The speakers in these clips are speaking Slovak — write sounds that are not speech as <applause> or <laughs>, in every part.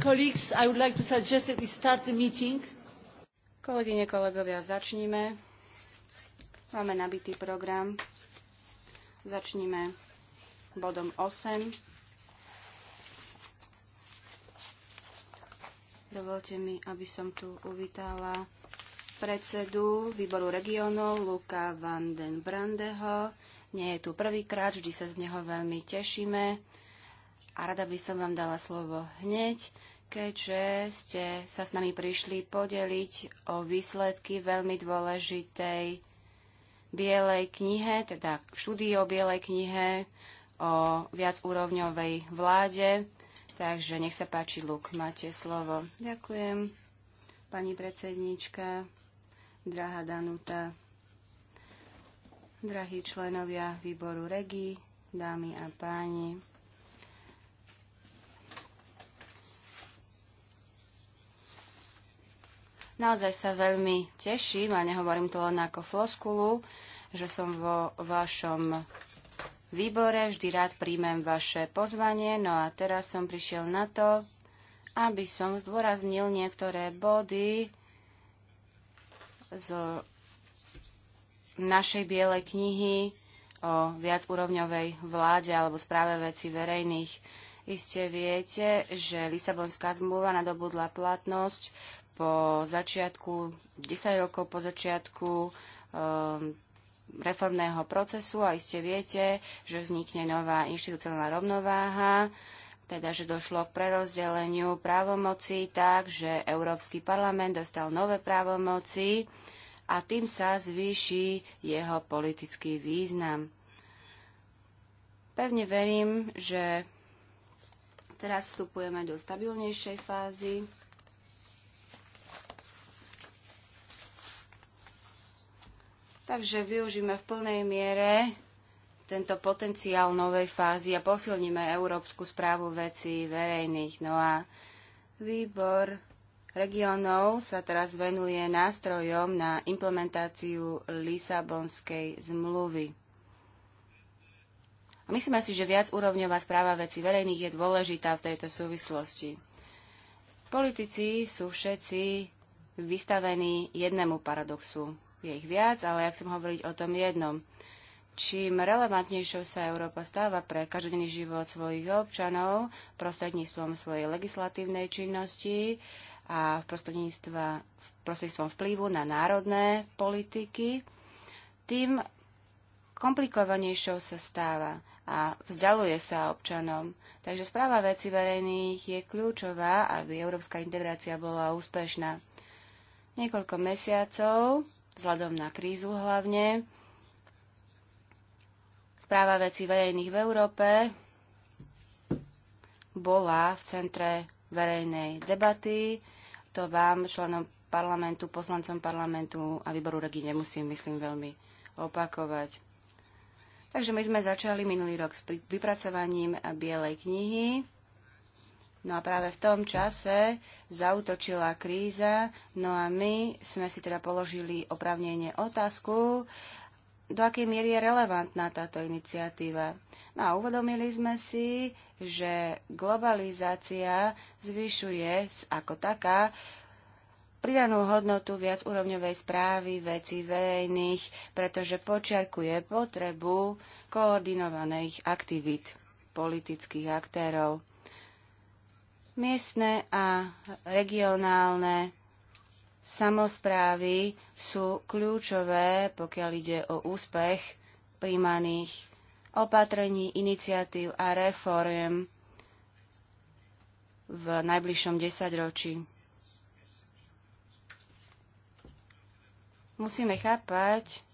Kolegyne, kolegovia, začníme. Máme nabitý program. Začníme bodom 8. Dovolte mi, aby som tu uvítala predsedu výboru regionov Luka van den Brandeho. Nie je tu prvýkrát, vždy sa z neho veľmi tešíme a rada by som vám dala slovo hneď keďže ste sa s nami prišli podeliť o výsledky veľmi dôležitej bielej knihe, teda štúdii o bielej knihe, o viacúrovňovej vláde. Takže nech sa páči, Luk, máte slovo. Ďakujem, pani predsednička, drahá Danuta, drahí členovia výboru REGI, dámy a páni. Naozaj sa veľmi teším, a nehovorím to len ako floskulu, že som vo vašom výbore, vždy rád príjmem vaše pozvanie, no a teraz som prišiel na to, aby som zdôraznil niektoré body z našej bielej knihy o viacúrovňovej vláde alebo správe veci verejných. Iste viete, že Lisabonská zmluva nadobudla platnosť po začiatku, 10 rokov po začiatku ehm, reformného procesu a iste viete, že vznikne nová inštitucionálna rovnováha, teda že došlo k prerozdeleniu právomocí tak, že Európsky parlament dostal nové právomoci a tým sa zvýši jeho politický význam. Pevne verím, že teraz vstupujeme do stabilnejšej fázy Takže využíme v plnej miere tento potenciál novej fázy a posilníme Európsku správu vecí verejných. No a výbor regionov sa teraz venuje nástrojom na implementáciu Lisabonskej zmluvy. A myslím si, že viac úrovňová správa vecí verejných je dôležitá v tejto súvislosti. Politici sú všetci vystavení jednému paradoxu je ich viac, ale ja chcem hovoriť o tom jednom. Čím relevantnejšou sa Európa stáva pre každodenný život svojich občanov prostredníctvom svojej legislatívnej činnosti a prostredníctvom vplyvu na národné politiky, tým komplikovanejšou sa stáva a vzdialuje sa občanom. Takže správa veci verejných je kľúčová, aby európska integrácia bola úspešná. Niekoľko mesiacov vzhľadom na krízu hlavne. Správa vecí verejných v Európe bola v centre verejnej debaty. To vám, členom parlamentu, poslancom parlamentu a výboru regi nemusím, myslím, veľmi opakovať. Takže my sme začali minulý rok s vypracovaním Bielej knihy No a práve v tom čase zautočila kríza, no a my sme si teda položili opravnenie otázku, do akej miery je relevantná táto iniciatíva. No a uvedomili sme si, že globalizácia zvyšuje ako taká pridanú hodnotu viac úrovňovej správy vecí verejných, pretože počiarkuje potrebu koordinovaných aktivít politických aktérov. Miestne a regionálne samozprávy sú kľúčové, pokiaľ ide o úspech príjmaných opatrení, iniciatív a reforiem v najbližšom desaťročí. Musíme chápať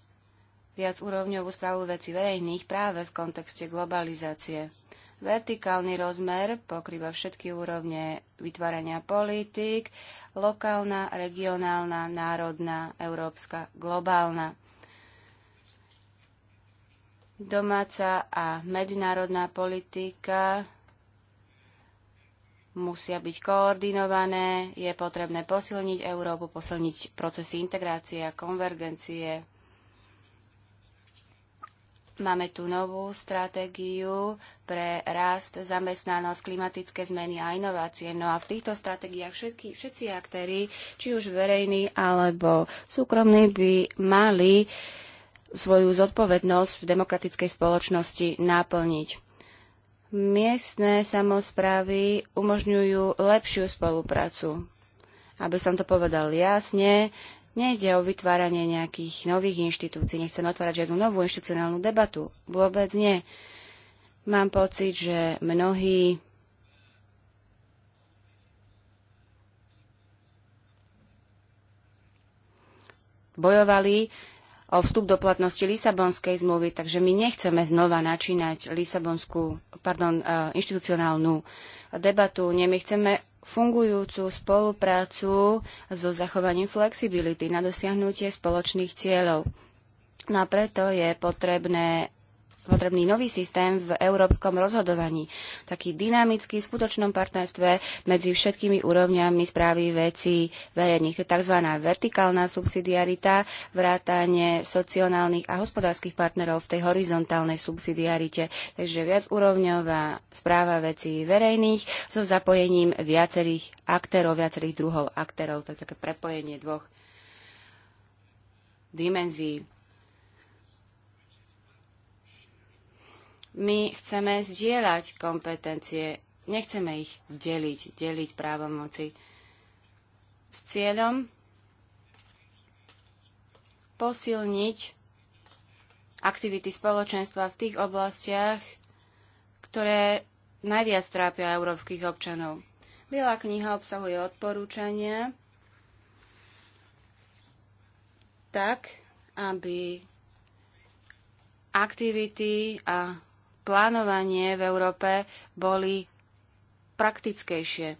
viac úrovňovú správu veci verejných práve v kontexte globalizácie. Vertikálny rozmer pokrýva všetky úrovne vytvárania politík, lokálna, regionálna, národná, európska, globálna. Domáca a medzinárodná politika musia byť koordinované, je potrebné posilniť Európu, posilniť procesy integrácie a konvergencie Máme tu novú stratégiu pre rast, zamestnanosť, klimatické zmeny a inovácie. No a v týchto stratégiách všetky, všetci aktéry, či už verejní alebo súkromní, by mali svoju zodpovednosť v demokratickej spoločnosti naplniť. Miestne samozprávy umožňujú lepšiu spoluprácu. Aby som to povedal jasne, Nejde o vytváranie nejakých nových inštitúcií, nechcem otvárať žiadnu novú inštitucionálnu debatu. Vôbec nie. Mám pocit, že mnohí bojovali o vstup do platnosti Lisabonskej zmluvy, takže my nechceme znova načínať Lisabonskú, pardon, eh, inštitucionálnu debatu. Nie, my chceme fungujúcu spoluprácu so zachovaním flexibility na dosiahnutie spoločných cieľov. No a preto je potrebné potrebný nový systém v európskom rozhodovaní. Taký dynamický, v skutočnom partnerstve medzi všetkými úrovňami správy vecí verejných. To je tzv. vertikálna subsidiarita, vrátanie sociálnych a hospodárskych partnerov v tej horizontálnej subsidiarite. Takže viacúrovňová správa vecí verejných so zapojením viacerých aktérov, viacerých druhov aktérov. To je také prepojenie dvoch dimenzií. My chceme zdieľať kompetencie, nechceme ich deliť, deliť právomoci s cieľom posilniť aktivity spoločenstva v tých oblastiach, ktoré najviac trápia európskych občanov. Biela kniha obsahuje odporúčania tak, aby aktivity a plánovanie v Európe boli praktickejšie.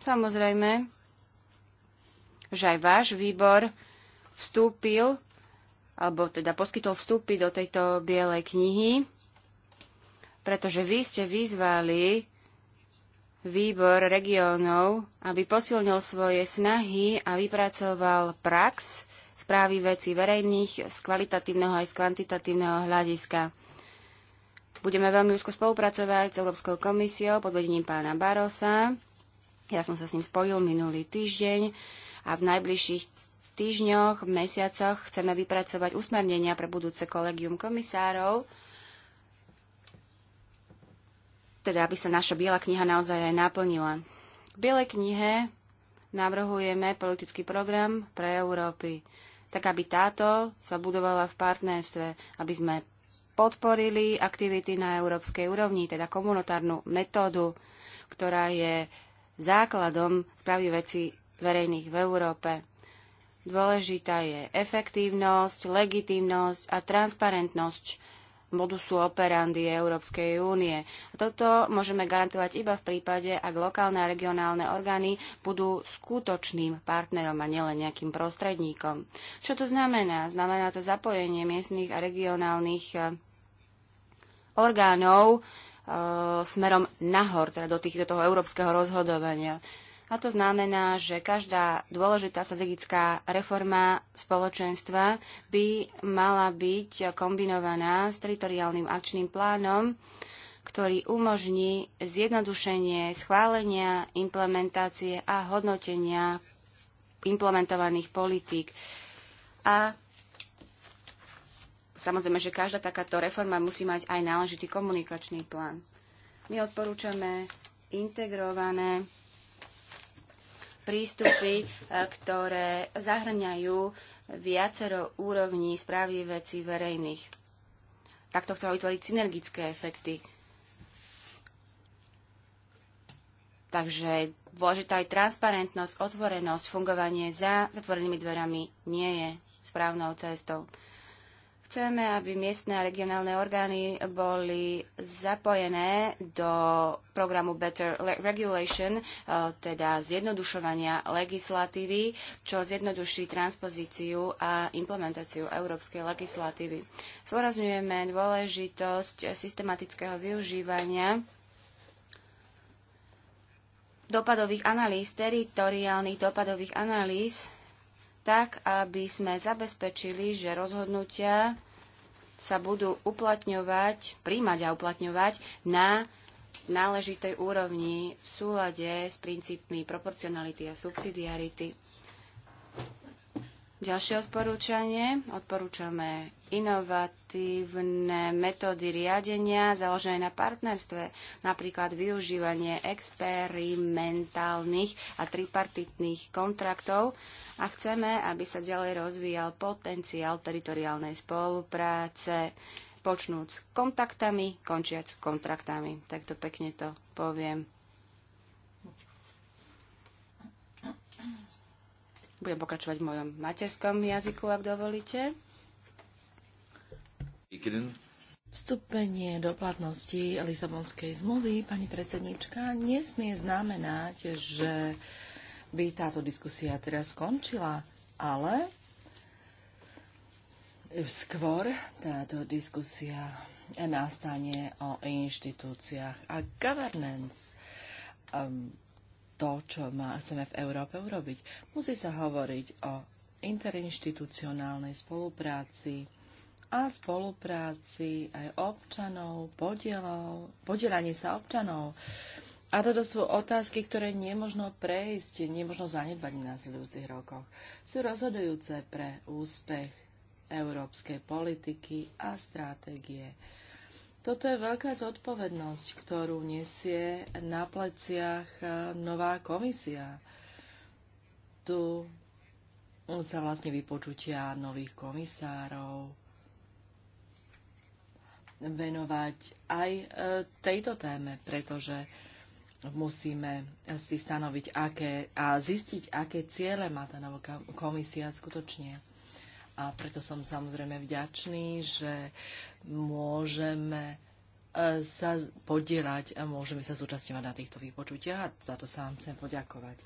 Samozrejme, že aj váš výbor vstúpil, alebo teda poskytol vstúpy do tejto bielej knihy, pretože vy ste vyzvali výbor regiónov, aby posilnil svoje snahy a vypracoval prax, správy veci verejných z kvalitatívneho aj z kvantitatívneho hľadiska. Budeme veľmi úzko spolupracovať s Európskou komisiou pod vedením pána Barosa. Ja som sa s ním spojil minulý týždeň a v najbližších týždňoch, mesiacoch chceme vypracovať usmernenia pre budúce kolegium komisárov, teda aby sa naša biela kniha naozaj aj naplnila. V bielej knihe navrhujeme politický program pre Európy tak aby táto sa budovala v partnerstve, aby sme podporili aktivity na európskej úrovni, teda komunitárnu metódu, ktorá je základom správy veci verejných v Európe. Dôležitá je efektívnosť, legitimnosť a transparentnosť modusu operandi Európskej únie. A toto môžeme garantovať iba v prípade, ak lokálne a regionálne orgány budú skutočným partnerom a nielen nejakým prostredníkom. Čo to znamená? Znamená to zapojenie miestnych a regionálnych e, orgánov e, smerom nahor, teda do, tých, do toho európskeho rozhodovania. A to znamená, že každá dôležitá strategická reforma spoločenstva by mala byť kombinovaná s teritoriálnym akčným plánom, ktorý umožní zjednodušenie schválenia, implementácie a hodnotenia implementovaných politík. A samozrejme, že každá takáto reforma musí mať aj náležitý komunikačný plán. My odporúčame integrované prístupy, e, ktoré zahrňajú viacero úrovní správy vecí verejných. Takto chcela vytvoriť synergické efekty. Takže dôležitá aj transparentnosť, otvorenosť, fungovanie za zatvorenými dverami nie je správnou cestou. Chceme, aby miestne a regionálne orgány boli zapojené do programu Better Regulation, eh, teda zjednodušovania legislatívy, čo zjednoduší transpozíciu a implementáciu európskej legislatívy. Zvorazňujeme dôležitosť systematického využívania dopadových analýz, teritoriálnych dopadových analýz tak aby sme zabezpečili, že rozhodnutia sa budú uplatňovať, príjmať a uplatňovať na náležitej úrovni v súlade s princípmi proporcionality a subsidiarity. Ďalšie odporúčanie. Odporúčame inovatívne metódy riadenia založené na partnerstve, napríklad využívanie experimentálnych a tripartitných kontraktov a chceme, aby sa ďalej rozvíjal potenciál teritoriálnej spolupráce, počnúc kontaktami, končiať kontraktami. Takto pekne to poviem. Budem pokračovať v mojom materskom jazyku, ak dovolíte. Vstúpenie do platnosti Lisabonskej zmluvy, pani predsednička, nesmie znamenať, že by táto diskusia teraz skončila, ale skôr táto diskusia nastane o inštitúciách a governance. Um, to, čo má, chceme v Európe urobiť. Musí sa hovoriť o interinstitucionálnej spolupráci a spolupráci aj občanov, podielov, podielanie sa občanov. A toto sú otázky, ktoré nemožno prejsť, nemožno zanedbať v následujúcich rokoch. Sú rozhodujúce pre úspech európskej politiky a stratégie toto je veľká zodpovednosť, ktorú nesie na pleciach e, nová komisia. Tu sa vlastne vypočutia nových komisárov venovať aj e, tejto téme, pretože musíme si stanoviť aké, a zistiť, aké ciele má tá nová komisia skutočne. A preto som samozrejme vďačný, že môžeme e, sa podielať a môžeme sa zúčastňovať na týchto výpočutiach a za to sa vám chcem poďakovať.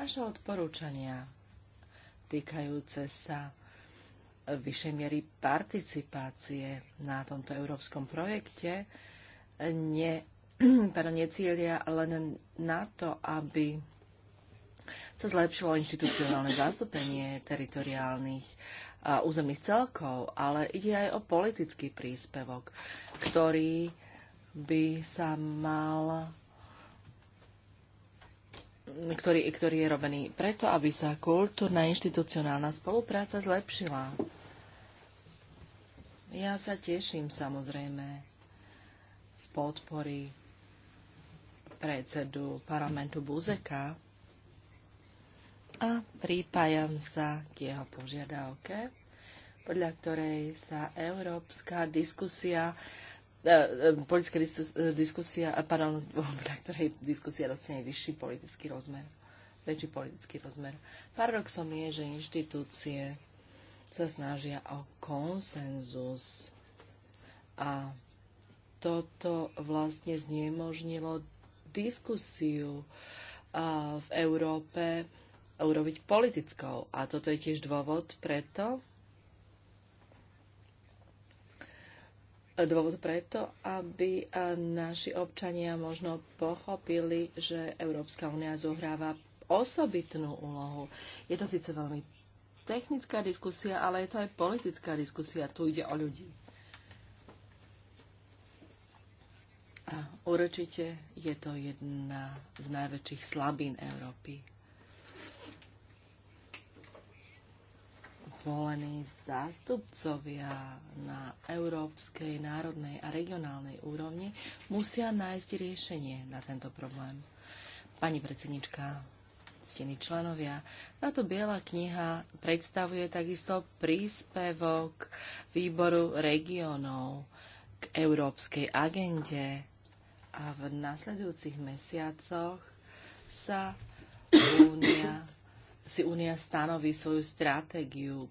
Naše odporúčania týkajúce sa vyššej miery participácie na tomto európskom projekte ne, <clears throat> necielia len na to, aby sa zlepšilo inštitucionálne zastúpenie teritoriálnych územných celkov, ale ide aj o politický príspevok, ktorý by sa mal ktorý, ktorý je robený preto, aby sa kultúrna inštitucionálna spolupráca zlepšila. Ja sa teším samozrejme z podpory predsedu parlamentu Buzeka a pripájam sa k jeho požiadavke podľa ktorej sa európska diskusia e, e, politická e, diskusia, pardon, na <laughs> ktorej diskusia dostane vyšší politický rozmer, väčší politický rozmer. Paradoxom je, že inštitúcie sa snažia o konsenzus a toto vlastne znemožnilo diskusiu v Európe urobiť politickou. A toto je tiež dôvod preto, dôvod preto, aby naši občania možno pochopili, že Európska únia zohráva osobitnú úlohu. Je to síce veľmi technická diskusia, ale je to aj politická diskusia. Tu ide o ľudí. A určite je to jedna z najväčších slabín Európy. zvolení zástupcovia na európskej, národnej a regionálnej úrovni musia nájsť riešenie na tento problém. Pani predsednička, ctení členovia, táto biela kniha predstavuje takisto príspevok výboru regionov k európskej agende a v nasledujúcich mesiacoch sa Únia si Únia stanoví svoju stratégiu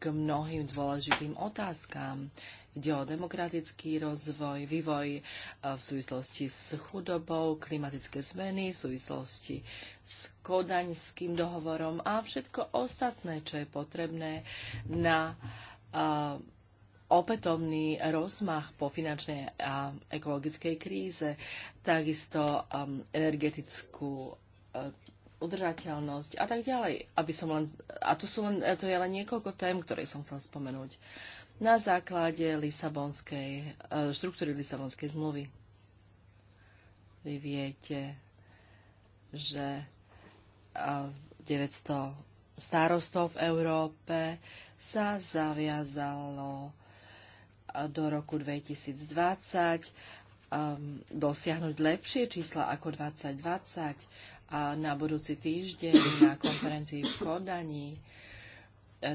k mnohým dôležitým otázkam. Ide o demokratický rozvoj, vývoj e, v súvislosti s chudobou, klimatické zmeny, v súvislosti s kodaňským dohovorom a všetko ostatné, čo je potrebné na e, opätovný rozmach po finančnej a ekologickej kríze, takisto e, energetickú udržateľnosť a tak ďalej. Aby som len, a tu sú len, to je len niekoľko tém, ktoré som chcel spomenúť. Na základe Lisabonskej, e, štruktúry Lisabonskej zmluvy. Vy viete, že 900 e, starostov v Európe sa zaviazalo e, do roku 2020 um, dosiahnuť lepšie čísla ako 2020 na budúci týždeň na konferencii v Kodani, e,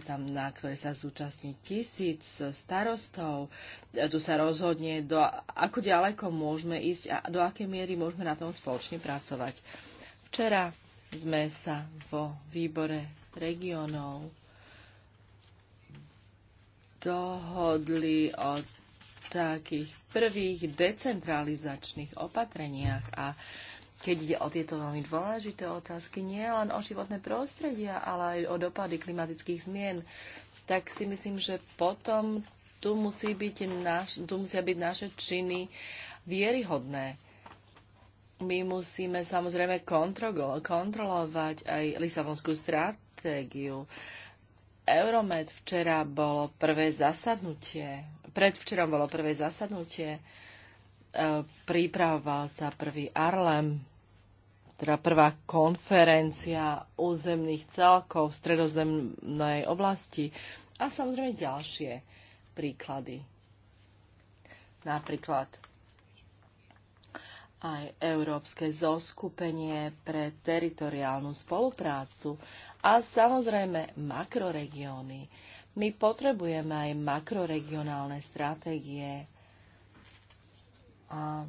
tam, na ktorej sa zúčastní tisíc starostov. E, tu sa rozhodne, do, ako ďaleko môžeme ísť a do akej miery môžeme na tom spoločne pracovať. Včera sme sa vo výbore regionov dohodli o takých prvých decentralizačných opatreniach a keď ide o tieto veľmi dôležité otázky, nie len o životné prostredia, ale aj o dopady klimatických zmien, tak si myslím, že potom tu, musí byť naš, tu musia byť naše činy vieryhodné. My musíme samozrejme kontrolo, kontrolovať aj Lisabonskú stratégiu. Euromed včera bolo prvé zasadnutie, predvčerom bolo prvé zasadnutie, e, pripravoval sa prvý Arlem teda prvá konferencia územných celkov v stredozemnej oblasti a samozrejme ďalšie príklady. Napríklad aj Európske zoskupenie pre teritoriálnu spoluprácu a samozrejme makroregióny. My potrebujeme aj makroregionálne stratégie a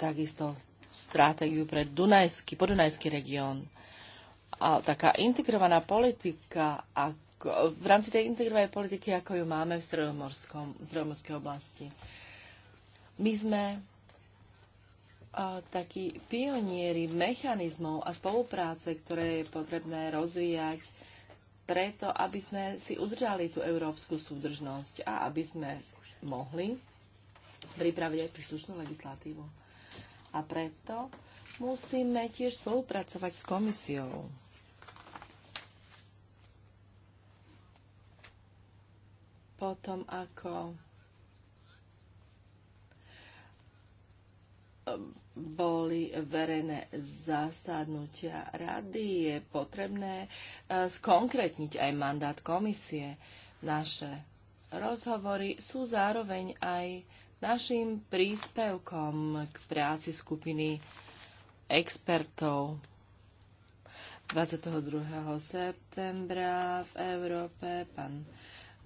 takisto stratégiu pre Dunajský, podunajský región. A taká integrovaná politika, ako, v rámci tej integrovanej politiky, ako ju máme v stredomorskej oblasti. My sme a, takí pionieri mechanizmov a spolupráce, ktoré je potrebné rozvíjať preto, aby sme si udržali tú európsku súdržnosť a aby sme mohli pripraviť aj príslušnú legislatívu. A preto musíme tiež spolupracovať s komisiou. Potom ako ehm, boli verejné zasadnutia rady, je potrebné ehm, skonkretniť aj mandát komisie. Naše rozhovory sú zároveň aj našim príspevkom k práci skupiny expertov 22. septembra v Európe. Pán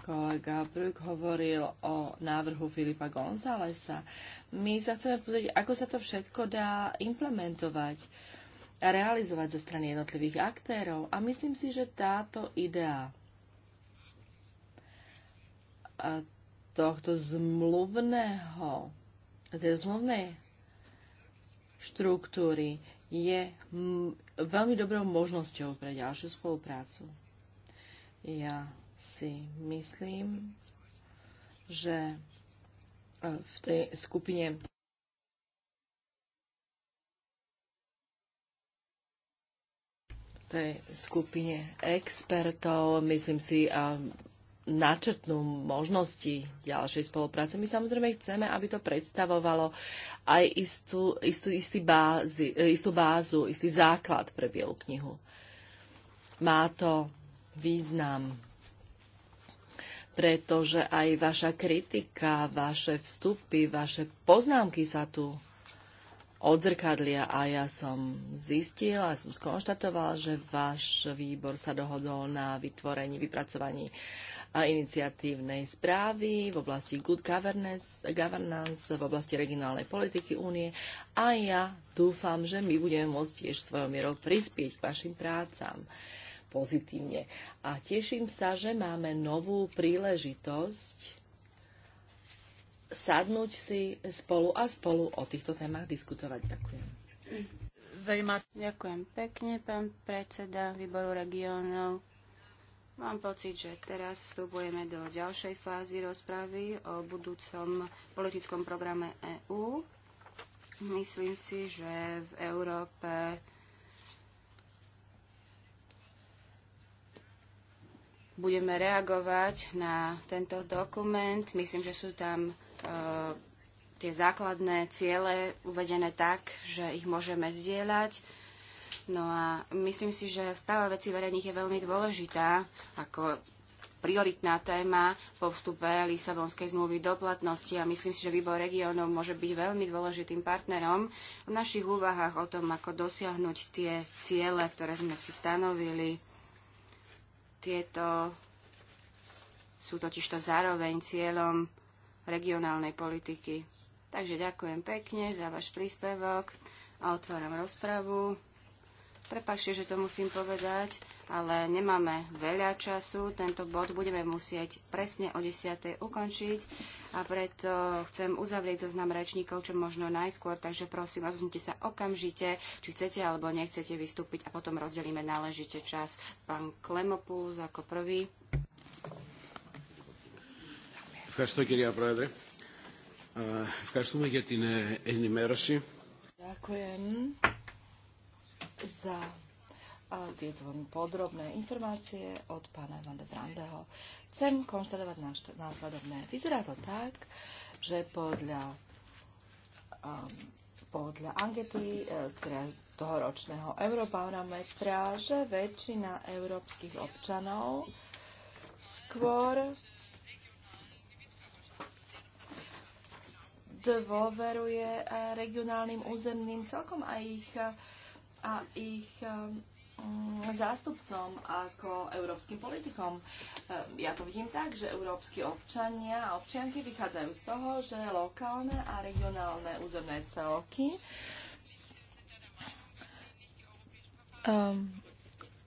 kolega Brück hovoril o návrhu Filipa Gonzálesa. My sa chceme pozrieť, ako sa to všetko dá implementovať a realizovať zo strany jednotlivých aktérov. A myslím si, že táto idea tohto zmluvného, tej zmluvnej štruktúry je veľmi dobrou možnosťou pre ďalšiu spoluprácu. Ja si myslím, že e, v tej skupine tej skupine expertov, myslím si, a načrtnú možnosti ďalšej spolupráce. My samozrejme chceme, aby to predstavovalo aj istú, istú, istý bázi, istú bázu, istý základ pre Bielu knihu. Má to význam, pretože aj vaša kritika, vaše vstupy, vaše poznámky sa tu odzrkadlia a ja som zistila, som skonštatovala, že váš výbor sa dohodol na vytvorení, vypracovaní uh, iniciatívnej správy v oblasti good governance, governance v oblasti regionálnej politiky únie a ja dúfam, že my budeme môcť tiež svojou mierou prispieť k vašim prácam pozitívne. A teším sa, že máme novú príležitosť sadnúť si spolu a spolu o týchto témach diskutovať. Ďakujem. Ďakujem pekne, pán predseda výboru regionov. Mám pocit, že teraz vstupujeme do ďalšej fázy rozpravy o budúcom politickom programe EÚ. Myslím si, že v Európe budeme reagovať na tento dokument. Myslím, že sú tam e, tie základné ciele uvedené tak, že ich môžeme zdieľať No a myslím si, že stále veci verejných je veľmi dôležitá ako prioritná téma po vstupe Lisabonskej zmluvy do platnosti a myslím si, že výbor regiónov môže byť veľmi dôležitým partnerom v našich úvahách o tom, ako dosiahnuť tie ciele, ktoré sme si stanovili. Tieto sú totižto zároveň cieľom regionálnej politiky. Takže ďakujem pekne za váš príspevok a otváram rozpravu. Prepašte, že to musím povedať, ale nemáme veľa času. Tento bod budeme musieť presne o 10. ukončiť a preto chcem uzavrieť zoznam rečníkov čo možno najskôr, takže prosím, rozhodnite sa okamžite, či chcete alebo nechcete vystúpiť a potom rozdelíme náležite čas. Pán Klemopus ako prvý. Ďakujem za tieto veľmi podrobné informácie od pána Van de Brandeho. Chcem konštatovať následovné. Vyzerá to tak, že podľa, um, podľa ankety e, teda toho ročného Eurobarometra, že väčšina európskych občanov skôr dôveruje e, regionálnym územným celkom a ich e, a ich ehm, mm, zástupcom ako európskym politikom. Ehm, ja to vidím tak, že európsky občania a občianky vychádzajú z toho, že lokálne a regionálne územné celky um,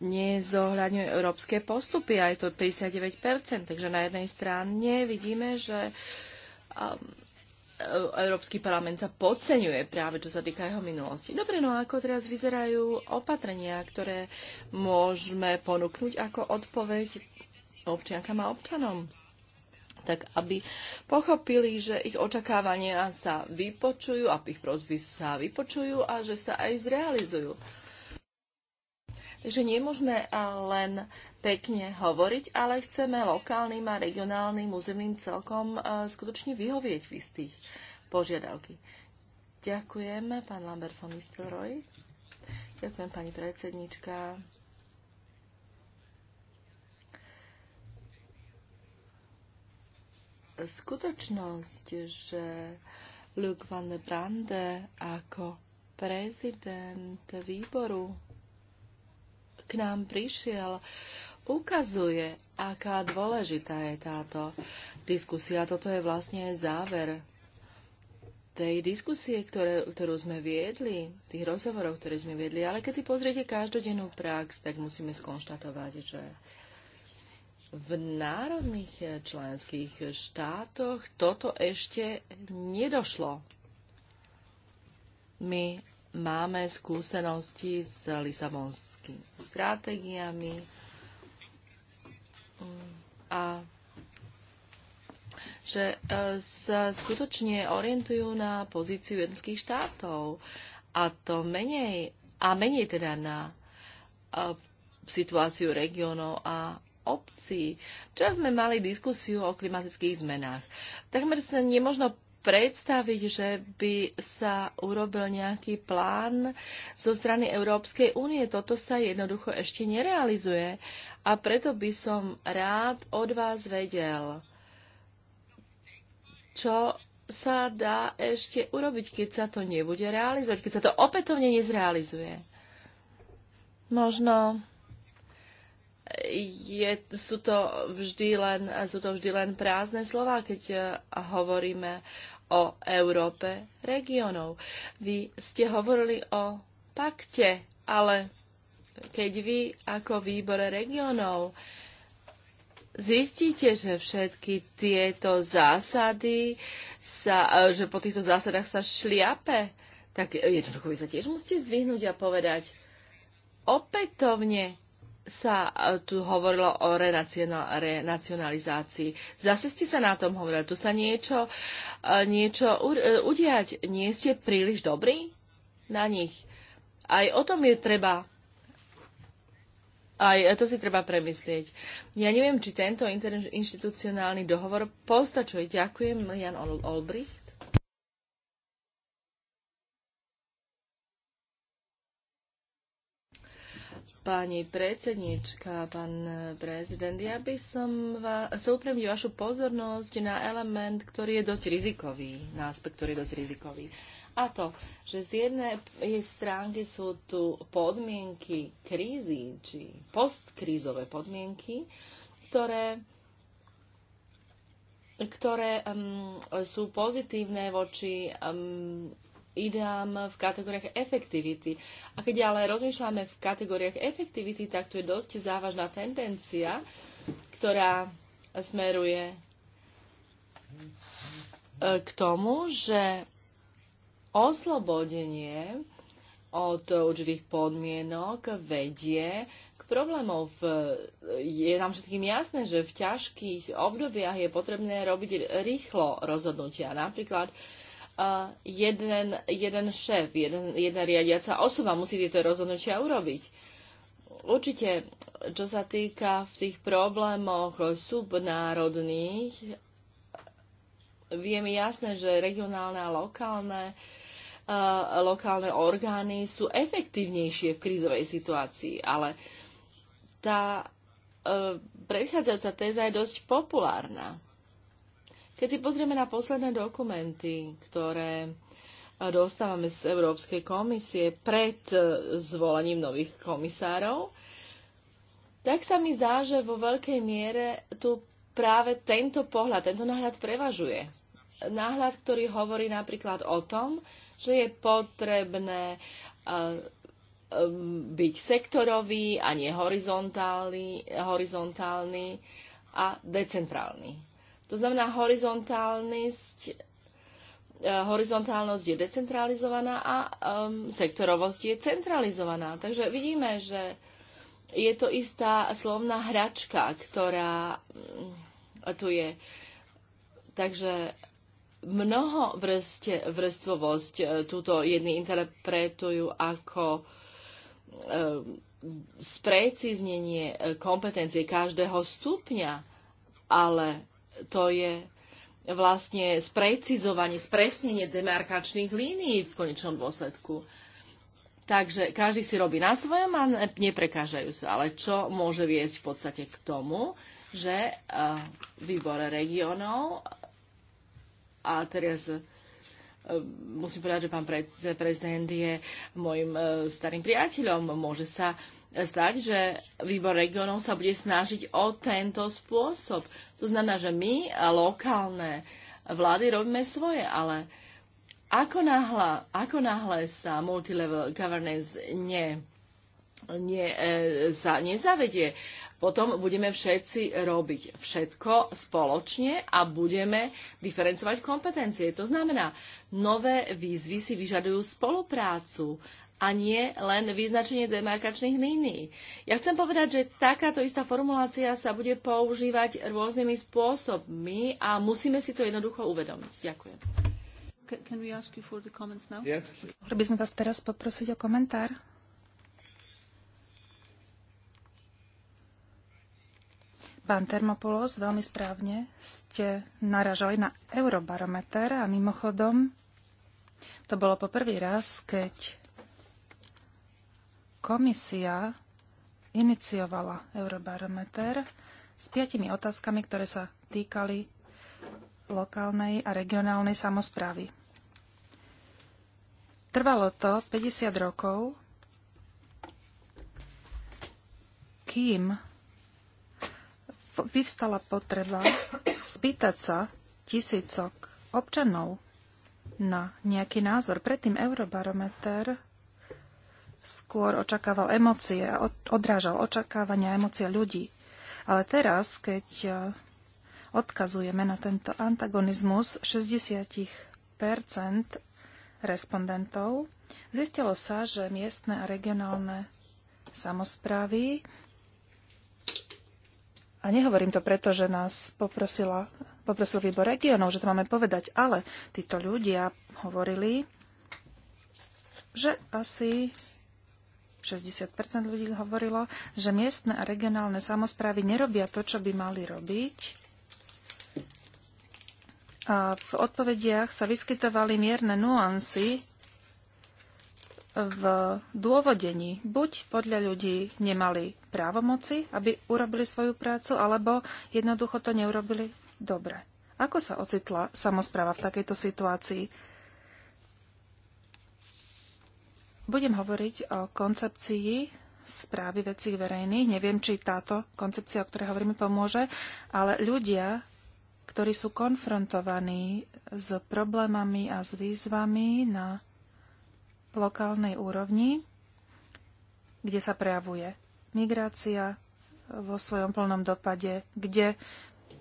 nezohľadňujú európske postupy a je to 59%. Takže na jednej strane vidíme, že um, E, Európsky parlament sa podceňuje práve čo sa týka jeho minulosti. Dobre, no ako teraz vyzerajú opatrenia, ktoré môžeme ponúknuť ako odpoveď občiankam a občanom? tak aby pochopili, že ich očakávania sa vypočujú aby ich prozby sa vypočujú a že sa aj zrealizujú že nemôžeme len pekne hovoriť, ale chceme lokálnym a regionálnym územím celkom skutočne vyhovieť v istých požiadavky. Ďakujem, pán Lambert von Nistelrooy. Ďakujem, pani predsednička. skutočnosť, že Luc van de Brande ako prezident výboru k nám prišiel, ukazuje, aká dôležitá je táto diskusia. Toto je vlastne záver tej diskusie, ktoré, ktorú sme viedli, tých rozhovorov, ktoré sme viedli, ale keď si pozriete každodennú prax, tak musíme skonštatovať, že v národných členských štátoch toto ešte nedošlo. My máme skúsenosti s lisabonskými stratégiami a že e, sa skutočne orientujú na pozíciu jednotlivých štátov a to menej, a menej teda na e, situáciu regiónov a obcí. Včera sme mali diskusiu o klimatických zmenách. Takmer sa nemožno predstaviť, že by sa urobil nejaký plán zo strany Európskej únie. Toto sa jednoducho ešte nerealizuje a preto by som rád od vás vedel, čo sa dá ešte urobiť, keď sa to nebude realizovať, keď sa to opätovne nezrealizuje. Možno je, sú, to vždy len, sú to vždy len prázdne slova, keď hovoríme o Európe regiónov. Vy ste hovorili o pakte, ale keď vy ako výbore regiónov zistíte, že všetky tieto zásady sa, e, že po týchto zásadách sa šliape, tak jednoducho vy sa tiež musíte zdvihnúť a povedať opätovne sa e, tu hovorilo o renacionalizácii. Zase ste sa na tom hovorili. Tu sa niečo, e, niečo e, udiať. Nie ste príliš dobrí na nich. Aj o tom je treba aj to si treba premyslieť. Ja neviem, či tento interinstitucionálny dohovor postačuje. Ďakujem, Jan Olbrich. Pani predsednička, pán prezident, ja by som sa upremnil vašu pozornosť na element, ktorý je dosť rizikový, na aspekt, ktorý je dosť rizikový. A to, že z jednej stránky sú tu podmienky krízy, či postkrízové podmienky, ktoré ktoré um, sú pozitívne voči um, ideám v kategóriách efektivity. A keď ale rozmýšľame v kategóriách efektivity, tak tu je dosť závažná tendencia, ktorá smeruje e, k tomu, že oslobodenie od určitých podmienok vedie k problémov. Je nám všetkým jasné, že v ťažkých obdobiach je potrebné robiť rýchlo rozhodnutia. Napríklad jeden, jeden šéf, jeden, jedna riadiaca osoba musí tieto rozhodnutia urobiť. Určite, čo sa týka v tých problémoch subnárodných, viem jasné, že regionálne a lokálne, uh, lokálne orgány sú efektívnejšie v krízovej situácii, ale tá uh, predchádzajúca téza je dosť populárna. Keď si pozrieme na posledné dokumenty, ktoré eh, dostávame z Európskej komisie pred eh, zvolením nových komisárov, tak sa mi zdá, že vo veľkej miere tu práve tento pohľad, tento náhľad prevažuje. Náhľad, ktorý hovorí napríklad o tom, že je potrebné eh, byť sektorový a nie horizontálny, horizontálny a decentrálny to znamená, horizontálnosť, e, horizontálnosť je decentralizovaná a um, sektorovosť je centralizovaná. Takže vidíme, že je to istá slovná hračka, ktorá mm, tu je. Takže mnoho vrste, vrstvovosť e, túto jedni interpretujú ako e, e kompetencie každého stupňa, ale to je vlastne sprecizovanie, spresnenie demarkačných línií v konečnom dôsledku. Takže každý si robí na svojom a neprekážajú sa. Ale čo môže viesť v podstate k tomu, že uh, výbor regionov a teraz eh, musím povedať, že pán prezident je môjim eh, starým priateľom. Môže sa zdať, že výbor regionov sa bude snažiť o tento spôsob. To znamená, že my, lokálne vlády, robíme svoje, ale ako náhle, ako náhle sa multilevel governance ne, ne, sa e, nezavedie, potom budeme všetci robiť všetko spoločne a budeme diferencovať kompetencie. To znamená, nové výzvy si vyžadujú spoluprácu a nie len vyznačenie demarkačných línií. Ja chcem povedať, že takáto istá formulácia sa bude používať rôznymi spôsobmi a musíme si to jednoducho uvedomiť. Ďakujem. Can we ask you for the comments now? Mohli by sme vás teraz poprosiť o komentár? Pán Termopoulos, veľmi správne ste naražali na eurobarometer a mimochodom to bolo poprvý raz, keď Komisia iniciovala Eurobarometer s piatimi otázkami, ktoré sa týkali lokálnej a regionálnej samozprávy. Trvalo to 50 rokov, kým vyvstala potreba spýtať sa tisícok občanov na nejaký názor. Predtým Eurobarometer skôr očakával emócie a odrážal očakávania emócie ľudí. Ale teraz, keď e, odkazujeme na tento antagonizmus 60 respondentov, zistilo sa, že miestne a regionálne samozprávy a nehovorím to preto, že nás poprosila, poprosil výbor regionov, že to máme povedať, ale títo ľudia hovorili, že asi 60 ľudí hovorilo, že miestne a regionálne samozprávy nerobia to, čo by mali robiť. A v odpovediach sa vyskytovali mierne nuancy v dôvodení. Buď podľa ľudí nemali právomoci, aby urobili svoju prácu, alebo jednoducho to neurobili dobre. Ako sa ocitla samozpráva v takejto situácii? Budem hovoriť o koncepcii správy vecí verejných. Neviem, či táto koncepcia, o ktorej hovoríme, pomôže, ale ľudia, ktorí sú konfrontovaní s problémami a s výzvami na lokálnej úrovni, kde sa prejavuje migrácia vo svojom plnom dopade, kde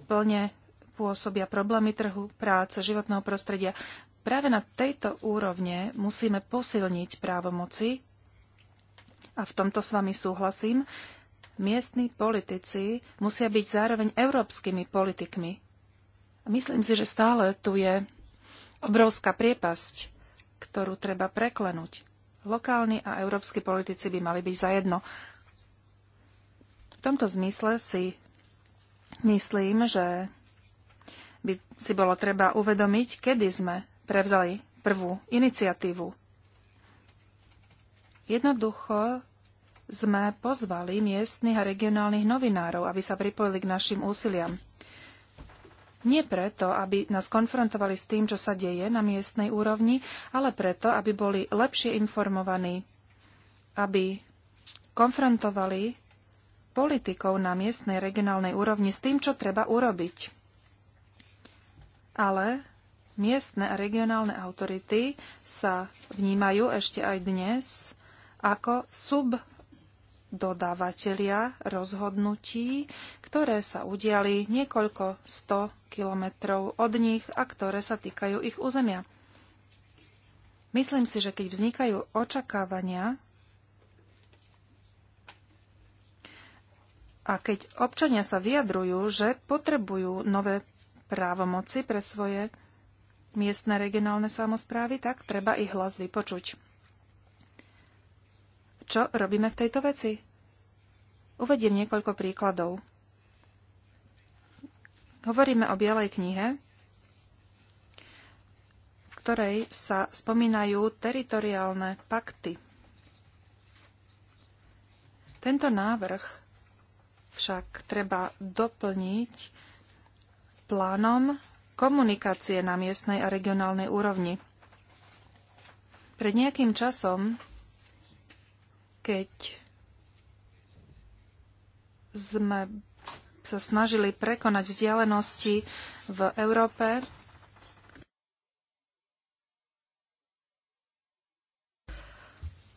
plne pôsobia problémy trhu práce, životného prostredia. Práve na tejto úrovne musíme posilniť právomoci, a v tomto s vami súhlasím, miestni politici musia byť zároveň európskymi politikmi. Myslím si, že stále tu je obrovská priepasť, ktorú treba preklenúť. Lokálni a európsky politici by mali byť zajedno. V tomto zmysle si myslím, že by si bolo treba uvedomiť, kedy sme prevzali prvú iniciatívu. Jednoducho sme pozvali miestnych a regionálnych novinárov, aby sa pripojili k našim úsiliam. Nie preto, aby nás konfrontovali s tým, čo sa deje na miestnej úrovni, ale preto, aby boli lepšie informovaní, aby konfrontovali politikov na miestnej regionálnej úrovni s tým, čo treba urobiť. Ale Miestne a regionálne autority sa vnímajú ešte aj dnes ako subdodávateľia rozhodnutí, ktoré sa udiali niekoľko sto kilometrov od nich a ktoré sa týkajú ich územia. Myslím si, že keď vznikajú očakávania a keď občania sa vyjadrujú, že potrebujú nové právomoci pre svoje miestne regionálne samozprávy, tak treba ich hlas vypočuť. Čo robíme v tejto veci? Uvediem niekoľko príkladov. Hovoríme o Bielej knihe, v ktorej sa spomínajú teritoriálne pakty. Tento návrh však treba doplniť plánom komunikácie na miestnej a regionálnej úrovni. Pred nejakým časom, keď sme sa snažili prekonať vzdialenosti v Európe,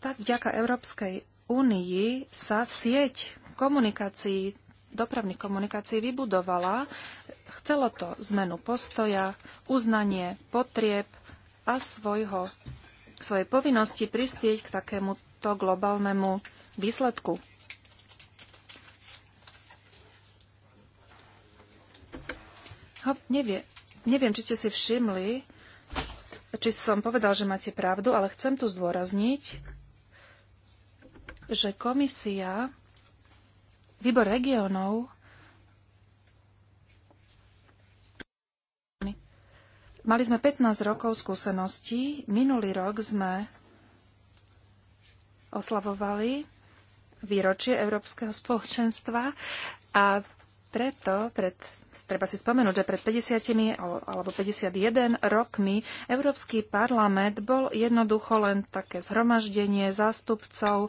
tak vďaka Európskej únii sa sieť komunikácií, dopravných komunikácií vybudovala Chcelo to zmenu postoja, uznanie potrieb a svojho, svojej povinnosti prispieť k takémuto globálnemu výsledku. Ho, nevie, neviem, či ste si všimli, či som povedal, že máte pravdu, ale chcem tu zdôrazniť, že komisia, výbor regionov Mali sme 15 rokov skúseností. Minulý rok sme oslavovali výročie Európskeho spoločenstva a preto pred, treba si spomenúť, že pred 50 alebo 51 rokmi Európsky parlament bol jednoducho len také zhromaždenie zástupcov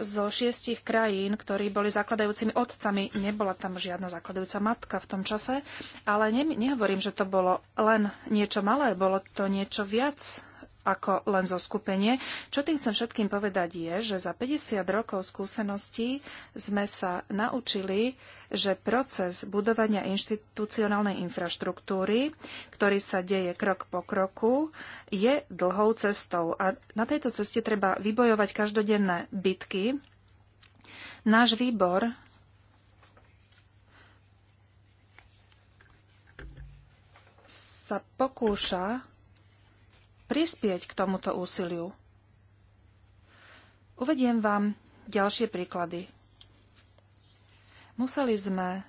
zo šiestich krajín, ktorí boli zakladajúcimi otcami, nebola tam žiadna zakladajúca matka v tom čase, ale ne, nehovorím, že to bolo len niečo malé, bolo to niečo viac ako len zo skupenie. Čo tým chcem všetkým povedať je, že za 50 rokov skúseností sme sa naučili, že proces budovania inštitucionálnej infraštruktúry, ktorý sa deje krok po kroku, je dlhou cestou. A na tejto ceste treba vybojovať každodenné bitky. Náš výbor sa pokúša prispieť k tomuto úsiliu. Uvediem vám ďalšie príklady. Museli sme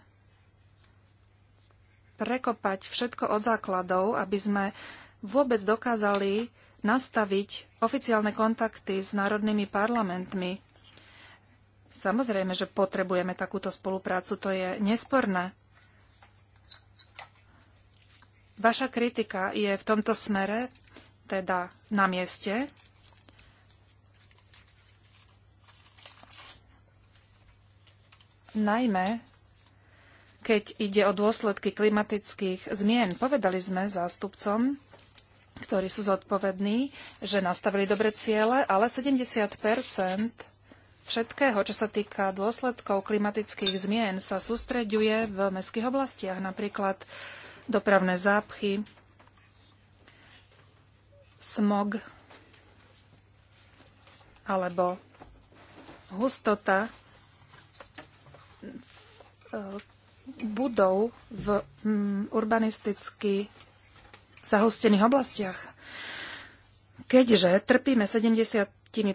prekopať všetko od základov, aby sme vôbec dokázali nastaviť oficiálne kontakty s národnými parlamentmi. Samozrejme, že potrebujeme takúto spoluprácu, to je nesporné. Vaša kritika je v tomto smere teda na mieste. Najmä, keď ide o dôsledky klimatických zmien, povedali sme zástupcom, ktorí sú zodpovední, že nastavili dobre ciele, ale 70 všetkého, čo sa týka dôsledkov klimatických zmien, sa sústreďuje v mestských oblastiach, napríklad dopravné zápchy, smog alebo hustota e, budov v mm, urbanisticky zahostených oblastiach. Keďže trpíme 70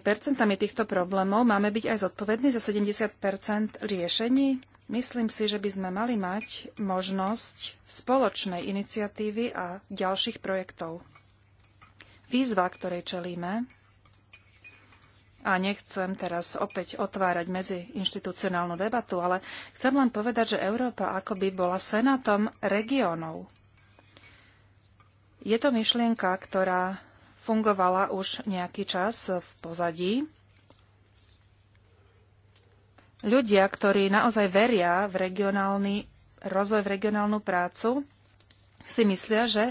percentami týchto problémov, máme byť aj zodpovední za 70 riešení? Myslím si, že by sme mali mať možnosť spoločnej iniciatívy a ďalších projektov. Výzva, ktorej čelíme, a nechcem teraz opäť otvárať medziinštitucionálnu debatu, ale chcem len povedať, že Európa akoby bola senátom regiónov. Je to myšlienka, ktorá fungovala už nejaký čas v pozadí. Ľudia, ktorí naozaj veria v regionálny rozvoj, v regionálnu prácu, si myslia, že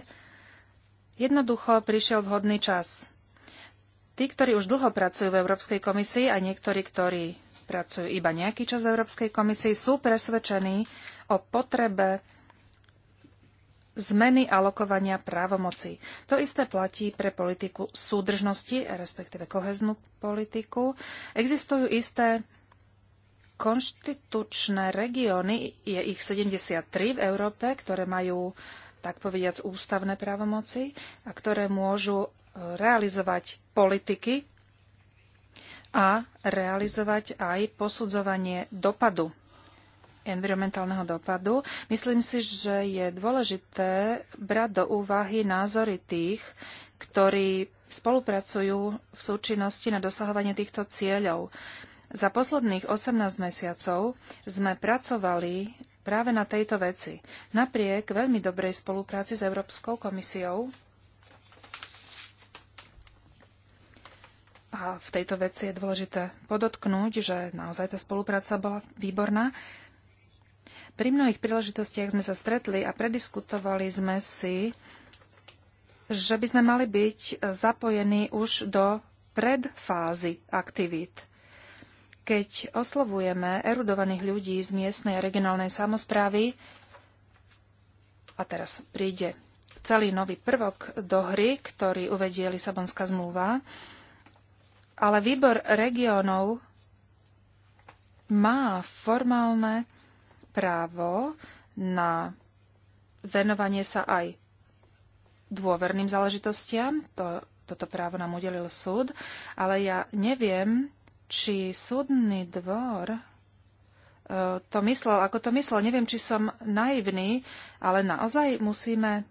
Jednoducho prišiel vhodný čas. Tí, ktorí už dlho pracujú v Európskej komisii a niektorí, ktorí pracujú iba nejaký čas v Európskej komisii, sú presvedčení o potrebe zmeny alokovania právomoci. To isté platí pre politiku súdržnosti, respektíve koheznú politiku. Existujú isté konštitučné regióny, je ich 73 v Európe, ktoré majú tak povediac, ústavné právomoci a ktoré môžu e, realizovať politiky a realizovať aj posudzovanie dopadu, environmentálneho dopadu. Myslím si, že je dôležité brať do úvahy názory tých, ktorí spolupracujú v súčinnosti na dosahovanie týchto cieľov. Za posledných 18 mesiacov sme pracovali práve na tejto veci. Napriek veľmi dobrej spolupráci s Európskou komisiou a v tejto veci je dôležité podotknúť, že naozaj tá spolupráca bola výborná. Pri mnohých príležitostiach sme sa stretli a prediskutovali sme si, že by sme mali byť zapojení už do predfázy aktivít. Keď oslovujeme erudovaných ľudí z miestnej a regionálnej samozprávy, a teraz príde celý nový prvok do hry, ktorý uvedie Lisabonská zmluva, ale výbor regiónov má formálne právo na venovanie sa aj dôverným záležitostiam. To, toto právo nám udelil súd, ale ja neviem, či súdny dvor e, to myslel, ako to myslel. Neviem, či som naivný, ale naozaj musíme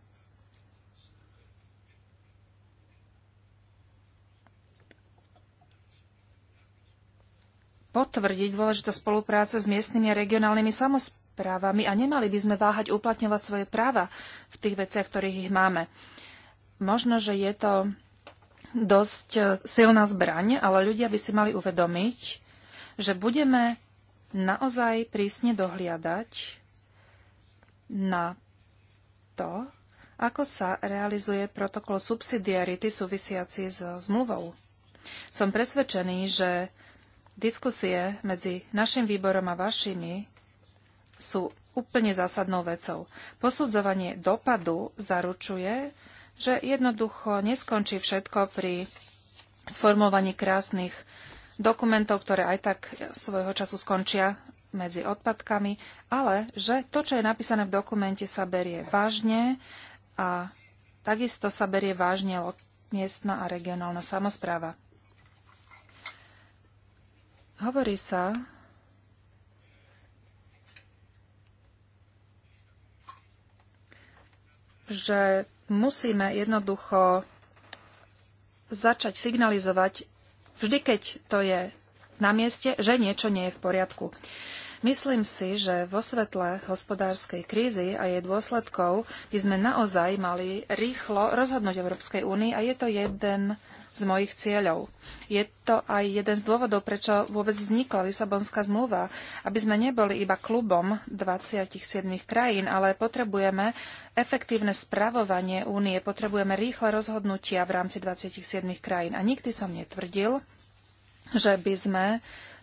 potvrdiť dôležitosť spolupráce s miestnymi a regionálnymi samozprávami a nemali by sme váhať uplatňovať svoje práva v tých veciach, ktorých ich máme. Možno, že je to dosť e, silná zbraň, ale ľudia by si mali uvedomiť, že budeme naozaj prísne dohliadať na to, ako sa realizuje protokol subsidiarity súvisiaci s zmluvou. Som presvedčený, že diskusie medzi našim výborom a vašimi sú úplne zásadnou vecou. Posudzovanie dopadu zaručuje, že jednoducho neskončí všetko pri sformovaní krásnych dokumentov, ktoré aj tak svojho času skončia medzi odpadkami, ale že to, čo je napísané v dokumente, sa berie vážne a takisto sa berie vážne miestna a regionálna samozpráva. Hovorí sa, že Musíme jednoducho začať signalizovať vždy, keď to je na mieste, že niečo nie je v poriadku. Myslím si, že vo svetle hospodárskej krízy a jej dôsledkov by sme naozaj mali rýchlo rozhodnúť Európskej únii a je to jeden z mojich cieľov. Je to aj jeden z dôvodov, prečo vôbec vznikla Lisabonská zmluva, aby sme neboli iba klubom 27 krajín, ale potrebujeme efektívne spravovanie únie, potrebujeme rýchle rozhodnutia v rámci 27 krajín. A nikdy som netvrdil, že by sme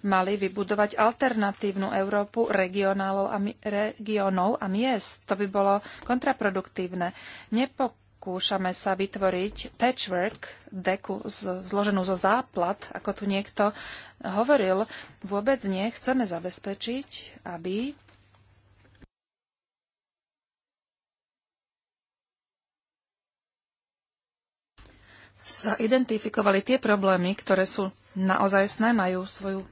mali vybudovať alternatívnu Európu regionálov a mi- regionov a miest. To by bolo kontraproduktívne. Nepok- pokúšame sa vytvoriť patchwork, deku z, zloženú zo záplat, ako tu niekto hovoril. Vôbec nie. Chceme zabezpečiť, aby sa identifikovali tie problémy, ktoré sú naozajstné, majú svoju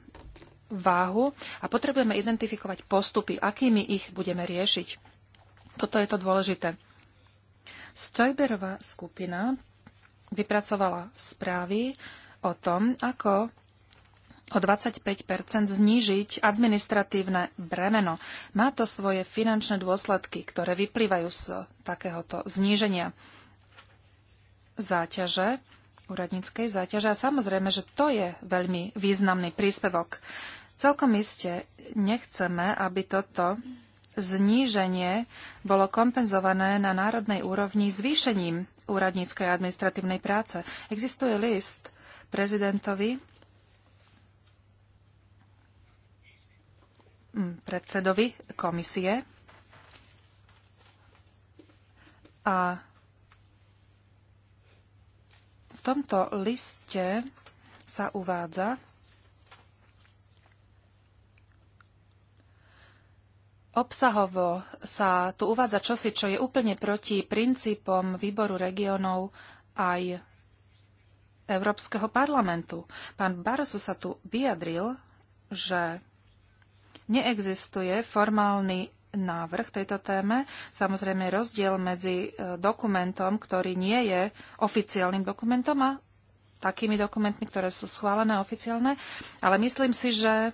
váhu a potrebujeme identifikovať postupy, akými ich budeme riešiť. Toto je to dôležité. Stojberová skupina vypracovala správy o tom, ako o 25 znížiť administratívne bremeno. Má to svoje finančné dôsledky, ktoré vyplývajú z takéhoto zníženia záťaže, úradníckej záťaže. A samozrejme, že to je veľmi významný príspevok. Celkom iste nechceme, aby toto zníženie bolo kompenzované na národnej úrovni zvýšením úradníckej administratívnej práce. Existuje list prezidentovi, mm, predsedovi komisie a v tomto liste sa uvádza, Obsahovo sa tu uvádza čosi, čo je úplne proti princípom výboru regionov aj Európskeho parlamentu. Pán Barosu sa tu vyjadril, že neexistuje formálny návrh tejto téme. Samozrejme rozdiel medzi e, dokumentom, ktorý nie je oficiálnym dokumentom a takými dokumentmi, ktoré sú schválené oficiálne. Ale myslím si, že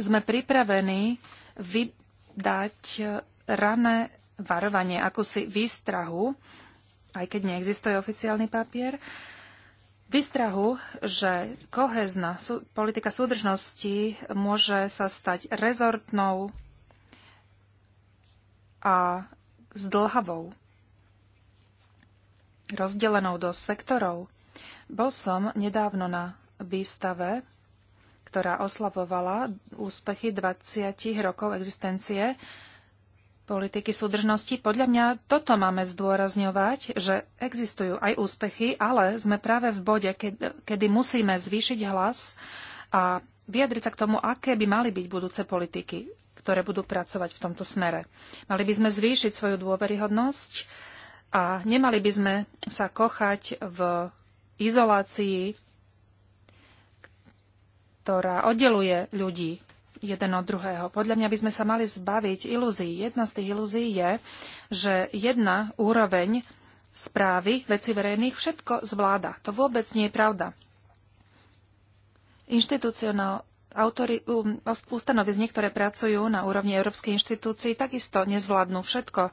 sme pripravení vydať e, rané varovanie, ako si výstrahu, aj keď neexistuje oficiálny papier, výstrahu, že kohezná politika súdržnosti môže sa stať rezortnou a zdlhavou, rozdelenou do sektorov. Bol som nedávno na výstave ktorá oslavovala úspechy 20 rokov existencie politiky súdržnosti. Podľa mňa toto máme zdôrazňovať, že existujú aj úspechy, ale sme práve v bode, kedy, kedy musíme zvýšiť hlas a vyjadriť sa k tomu, aké by mali byť budúce politiky, ktoré budú pracovať v tomto smere. Mali by sme zvýšiť svoju dôveryhodnosť a nemali by sme sa kochať v izolácii ktorá oddeluje ľudí jeden od druhého. Podľa mňa by sme sa mali zbaviť ilúzií. Jedna z tých ilúzií je, že jedna úroveň správy veci verejných všetko zvláda. To vôbec nie je pravda. Inštitucionál, autory, um, z niektoré pracujú na úrovni európskej inštitúcii, takisto nezvládnu všetko.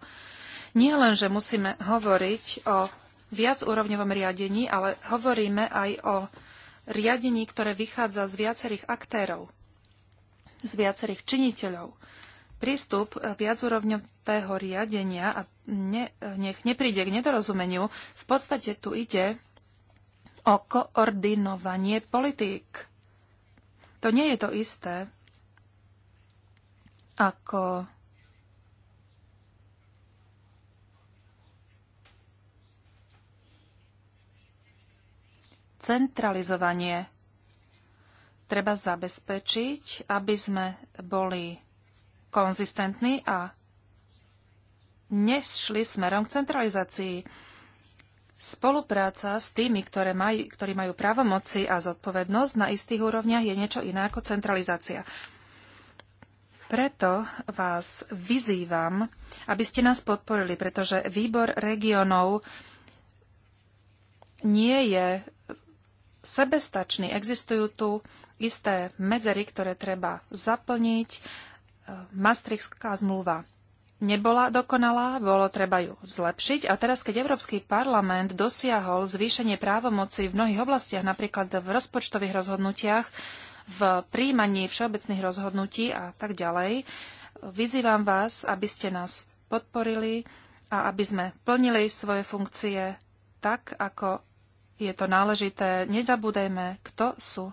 Nie len, že musíme hovoriť o viacúrovňovom riadení, ale hovoríme aj o riadení, ktoré vychádza z viacerých aktérov, z viacerých činiteľov. Prístup e, viacúrovňového riadenia, a ne, e, nech nepríde k nedorozumeniu, v podstate tu ide o koordinovanie politík. To nie je to isté ako centralizovanie. Treba zabezpečiť, aby sme boli konzistentní a nešli smerom k centralizácii. Spolupráca s tými, ktoré maj, ktorí majú právomoci a zodpovednosť na istých úrovniach je niečo iné ako centralizácia. Preto vás vyzývam, aby ste nás podporili, pretože výbor regionov nie je sebestační. Existujú tu isté medzery, ktoré treba zaplniť. E, Maastrichtská zmluva nebola dokonalá, bolo treba ju zlepšiť a teraz, keď Európsky parlament dosiahol zvýšenie právomoci v mnohých oblastiach, napríklad v rozpočtových rozhodnutiach, v príjmaní všeobecných rozhodnutí a tak ďalej, vyzývam vás, aby ste nás podporili a aby sme plnili svoje funkcie tak, ako je to náležité. Nezabúdajme, kto sú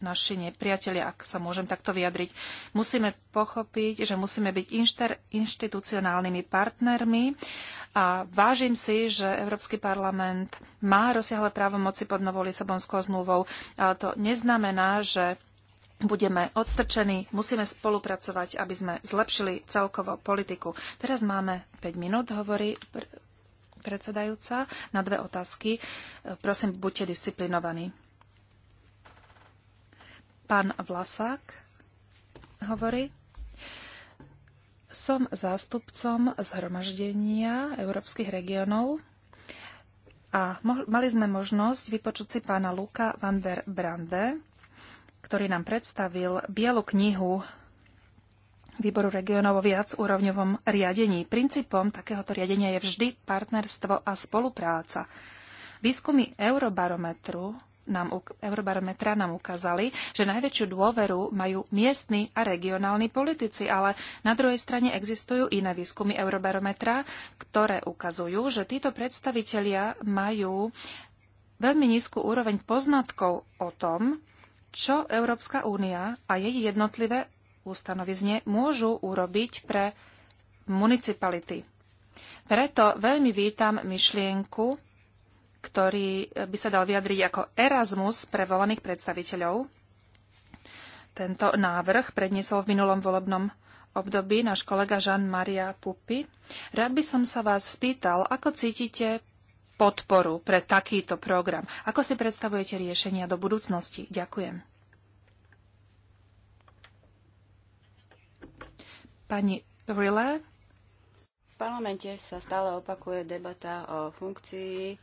naši nepriatelia, ak sa môžem takto vyjadriť. Musíme pochopiť, že musíme byť inšter, inštitucionálnymi partnermi a vážim si, že Európsky parlament má rozsiahle právomoci pod novou Lisabonskou zmluvou, ale to neznamená, že budeme odstrčení, musíme spolupracovať, aby sme zlepšili celkovo politiku. Teraz máme 5 minút, hovorí predsedajúca, na dve otázky. E, prosím, buďte disciplinovaní. Pán Vlasák hovorí. Som zástupcom zhromaždenia európskych regionov a mali sme možnosť vypočuť si pána Luka van der Brande, ktorý nám predstavil Bielu knihu výboru regionov vo viacúrovňovom riadení. Princípom takéhoto riadenia je vždy partnerstvo a spolupráca. Výskumy Eurobarometru nám, Eurobarometra nám ukázali, že najväčšiu dôveru majú miestni a regionálni politici, ale na druhej strane existujú iné výskumy Eurobarometra, ktoré ukazujú, že títo predstavitelia majú veľmi nízku úroveň poznatkov o tom, čo Európska únia a jej jednotlivé ústanovizne môžu urobiť pre municipality. Preto veľmi vítam myšlienku, ktorý by sa dal vyjadriť ako Erasmus pre volených predstaviteľov. Tento návrh predniesol v minulom volebnom období náš kolega Jean-Maria Pupi. Rád by som sa vás spýtal, ako cítite podporu pre takýto program? Ako si predstavujete riešenia do budúcnosti? Ďakujem. Pani Rille. V parlamente sa stále opakuje debata o funkcii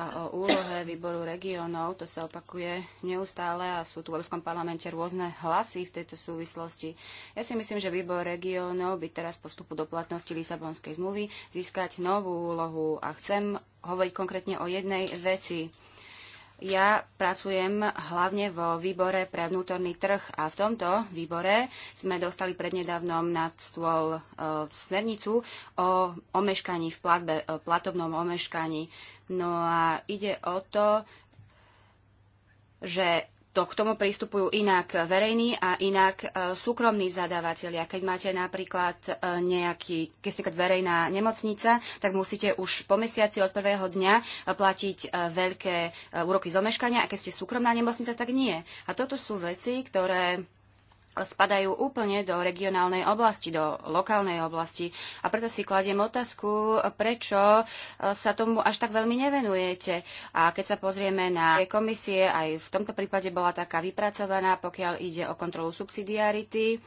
a o úlohe výboru regiónov. To sa opakuje neustále a sú tu v Európskom parlamente rôzne hlasy v tejto súvislosti. Ja si myslím, že výbor regiónov by teraz po vstupu do platnosti Lisabonskej zmluvy získať novú úlohu a chcem hovoriť konkrétne o jednej veci ja pracujem hlavne vo výbore pre vnútorný trh a v tomto výbore sme dostali prednedávnom nad stôl e, smernicu o omeškaní v platbe, o e, platobnom omeškaní. No a ide o to, že to k tomu pristupujú inak verejní a inak e, súkromní zadávateľia. Keď máte napríklad e, nejaký, keď ste verejná nemocnica, tak musíte už po mesiaci od prvého dňa e, platiť veľké úroky zomeškania a keď ste súkromná nemocnica, tak nie. A toto sú veci, ktoré spadajú úplne do regionálnej oblasti, do lokálnej oblasti. A preto si kladiem otázku, prečo e, sa tomu až tak veľmi nevenujete. A keď sa pozrieme na komisie, aj v tomto prípade bola taká vypracovaná, pokiaľ ide o kontrolu subsidiarity,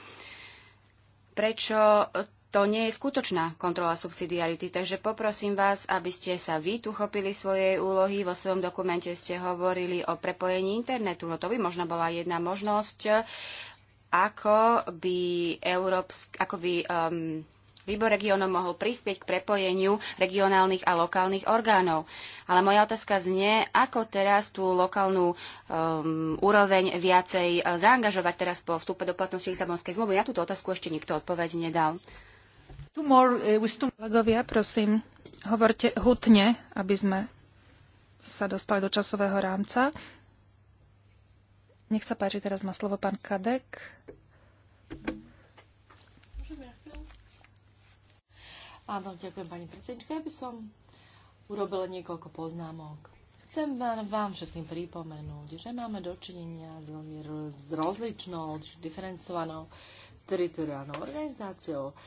prečo to nie je skutočná kontrola subsidiarity, takže poprosím vás, aby ste sa vy tu chopili svojej úlohy. Vo svojom dokumente ste hovorili o prepojení internetu. No to by možno bola jedna možnosť ako by, Európsk, ako by um, výbor regionov mohol prispieť k prepojeniu regionálnych a lokálnych orgánov. Ale moja otázka znie, ako teraz tú lokálnu um, úroveň viacej uh, zaangažovať teraz po vstupe do platnosti Lisabonskej zmluvy. Na túto otázku ešte nikto odpoveď nedal. Uh, Kolegovia, prosím, hovorte hutne, aby sme sa dostali do časového rámca. Nech sa páči, teraz má slovo pán Kadek. Áno, ďakujem pani predsednička. Ja by som urobila niekoľko poznámok. Chcem vám všetkým pripomenúť, že máme dočinenia s rozličnou, diferencovanou teritoriálnou organizáciou.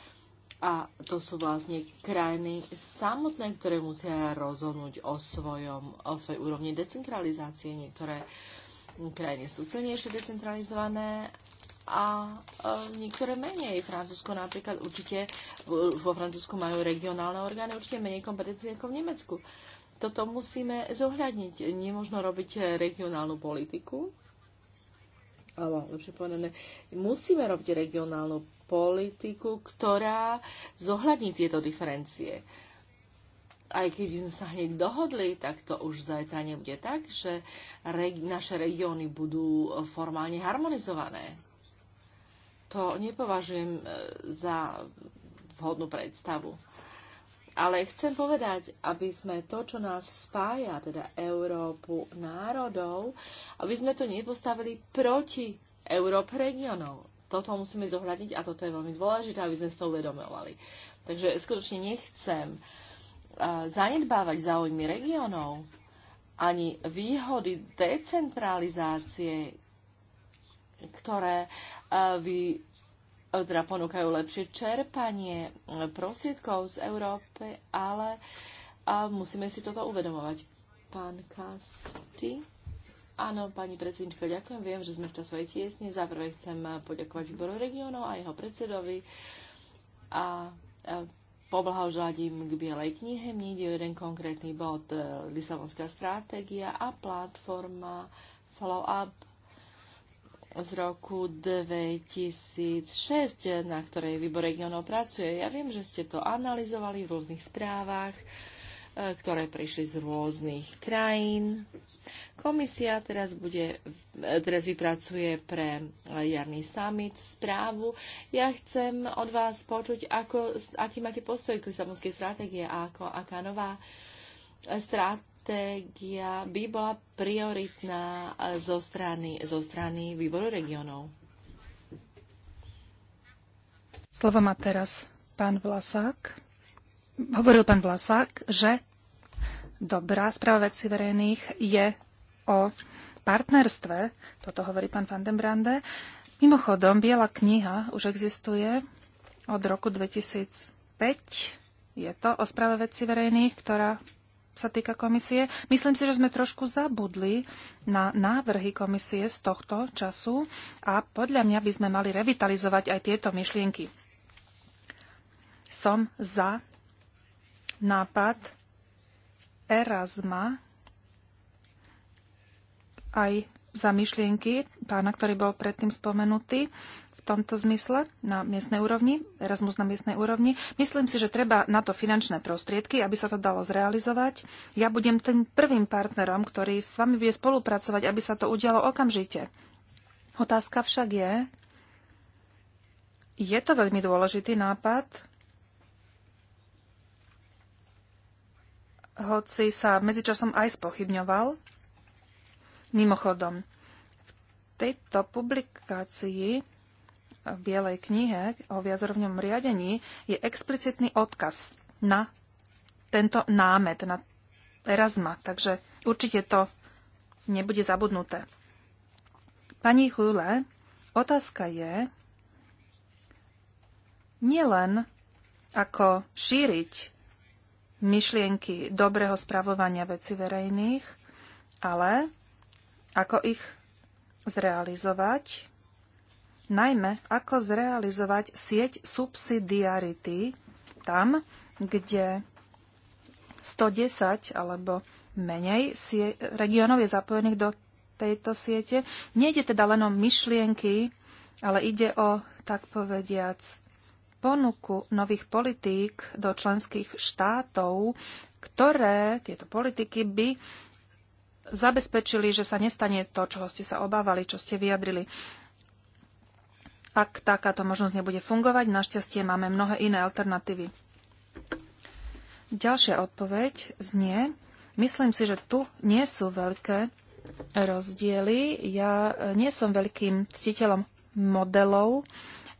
A to sú vlastne krajiny samotné, ktoré musia rozhodnúť o, svojom, o svojej úrovni decentralizácie. Niektoré krajiny sú silnejšie decentralizované a e, niektoré menej. Francúzsko napríklad určite, e, vo Francúzsku majú regionálne orgány, určite menej kompetencie ako v Nemecku. Toto musíme zohľadniť. Nemôžno robiť regionálnu politiku, alebo lepšie povedané, musíme robiť regionálnu politiku, ktorá zohľadní tieto diferencie aj keď by sme sa hneď dohodli, tak to už zajtra nebude tak, že reg- naše regióny budú formálne harmonizované. To nepovažujem e, za vhodnú predstavu. Ale chcem povedať, aby sme to, čo nás spája, teda Európu národov, aby sme to nepostavili proti Európe regionov. Toto musíme zohľadniť a toto je veľmi dôležité, aby sme si to uvedomovali. Takže skutočne nechcem uh, zanedbávať záujmy regionov ani výhody decentralizácie, ktoré vy, e, teda ponúkajú lepšie čerpanie e, prostriedkov z Európy, ale musíme si toto uvedomovať. Pán Kasty? Áno, pani predsednička, ďakujem. Viem, že sme v časovej tiesni. Za prvé chcem e, poďakovať výboru regionov a jeho predsedovi a poblahožať im k Bielej knihe. Mne ide o jeden konkrétny bod, e, Lisabonská stratégia a platforma Follow-up z roku 2006, na ktorej výbor regionov pracuje. Ja viem, že ste to analyzovali v rôznych správach ktoré prišli z rôznych krajín. Komisia teraz, bude, teraz vypracuje pre jarný summit správu. Ja chcem od vás počuť, ako, aký máte postoj k lisabonskej stratégie a ako, aká nová stratégia by bola prioritná zo strany, zo strany výboru regionov. Slovo má teraz pán Vlasák hovoril pán Vlasák, že dobrá správa vecí verejných je o partnerstve, toto hovorí pán Van den Brande. Mimochodom, Biela kniha už existuje od roku 2005. Je to o správe vecí verejných, ktorá sa týka komisie. Myslím si, že sme trošku zabudli na návrhy komisie z tohto času a podľa mňa by sme mali revitalizovať aj tieto myšlienky. Som za nápad Erasma aj za myšlienky pána, ktorý bol predtým spomenutý v tomto zmysle na miestnej úrovni, Erasmus na miestnej úrovni. Myslím si, že treba na to finančné prostriedky, aby sa to dalo zrealizovať. Ja budem tým prvým partnerom, ktorý s vami bude spolupracovať, aby sa to udialo okamžite. Otázka však je, je to veľmi dôležitý nápad, hoci sa medzičasom aj spochybňoval. Mimochodom, v tejto publikácii v Bielej knihe o viazorovňom riadení je explicitný odkaz na tento námet, na Erasma, takže určite to nebude zabudnuté. Pani Hule, otázka je nielen ako šíriť myšlienky dobrého spravovania veci verejných, ale ako ich zrealizovať, najmä ako zrealizovať sieť subsidiarity tam, kde 110 alebo menej regiónov je zapojených do tejto siete. Nejde teda len o myšlienky, ale ide o, tak povediac, ponuku nových politík do členských štátov, ktoré tieto politiky by zabezpečili, že sa nestane to, čoho ste sa obávali, čo ste vyjadrili. Ak takáto možnosť nebude fungovať, našťastie máme mnohé iné alternatívy. Ďalšia odpoveď znie, myslím si, že tu nie sú veľké rozdiely. Ja e, nie som veľkým ctiteľom modelov,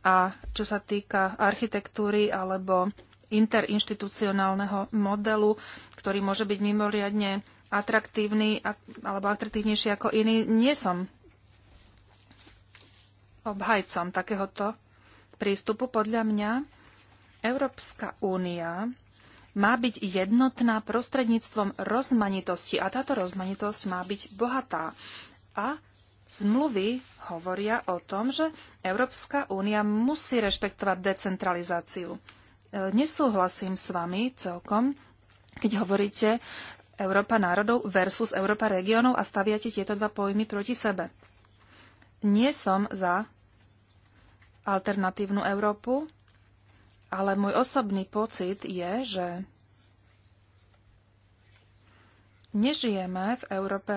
a čo sa týka architektúry alebo interinstitucionálneho modelu, ktorý môže byť mimoriadne atraktívny alebo atraktívnejší ako iný, nie som obhajcom takéhoto prístupu. Podľa mňa Európska únia má byť jednotná prostredníctvom rozmanitosti a táto rozmanitosť má byť bohatá a Zmluvy hovoria o tom, že Európska únia musí rešpektovať decentralizáciu. E, nesúhlasím s vami celkom, keď hovoríte Európa národov versus Európa regiónov a staviate tieto dva pojmy proti sebe. Nie som za alternatívnu Európu, ale môj osobný pocit je, že nežijeme v Európe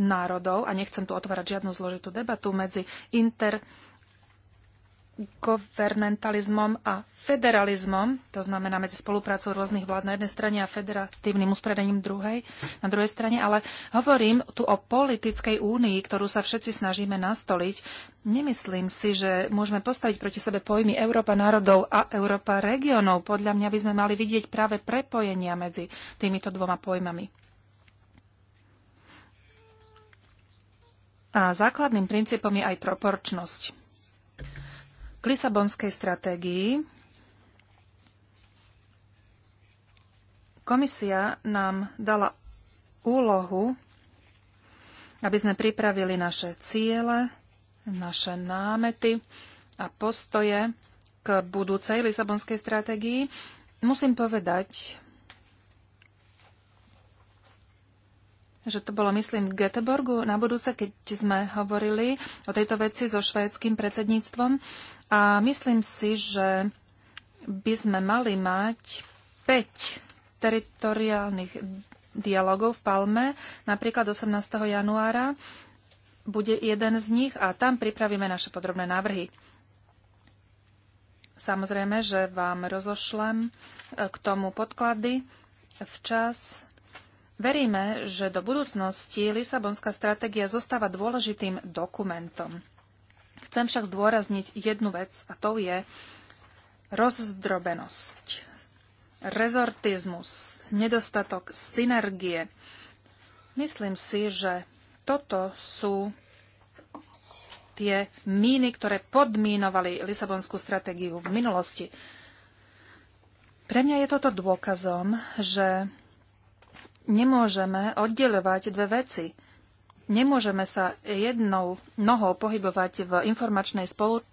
národov, a nechcem tu otvárať žiadnu zložitú debatu, medzi intergovernmentalizmom a federalizmom, to znamená medzi spoluprácou rôznych vlád na jednej strane a federatívnym uspredením druhej, na druhej strane, ale hovorím tu o politickej únii, ktorú sa všetci snažíme nastoliť. Nemyslím si, že môžeme postaviť proti sebe pojmy Európa národov a Európa regionov. Podľa mňa by sme mali vidieť práve prepojenia medzi týmito dvoma pojmami. A základným princípom je aj proporčnosť. K Lisabonskej stratégii komisia nám dala úlohu, aby sme pripravili naše ciele, naše námety a postoje k budúcej Lisabonskej stratégii. Musím povedať, že to bolo, myslím, v Göteborgu na budúce, keď sme hovorili o tejto veci so švédským predsedníctvom. A myslím si, že by sme mali mať 5 teritoriálnych dialogov v Palme, napríklad 18. januára bude jeden z nich a tam pripravíme naše podrobné návrhy. Samozrejme, že vám rozošlem eh, k tomu podklady včas Veríme, že do budúcnosti Lisabonská stratégia zostáva dôležitým dokumentom. Chcem však zdôrazniť jednu vec a to je rozdrobenosť, rezortizmus, nedostatok synergie. Myslím si, že toto sú tie míny, ktoré podmínovali Lisabonskú stratégiu v minulosti. Pre mňa je toto dôkazom, že nemôžeme oddeľovať dve veci. Nemôžeme sa jednou nohou pohybovať v informačnej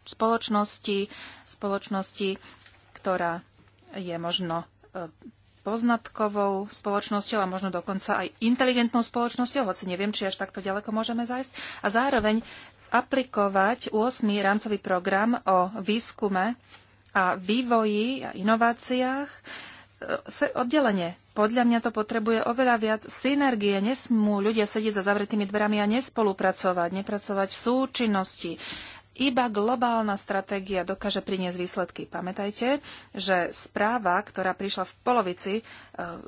spoločnosti, spoločnosti, ktorá je možno e, poznatkovou spoločnosťou a možno dokonca aj inteligentnou spoločnosťou, hoci neviem, či až takto ďaleko môžeme zajsť. A zároveň aplikovať 8. rámcový program o výskume a vývoji a inováciách, oddelenie. Podľa mňa to potrebuje oveľa viac synergie. Nesmú ľudia sedieť za zavretými dverami a nespolupracovať, nepracovať v súčinnosti. Iba globálna stratégia dokáže priniesť výsledky. Pamätajte, že správa, ktorá prišla v polovici e,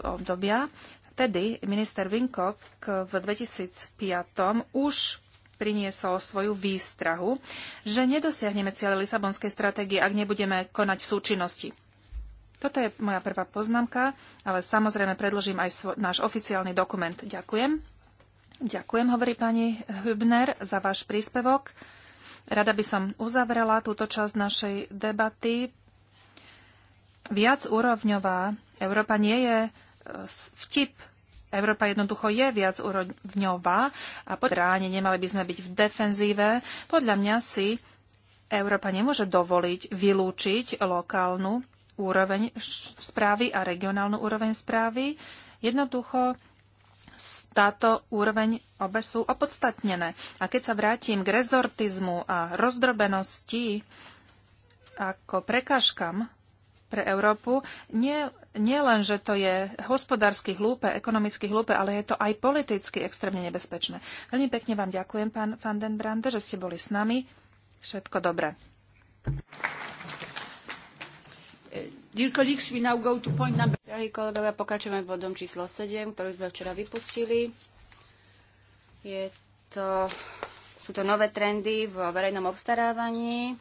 obdobia, vtedy minister Winkok v 2005 už priniesol svoju výstrahu, že nedosiahneme cieľe Lisabonskej stratégie, ak nebudeme konať v súčinnosti. Toto je moja prvá poznámka, ale samozrejme predložím aj svo- náš oficiálny dokument. Ďakujem. Ďakujem, hovorí pani Hübner, za váš príspevok. Rada by som uzavrela túto časť našej debaty. Viac úrovňová. Európa nie je e, vtip. Európa jednoducho je úrovňová a po ráne nemali by sme byť v defenzíve. Podľa mňa si Európa nemôže dovoliť vylúčiť lokálnu úroveň správy a regionálnu úroveň správy. Jednoducho táto úroveň obe sú opodstatnené. A keď sa vrátim k rezortizmu a rozdrobenosti ako prekážkam pre Európu, nie, nie len, že to je hospodársky hlúpe, ekonomicky hlúpe, ale je to aj politicky extrémne nebezpečné. Veľmi pekne vám ďakujem, pán Van den Brande, že ste boli s nami. Všetko dobré. Drahí kolegovia, pokračujeme bodom číslo 7, ktorý sme včera vypustili. Je to, sú to nové trendy v verejnom obstarávaní.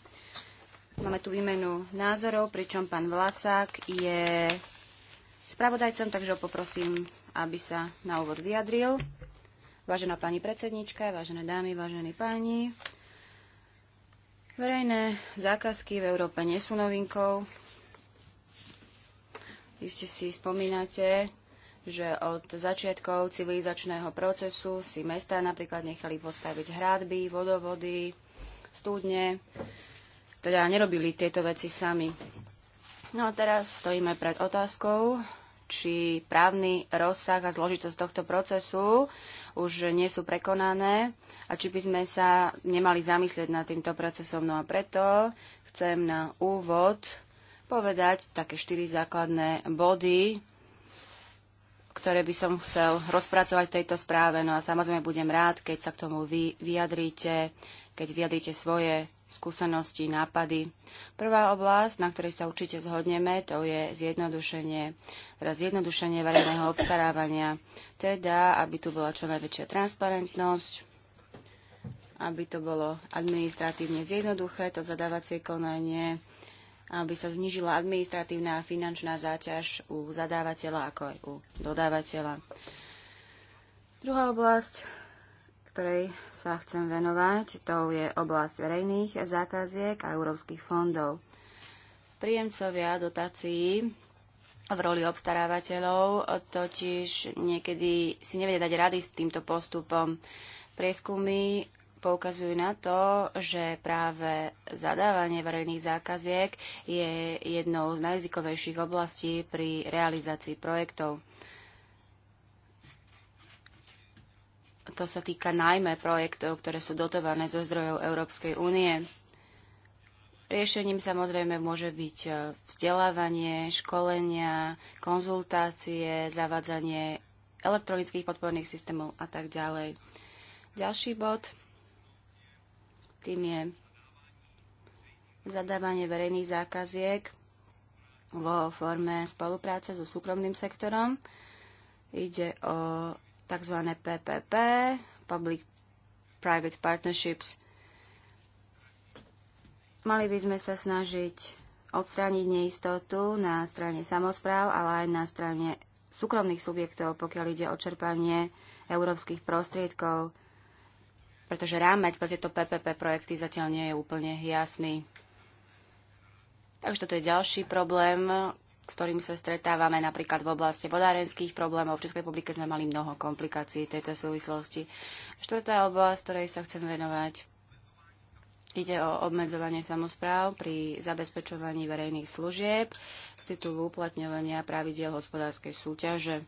Máme tu výmenu názorov, pričom pán Vlasák je spravodajcom, takže ho poprosím, aby sa na úvod vyjadril. Vážená pani predsednička, vážené dámy, vážení páni, verejné zákazky v Európe nie sú novinkou Iste si spomínate, že od začiatkov civilizačného procesu si mesta napríklad nechali postaviť hradby, vodovody, studne, teda nerobili tieto veci sami. No a teraz stojíme pred otázkou, či právny rozsah a zložitosť tohto procesu už nie sú prekonané a či by sme sa nemali zamyslieť nad týmto procesom. No a preto chcem na úvod povedať také štyri základné body, ktoré by som chcel rozpracovať v tejto správe. No a samozrejme budem rád, keď sa k tomu vy vyjadríte, keď vyjadríte svoje skúsenosti, nápady. Prvá oblasť, na ktorej sa určite zhodneme, to je zjednodušenie, teda zjednodušenie verejného obstarávania. Teda, aby tu bola čo najväčšia transparentnosť, aby to bolo administratívne zjednoduché, to zadávacie konanie, aby sa znížila administratívna a finančná záťaž u zadávateľa ako aj u dodávateľa. Druhá oblasť, ktorej sa chcem venovať, to je oblasť verejných zákaziek a európskych fondov. Príjemcovia dotácií v roli obstarávateľov totiž niekedy si nevedia dať rady s týmto postupom. Prieskumy poukazujú na to, že práve zadávanie verejných zákaziek je jednou z najzikovejších oblastí pri realizácii projektov. To sa týka najmä projektov, ktoré sú dotované zo zdrojov Európskej únie. Riešením samozrejme môže byť e, vzdelávanie, školenia, konzultácie, zavádzanie elektronických podporných systémov a tak ďalej. Ďalší bod – tým je zadávanie verejných zákaziek vo forme spolupráce so súkromným sektorom. Ide o tzv. PPP, Public Private Partnerships. Mali by sme sa snažiť odstrániť neistotu na strane samozpráv, ale aj na strane súkromných subjektov, pokiaľ ide o čerpanie európskych prostriedkov pretože rámec pre tieto PPP projekty zatiaľ nie je úplne jasný. Takže toto je ďalší problém, s ktorým sa stretávame napríklad v oblasti vodárenských problémov. V Českej republike sme mali mnoho komplikácií tejto súvislosti. Štvrtá oblasť, ktorej sa chcem venovať, ide o obmedzovanie samozpráv pri zabezpečovaní verejných služieb z titulu uplatňovania pravidiel hospodárskej súťaže.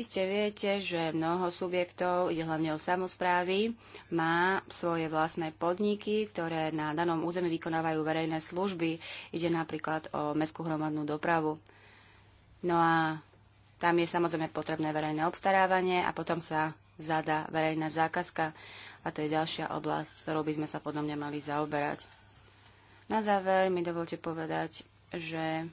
Iste viete, že mnoho subjektov, ide hlavne o samozprávy, má svoje vlastné podniky, ktoré na danom území vykonávajú verejné služby. Ide napríklad o mestskú hromadnú dopravu. No a tam je samozrejme potrebné verejné obstarávanie a potom sa zada verejná zákazka. A to je ďalšia oblasť, ktorou by sme sa podľa mňa mali zaoberať. Na záver mi dovolte povedať, že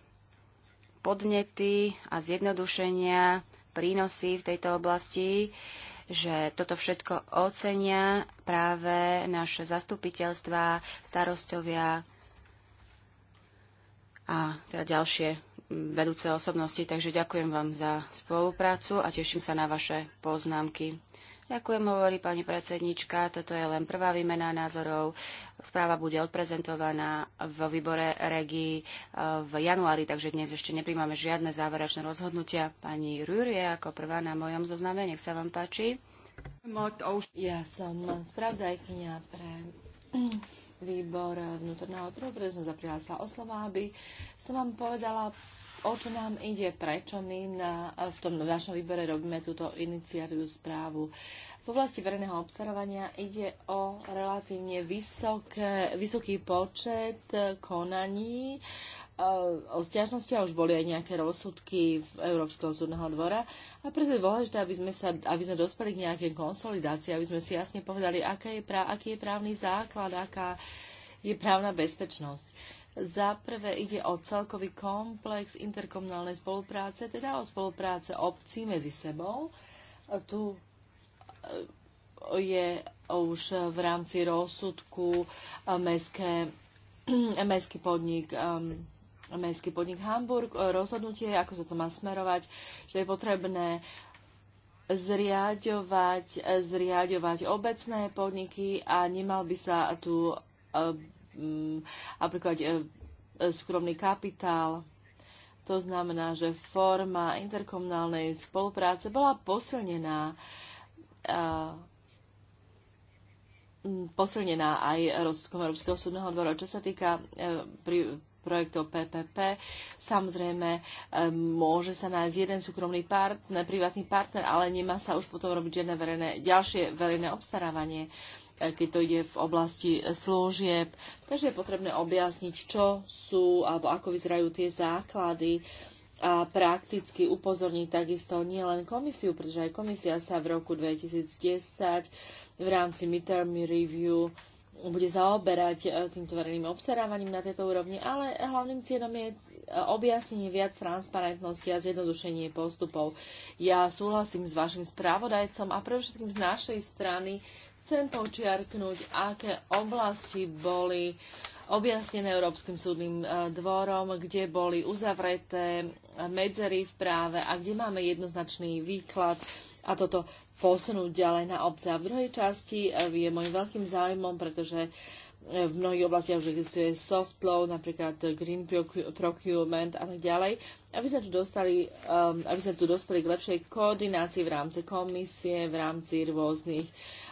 podnety a zjednodušenia prínosy v tejto oblasti, že toto všetko ocenia práve naše zastupiteľstva, starostovia a teda ďalšie vedúce osobnosti. Takže ďakujem vám za spoluprácu a teším sa na vaše poznámky. Ďakujem, hovorí pani predsednička. Toto je len prvá výmena názorov. Správa bude odprezentovaná vo výbore regii eh, v januári, takže dnes ešte nepríjmame žiadne záverečné rozhodnutia. Pani Rúrie ako prvá na mojom zozname, nech sa vám páči. Ja som spravdajkynia pre výbor vnútorného trhu, pretože som zaprihlásila o slova, aby som vám povedala o čo nám ide, prečo my na, v tom našom výbere robíme túto iniciatívu správu. V oblasti verejného obstarovania ide o relatívne vysoké, vysoký počet e, konaní e, o stiažnosti a už boli aj nejaké rozsudky v Európskeho súdneho dvora a preto je dôležité, aby sme, sa, aby sme dospeli k nejakej konsolidácii, aby sme si jasne povedali, aká je, aký je právny základ, aká je právna bezpečnosť. Za prvé ide o celkový komplex interkomunálnej spolupráce, teda o spolupráce obcí medzi sebou. Tu e, je už v rámci rozsudku e, mestské, <clears throat> mestský podnik e, mestský podnik Hamburg, rozhodnutie, ako sa to má smerovať, že je potrebné zriadovať, zriadovať obecné podniky a nemal by sa tu Mm, napríklad e, e, súkromný kapitál. To znamená, že forma interkomunálnej spolupráce bola posilnená mm, posilnená aj rozsudkom Európskeho súdneho dvora. Čo sa týka e, pri projektov PPP. Samozrejme, môže sa nájsť jeden súkromný partner, privátny partner, ale nemá sa už potom robiť žiadne verejné, ďalšie verejné obstarávanie keď to ide v oblasti e, služieb. Takže je potrebné objasniť, čo sú alebo ako vyzerajú tie základy a prakticky upozorniť takisto nielen komisiu, pretože aj komisia sa v roku 2010 v rámci midterm review bude zaoberať e, týmto verejným obserávaním na tejto úrovni, ale hlavným cieľom je e, objasnenie viac transparentnosti a zjednodušenie postupov. Ja súhlasím s vašim správodajcom a pre všetkým z našej strany chcem počiarknúť, aké oblasti boli objasnené Európskym súdnym e, dvorom, kde boli uzavreté e, medzery v práve a kde máme jednoznačný výklad a toto posunúť ďalej na obce. A v druhej časti e, je môj veľkým záujmom, pretože v mnohých oblastiach už existuje soft law, napríklad green procurement a tak ďalej, aby sme tu, dostali, aby sme tu dospeli k lepšej koordinácii v rámci komisie, v rámci rôznych uh,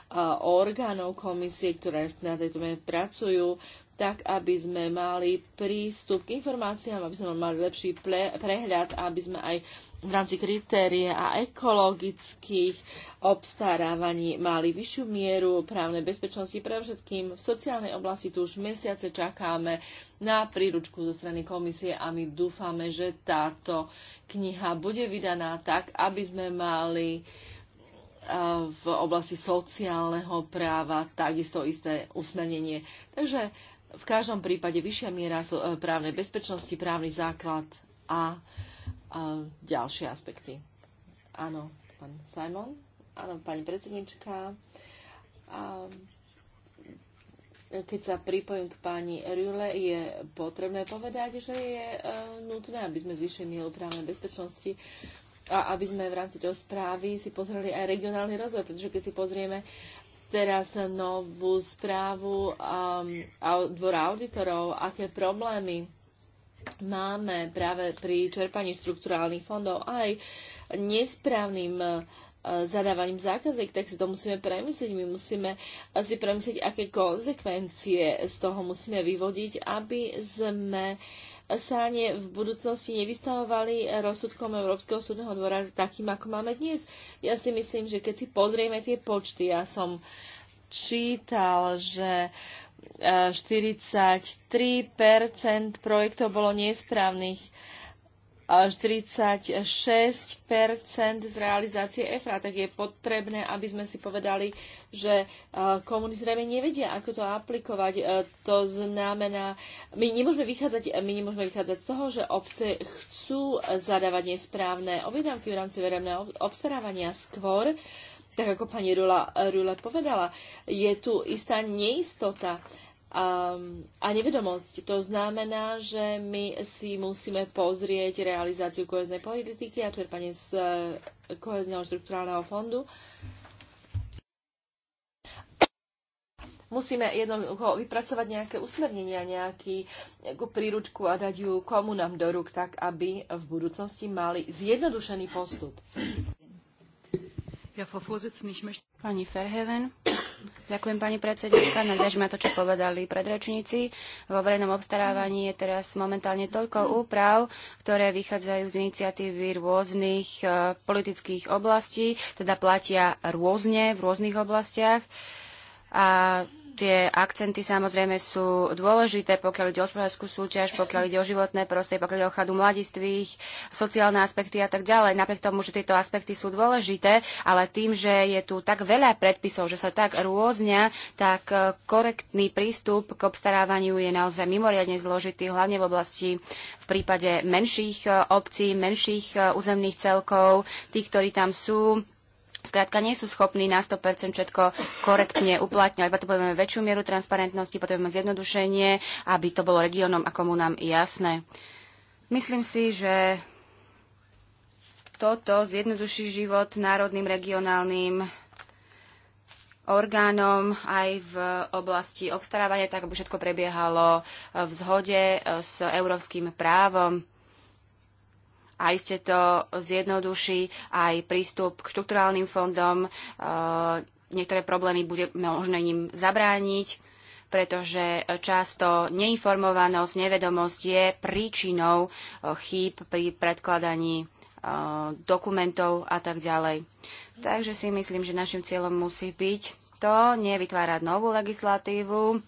orgánov komisie, ktoré na tejto mene pracujú, tak aby sme mali prístup k informáciám, aby sme mali lepší prehľad, aby sme aj v rámci kritérie a ekologických obstarávaní mali vyššiu mieru právnej bezpečnosti. Pre všetkým v sociálnej oblasti tu už mesiace čakáme na príručku zo strany komisie a my dúfame, že táto kniha bude vydaná tak, aby sme mali uh, v oblasti sociálneho práva, takisto isté usmernenie. Takže v každom prípade vyššia miera e, právnej bezpečnosti, právny základ a, a ďalšie aspekty. Áno, pán Simon. Áno, pani predsednička. A keď sa pripojím k pani Rule, je potrebné povedať, že je e, nutné, aby sme zvýšili mieru právnej bezpečnosti a aby sme v rámci toho správy si pozreli aj regionálny rozvoj, pretože keď si pozrieme teraz novú správu um, dvora auditorov, aké problémy máme práve pri čerpaní štrukturálnych fondov aj nesprávnym uh, zadávaním zákaziek, tak si to musíme premyslieť. My musíme si premyslieť, aké konsekvencie z toho musíme vyvodiť, aby sme uh, sa ne, v budúcnosti nevystavovali rozsudkom Európskeho súdneho dvora takým, ako máme dnes. Ja si myslím, že keď si pozrieme tie počty, ja som čítal, že 43% eh, projektov bolo nesprávnych až 36 z realizácie EFRA, tak je potrebné, aby sme si povedali, že e, komúny zrejme nevedia, ako to aplikovať. E, to znamená, my nemôžeme vychádzať, e, my nemôžeme vychádzať z toho, že obce chcú zadávať nesprávne objednávky v rámci verejného obstarávania skôr, tak ako pani Rula, Rula povedala, je tu istá neistota a nevedomosť. To znamená, že my si musíme pozrieť realizáciu koheznej politiky a čerpanie z eh, kohezného štruktúrálneho fondu. Musíme jednoducho vypracovať nejaké usmernenia, nejaký, nejakú príručku a dať ju komu nám do rúk, tak aby v budúcnosti mali zjednodušený postup. Pani Fairhaven. ďakujem pani predsednička, nadviažme na to, čo povedali predrečníci. Vo verejnom obstarávaní je teraz momentálne toľko úprav, ktoré vychádzajú z iniciatívy rôznych e, politických oblastí, teda platia rôzne v rôznych oblastiach. A Tie akcenty samozrejme sú dôležité, pokiaľ ide o hospodárskú súťaž, pokiaľ ide o životné prostredie, pokiaľ ide o ochranu mladistvých, sociálne aspekty a tak ďalej. Napriek tomu, že tieto aspekty sú dôležité, ale tým, že je tu tak veľa predpisov, že sa tak rôznia, tak e, korektný prístup k obstarávaniu je naozaj mimoriadne zložitý, hlavne v oblasti v prípade menších e, obcí, menších e, územných celkov, tých, ktorí tam sú, Skrátka, nie sú schopní na 100% všetko korektne uplatňovať. Potrebujeme väčšiu mieru transparentnosti, potrebujeme zjednodušenie, aby to bolo regiónom a komunám jasné. Myslím si, že toto zjednoduší život národným, regionálnym orgánom aj v oblasti obstarávania, tak aby všetko prebiehalo v zhode s európskym právom a iste to zjednoduší aj prístup k štrukturálnym fondom. E, niektoré problémy bude možné im zabrániť pretože často neinformovanosť, nevedomosť je príčinou e, chýb pri predkladaní e, dokumentov a tak ďalej. Takže si myslím, že našim cieľom musí byť to, nevytvárať novú legislatívu,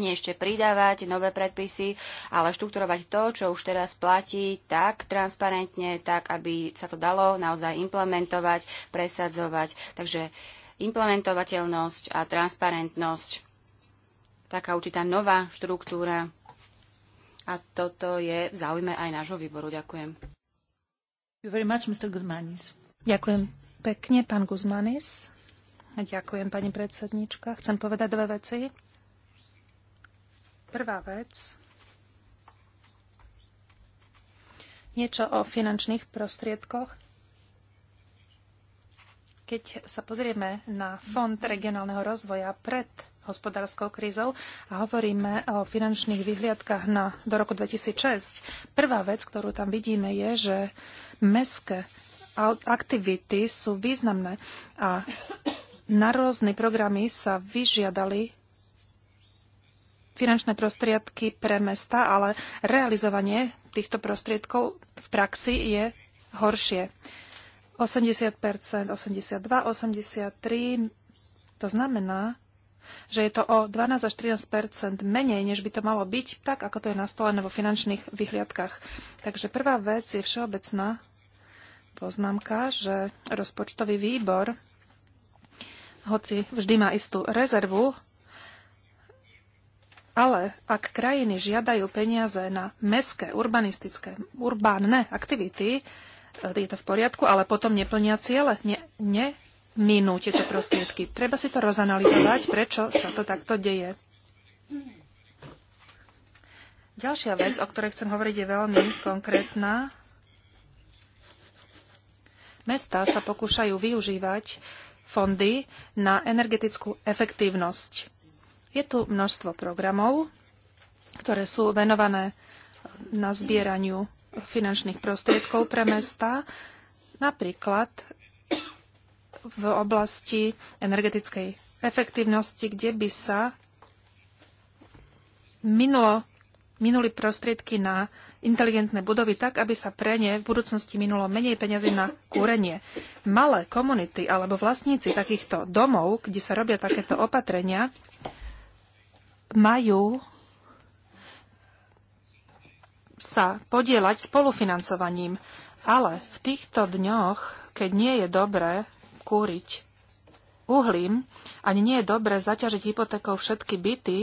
nie ešte pridávať nové predpisy, ale štrukturovať to, čo už teraz platí, tak transparentne, tak, aby sa to dalo naozaj implementovať, presadzovať. Takže implementovateľnosť a transparentnosť, taká určitá nová štruktúra. A toto je v záujme aj nášho výboru. Ďakujem. Much, Ďakujem pekne, pán Guzmanis. Ďakujem, pani predsednička. Chcem povedať dve veci. Prvá vec. Niečo o finančných prostriedkoch. Keď sa pozrieme na Fond regionálneho rozvoja pred hospodárskou krízou a hovoríme o finančných vyhliadkach na, do roku 2006, prvá vec, ktorú tam vidíme, je, že meské aktivity sú významné a na rôzne programy sa vyžiadali finančné prostriedky pre mesta, ale realizovanie týchto prostriedkov v praxi je horšie. 80%, 82, 83, to znamená, že je to o 12 až 13 menej, než by to malo byť, tak ako to je nastolené vo finančných vyhliadkach. Takže prvá vec je všeobecná poznámka, že rozpočtový výbor, hoci vždy má istú rezervu ale ak krajiny žiadajú peniaze na meské, urbanistické, urbánne aktivity, e, je to v poriadku, ale potom neplnia ciele, ne, neminú tieto prostriedky. Treba si to rozanalizovať, prečo sa to takto deje. Ďalšia vec, o ktorej chcem hovoriť, je veľmi konkrétna. Mestá sa pokúšajú využívať fondy na energetickú efektívnosť je tu množstvo programov, ktoré sú venované na zbieraniu finančných prostriedkov pre mesta, napríklad v oblasti energetickej efektívnosti, kde by sa minulo, minuli prostriedky na inteligentné budovy tak, aby sa pre ne v budúcnosti minulo menej peniazy na kúrenie. Malé komunity alebo vlastníci takýchto domov, kde sa robia takéto opatrenia, majú sa podielať spolufinancovaním. Ale v týchto dňoch, keď nie je dobré kúriť uhlím, ani nie je dobré zaťažiť hypotékou všetky byty,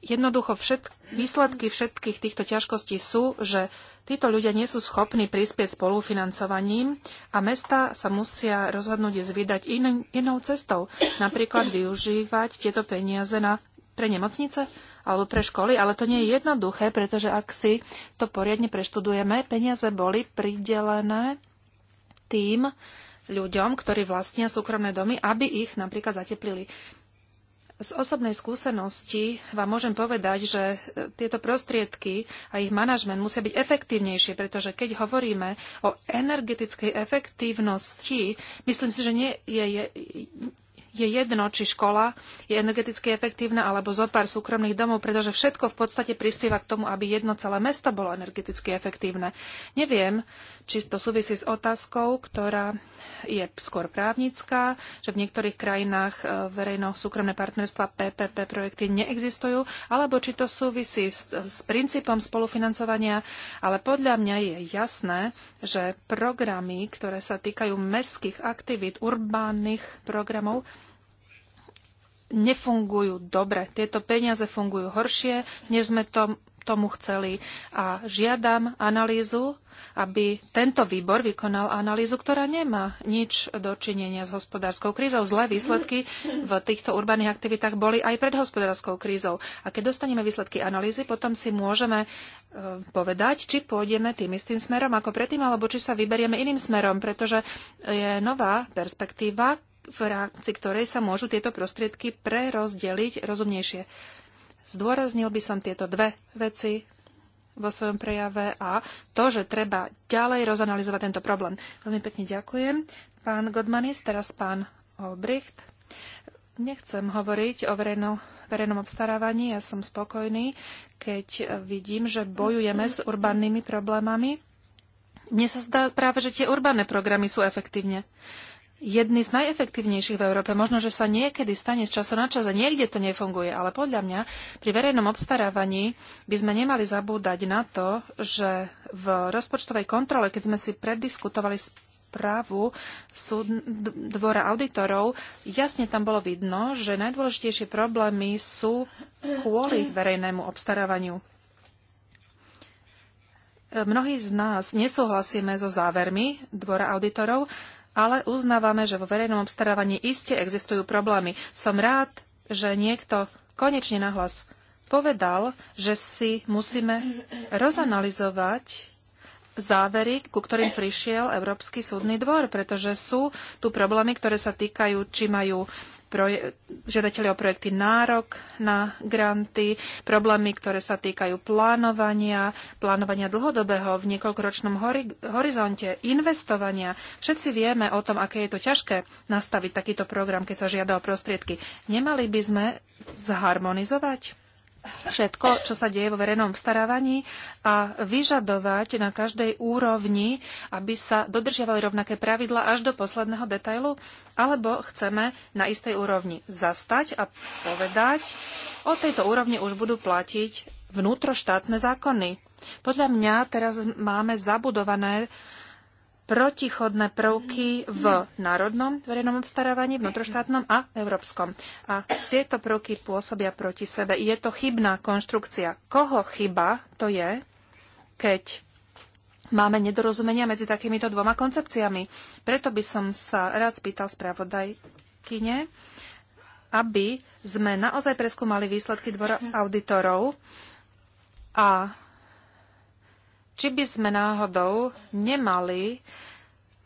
Jednoducho všet, výsledky všetkých týchto ťažkostí sú, že títo ľudia nie sú schopní prispieť spolufinancovaním a mesta sa musia rozhodnúť zvydať in, inou cestou. Napríklad využívať tieto peniaze na, pre nemocnice alebo pre školy, ale to nie je jednoduché, pretože ak si to poriadne preštudujeme, peniaze boli pridelené tým ľuďom, ktorí vlastnia súkromné domy, aby ich napríklad zateplili. Z osobnej skúsenosti vám môžem povedať, že e, tieto prostriedky a ich manažment musia byť efektívnejšie, pretože keď hovoríme o energetickej efektívnosti, myslím si, že nie je, je, je jedno, či škola je energeticky efektívna alebo zo pár súkromných domov, pretože všetko v podstate prispieva k tomu, aby jedno celé mesto bolo energeticky efektívne. Neviem, čisto súvisí s otázkou, ktorá je skôr právnická, že v niektorých krajinách e, verejno-súkromné partnerstva PPP projekty neexistujú, alebo či to súvisí s, s princípom spolufinancovania, ale podľa mňa je jasné, že programy, ktoré sa týkajú mestských aktivít, urbánnych programov, nefungujú dobre. Tieto peniaze fungujú horšie, než sme to tomu chceli. A žiadam analýzu, aby tento výbor vykonal analýzu, ktorá nemá nič dočinenia s hospodárskou krízou. Zlé výsledky v týchto urbaných aktivitách boli aj pred hospodárskou krízou. A keď dostaneme výsledky analýzy, potom si môžeme e, povedať, či pôjdeme tým istým smerom ako predtým, alebo či sa vyberieme iným smerom, pretože je nová perspektíva, v rámci ktorej sa môžu tieto prostriedky prerozdeliť rozumnejšie. Zdôraznil by som tieto dve veci vo svojom prejave a to, že treba ďalej rozanalizovať tento problém. Veľmi pekne ďakujem. Pán Godmanis, teraz pán Olbricht. Nechcem hovoriť o verejno, verejnom obstarávaní, ja som spokojný, keď vidím, že bojujeme s urbannými problémami. Mne sa zdá práve, že tie urbané programy sú efektívne jedný z najefektívnejších v Európe. Možno, že sa niekedy stane z času na čas a niekde to nefunguje, ale podľa mňa pri verejnom obstarávaní by sme nemali zabúdať na to, že v rozpočtovej kontrole, keď sme si prediskutovali správu súd, dvora auditorov, jasne tam bolo vidno, že najdôležitejšie problémy sú kvôli verejnému obstarávaniu. Mnohí z nás nesúhlasíme so závermi dvora auditorov, ale uznávame, že vo verejnom obstarávaní iste existujú problémy. Som rád, že niekto konečne nahlas povedal, že si musíme rozanalizovať závery, ku ktorým prišiel Európsky súdny dvor, pretože sú tu problémy, ktoré sa týkajú, či majú proje- žiadateľi o projekty nárok na granty, problémy, ktoré sa týkajú plánovania, plánovania dlhodobého v niekoľkoročnom hori- horizonte, investovania. Všetci vieme o tom, aké je to ťažké nastaviť takýto program, keď sa žiada o prostriedky. Nemali by sme zharmonizovať? všetko, čo sa deje vo verejnom obstarávaní a vyžadovať na každej úrovni, aby sa dodržiavali rovnaké pravidla až do posledného detailu, alebo chceme na istej úrovni zastať a povedať, o tejto úrovni už budú platiť vnútroštátne zákony. Podľa mňa teraz máme zabudované protichodné prvky v národnom verejnom obstarávaní, vnútroštátnom a európskom. A tieto prvky pôsobia proti sebe. Je to chybná konštrukcia. Koho chyba to je, keď máme nedorozumenia medzi takýmito dvoma koncepciami? Preto by som sa rád spýtal spravodajkyne, aby sme naozaj preskúmali výsledky dvora auditorov a či by sme náhodou nemali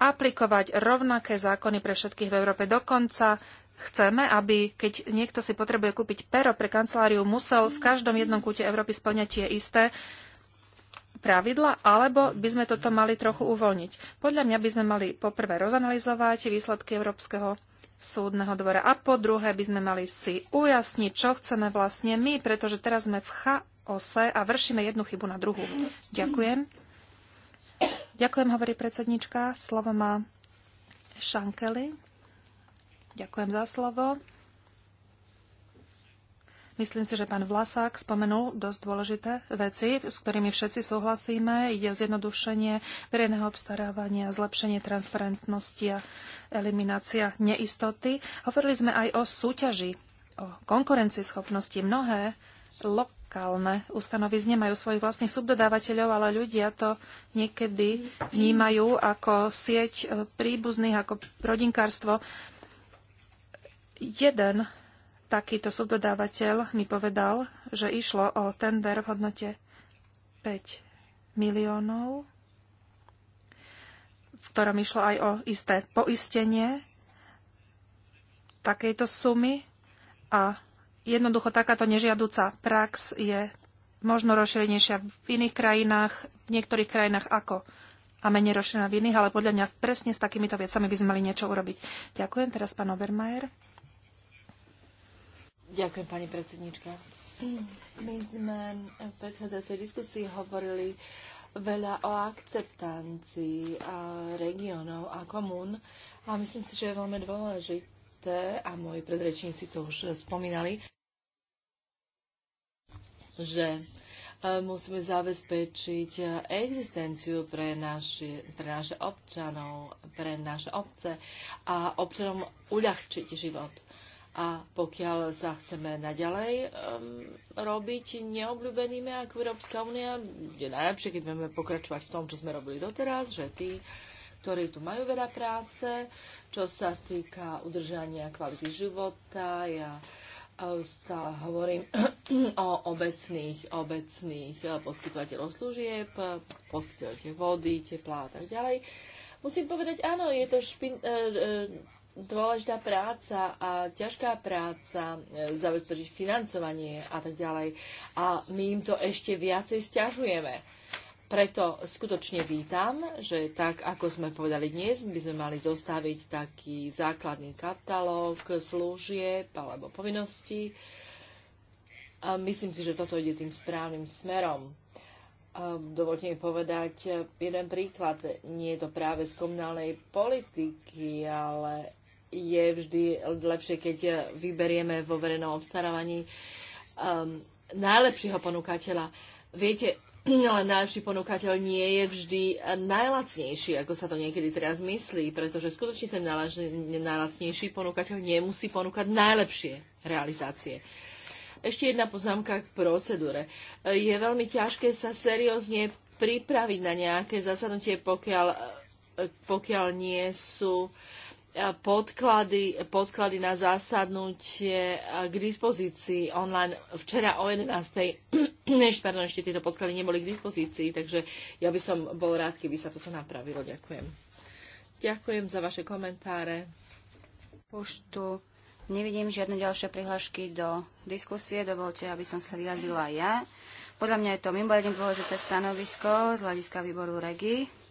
aplikovať rovnaké zákony pre všetkých v Európe. Dokonca chceme, aby keď niekto si potrebuje kúpiť pero pre kanceláriu, musel v každom jednom kúte Európy splňať tie isté pravidla, alebo by sme toto mali trochu uvoľniť. Podľa mňa by sme mali poprvé rozanalizovať výsledky Európskeho súdneho dvora a po druhé by sme mali si ujasniť, čo chceme vlastne my, pretože teraz sme v, chaose ose a vršíme jednu chybu na druhú. Ďakujem. Ďakujem, hovorí predsednička. Slovo má Šankely. Ďakujem za slovo. Myslím si, že pán Vlasák spomenul dosť dôležité veci, s ktorými všetci súhlasíme. Ide o zjednodušenie verejného obstarávania, zlepšenie transparentnosti a eliminácia neistoty. Hovorili sme aj o súťaži, o konkurencieschopnosti. Mnohé lokálne Ústanovy ustanovizne majú svojich vlastných subdodávateľov, ale ľudia to niekedy vnímajú ako sieť e, príbuzných, ako rodinkárstvo. Jeden takýto subdodávateľ mi povedal, že išlo o tender v hodnote 5 miliónov, v ktorom išlo aj o isté poistenie takejto sumy a Jednoducho takáto nežiaduca prax je možno rozšírenejšia v iných krajinách, v niektorých krajinách ako a menej rozšírená v iných, ale podľa mňa presne s takýmito vecami by sme mali niečo urobiť. Ďakujem teraz pán Obermajer. Ďakujem pani predsednička. My sme v predchádzajúcej diskusii hovorili veľa o akceptancii regionov a komún a myslím si, že je veľmi dôležité dôležité, a moji predrečníci to už spomínali, že e, musíme zabezpečiť existenciu pre, naši, pre naše občanov, pre naše obce a občanom uľahčiť život. A pokiaľ sa chceme naďalej um, robiť neobľúbenými ako Európska únia, je najlepšie, keď budeme pokračovať v tom, čo sme robili doteraz, že tí, ktorí tu majú veľa práce, čo sa týka udržania kvality života. Ja stále hovorím <clears throat> o obecných, obecných eh, poskytovateľov služieb, poskytovateľov vody, tepla a tak ďalej. Musím povedať, áno, je to špin, e, e, dôležitá práca a ťažká práca, e, zabezpečiť financovanie a tak ďalej. A my im to ešte viacej stiažujeme preto skutočne vítam, že tak, ako sme povedali dnes, by sme mali zostaviť taký základný katalóg služieb alebo povinností. A myslím si, že toto ide tým správnym smerom. dovolte mi povedať jeden príklad. Nie je to práve z komunálnej politiky, ale je vždy lepšie, keď vyberieme vo verejnom obstarávaní um, najlepšieho ponúkateľa. Viete, ale najlepší ponúkateľ nie je vždy najlacnejší, ako sa to niekedy teraz myslí, pretože skutočne ten najlacnejší ponúkateľ nemusí ponúkať najlepšie realizácie. Ešte jedna poznámka k procedúre. Je veľmi ťažké sa seriózne pripraviť na nejaké zasadnutie, pokiaľ, pokiaľ nie sú uh, podklady, podklady na zásadnutie k dispozícii online. Včera o 11. <clears throat> pardon, ešte tieto podklady neboli k dispozícii, takže ja by som bol rád, keby sa toto napravilo. Ďakujem. Ďakujem za vaše komentáre. tu nevidím žiadne ďalšie prihlášky do diskusie. Dovolte, aby som sa vyjadila ja. Podľa mňa je to mimoriadne dôležité stanovisko z hľadiska výboru REGI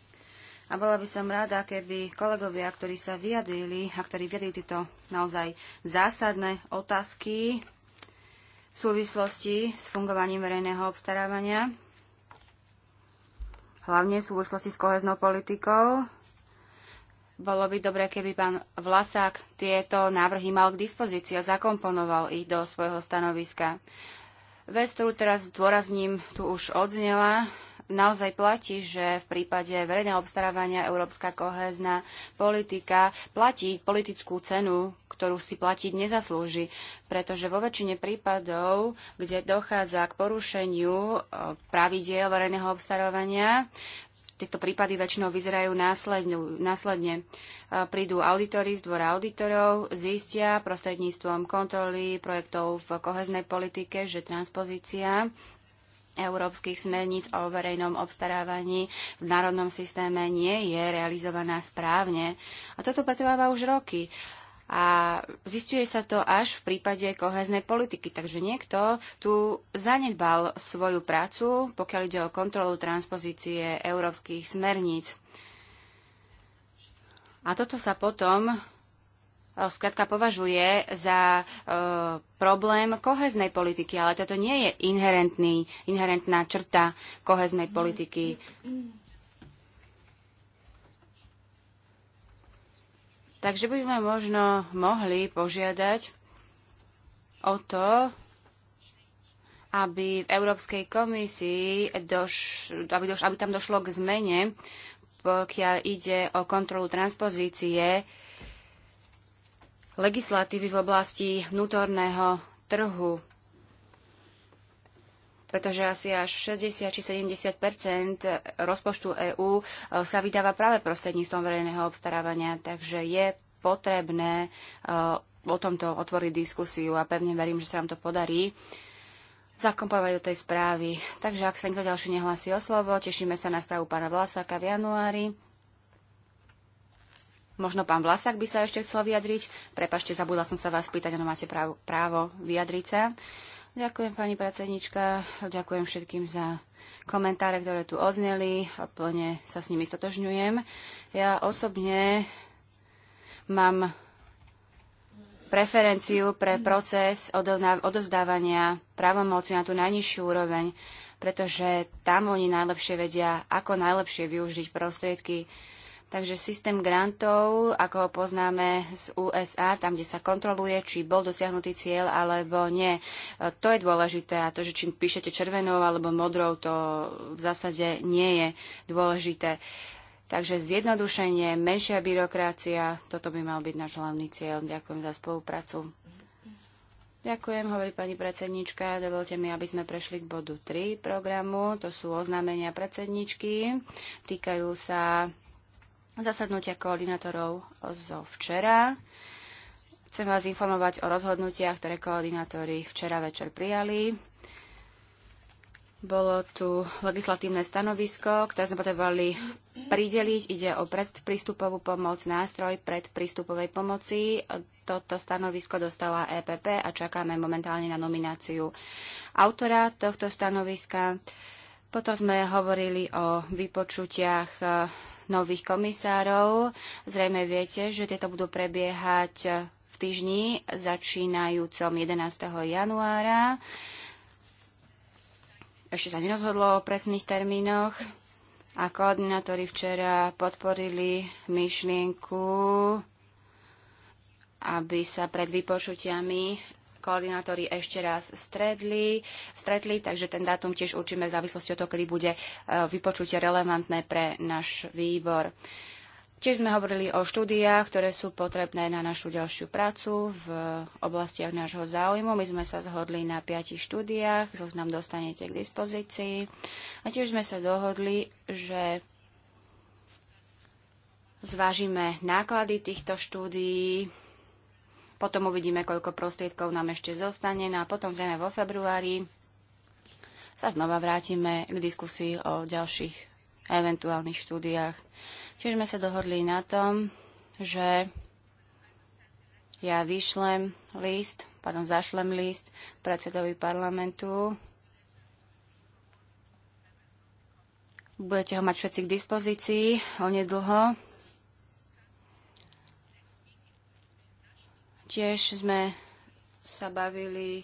a bola by som rada, keby kolegovia, ktorí sa vyjadrili a ktorí vyjadrili tieto naozaj zásadné otázky v súvislosti s fungovaním verejného obstarávania, hlavne v súvislosti s koheznou politikou, bolo by dobre, keby pán Vlasák tieto návrhy mal k dispozícii a zakomponoval ich do svojho stanoviska. Vec, ktorú teraz zdôrazním, tu už odznela naozaj platí, že v prípade verejného obstarávania európska kohézna politika platí politickú cenu, ktorú si platiť nezaslúži, pretože vo väčšine prípadov, kde dochádza k porušeniu e, pravidiel verejného obstarávania, tieto prípady väčšinou vyzerajú následne. následne. E, prídu auditory z dvora auditorov, zistia prostredníctvom kontroly projektov v koheznej politike, že transpozícia európskych smerníc o verejnom obstarávaní v národnom systéme nie je realizovaná správne. A toto pretrváva už roky. A zistuje sa to až v prípade koheznej politiky. Takže niekto tu zanedbal svoju prácu, pokiaľ ide o kontrolu transpozície európskych smerníc. A toto sa potom E, skrátka považuje za e, problém koheznej politiky, ale toto nie je inherentný, inherentná črta koheznej politiky. Takže by sme možno mohli požiadať o to, aby v Európskej komisii, doš, aby, doš, aby tam došlo k zmene, pokiaľ ide o kontrolu transpozície uh, legislatívy v oblasti vnútorného trhu, pretože asi až 60 či 70 rozpočtu EÚ e, sa vydáva práve prostredníctvom verejného obstarávania, takže je potrebné e, o tomto otvoriť diskusiu a pevne verím, že sa nám to podarí zakompovať do tej správy. Takže ak sa nikto ďalší nehlasí o slovo, tešíme sa na správu pána Vlasaka v januári Možno pán Vlasák by sa ešte chcel vyjadriť. Prepašte, zabudla som sa vás pýtať, áno, máte právo, právo vyjadriť sa. Ďakujem, pani predsednička. Ďakujem všetkým za komentáre, ktoré tu odzneli. A plne sa s nimi stotožňujem. Ja osobne mám preferenciu pre proces odovzdávania právomoci na tú najnižšiu úroveň, pretože tam oni najlepšie vedia, ako najlepšie využiť prostriedky, Takže systém grantov, ako ho poznáme z USA, tam, kde sa kontroluje, či bol dosiahnutý cieľ alebo nie, e, to je dôležité. A to, že či píšete červenou alebo modrou, to v zásade nie je dôležité. Takže zjednodušenie, menšia byrokracia, toto by mal byť náš hlavný cieľ. Ďakujem za spoluprácu. Ďakujem, hovorí pani predsednička. Dovolte mi, aby sme prešli k bodu 3 programu. To sú oznámenia predsedničky. Týkajú sa zasadnutia koordinátorov zo včera. Chcem vás informovať o rozhodnutiach, ktoré koordinátori včera večer prijali. Bolo tu legislatívne stanovisko, ktoré sme potrebovali prideliť. Ide o predprístupovú pomoc, nástroj predprístupovej pomoci. Toto stanovisko dostala EPP a čakáme momentálne na nomináciu autora tohto stanoviska. Potom sme hovorili o vypočutiach nových komisárov. Zrejme viete, že tieto budú prebiehať v týždni začínajúcom 11. januára. Ešte sa nerozhodlo o presných termínoch a koordinátori včera podporili myšlienku, aby sa pred vypočutiami koordinátori ešte raz stredli, stretli, takže ten dátum tiež určíme v závislosti od toho, kedy bude e, vypočutie relevantné pre náš výbor. Tiež sme hovorili o štúdiách, ktoré sú potrebné na našu ďalšiu prácu v oblastiach nášho záujmu. My sme sa zhodli na piatich štúdiách, zoznam dostanete k dispozícii. A tiež sme sa dohodli, že zvážime náklady týchto štúdií, potom uvidíme, koľko prostriedkov nám ešte zostane no a potom zrejme vo februári sa znova vrátime k diskusii o ďalších eventuálnych štúdiách. Čiže sme sa dohodli na tom, že ja vyšlem list, pardon, zašlem list predsedovi parlamentu. Budete ho mať všetci k dispozícii onedlho. Tiež sme sa bavili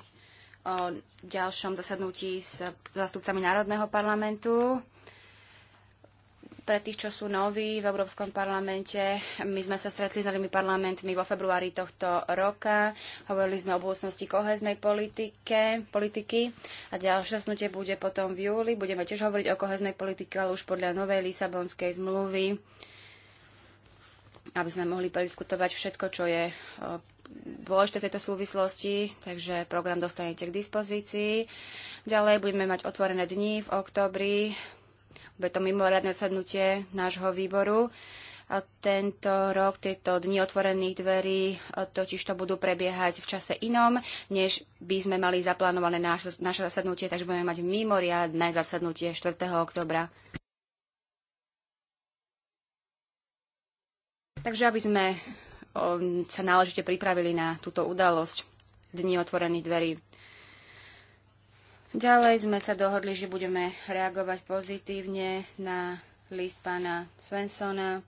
o ďalšom zasadnutí s zástupcami Národného parlamentu. Pre tých, čo sú noví v Európskom parlamente, my sme sa stretli s novými parlamentmi vo februári tohto roka. Hovorili sme o budúcnosti koheznej politike, politiky a ďalšie zasnutie bude potom v júli. Budeme tiež hovoriť o koheznej politike, ale už podľa novej Lisabonskej zmluvy aby sme mohli prediskutovať všetko, čo je dôležité tejto súvislosti, takže program dostanete k dispozícii. Ďalej budeme mať otvorené dni v oktobri, bude to mimoriadne sadnutie nášho výboru. A tento rok tieto dni otvorených dverí totiž to budú prebiehať v čase inom, než by sme mali zaplánované naš, naše zasadnutie, takže budeme mať mimoriadne zasadnutie 4. oktobra. Takže aby sme Um, sa náležite pripravili na túto udalosť Dní otvorených dverí. Ďalej sme sa dohodli, že budeme reagovať pozitívne na list pána Svensona,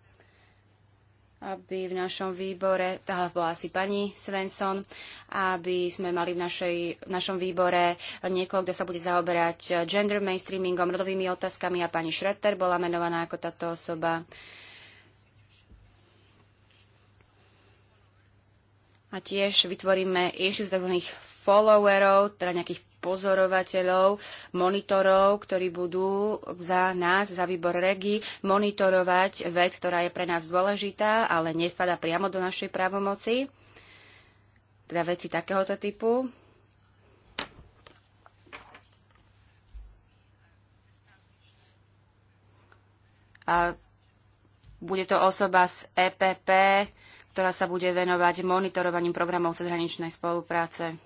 aby v našom výbore, tá bola asi pani Svensson, aby sme mali v, našej, v našom výbore niekoho, kto sa bude zaoberať gender mainstreamingom, rodovými otázkami a pani Schroeter bola menovaná ako táto osoba. Uh, A tiež vytvoríme inštitút tzv. followerov, teda nejakých pozorovateľov, monitorov, ktorí budú za nás, za výbor REGI, monitorovať vec, ktorá je pre nás dôležitá, ale nevpada priamo do našej právomoci, teda veci takéhoto typu. A bude to osoba z EPP, ktorá sa bude venovať monitorovaním programov cezhraničnej spolupráce.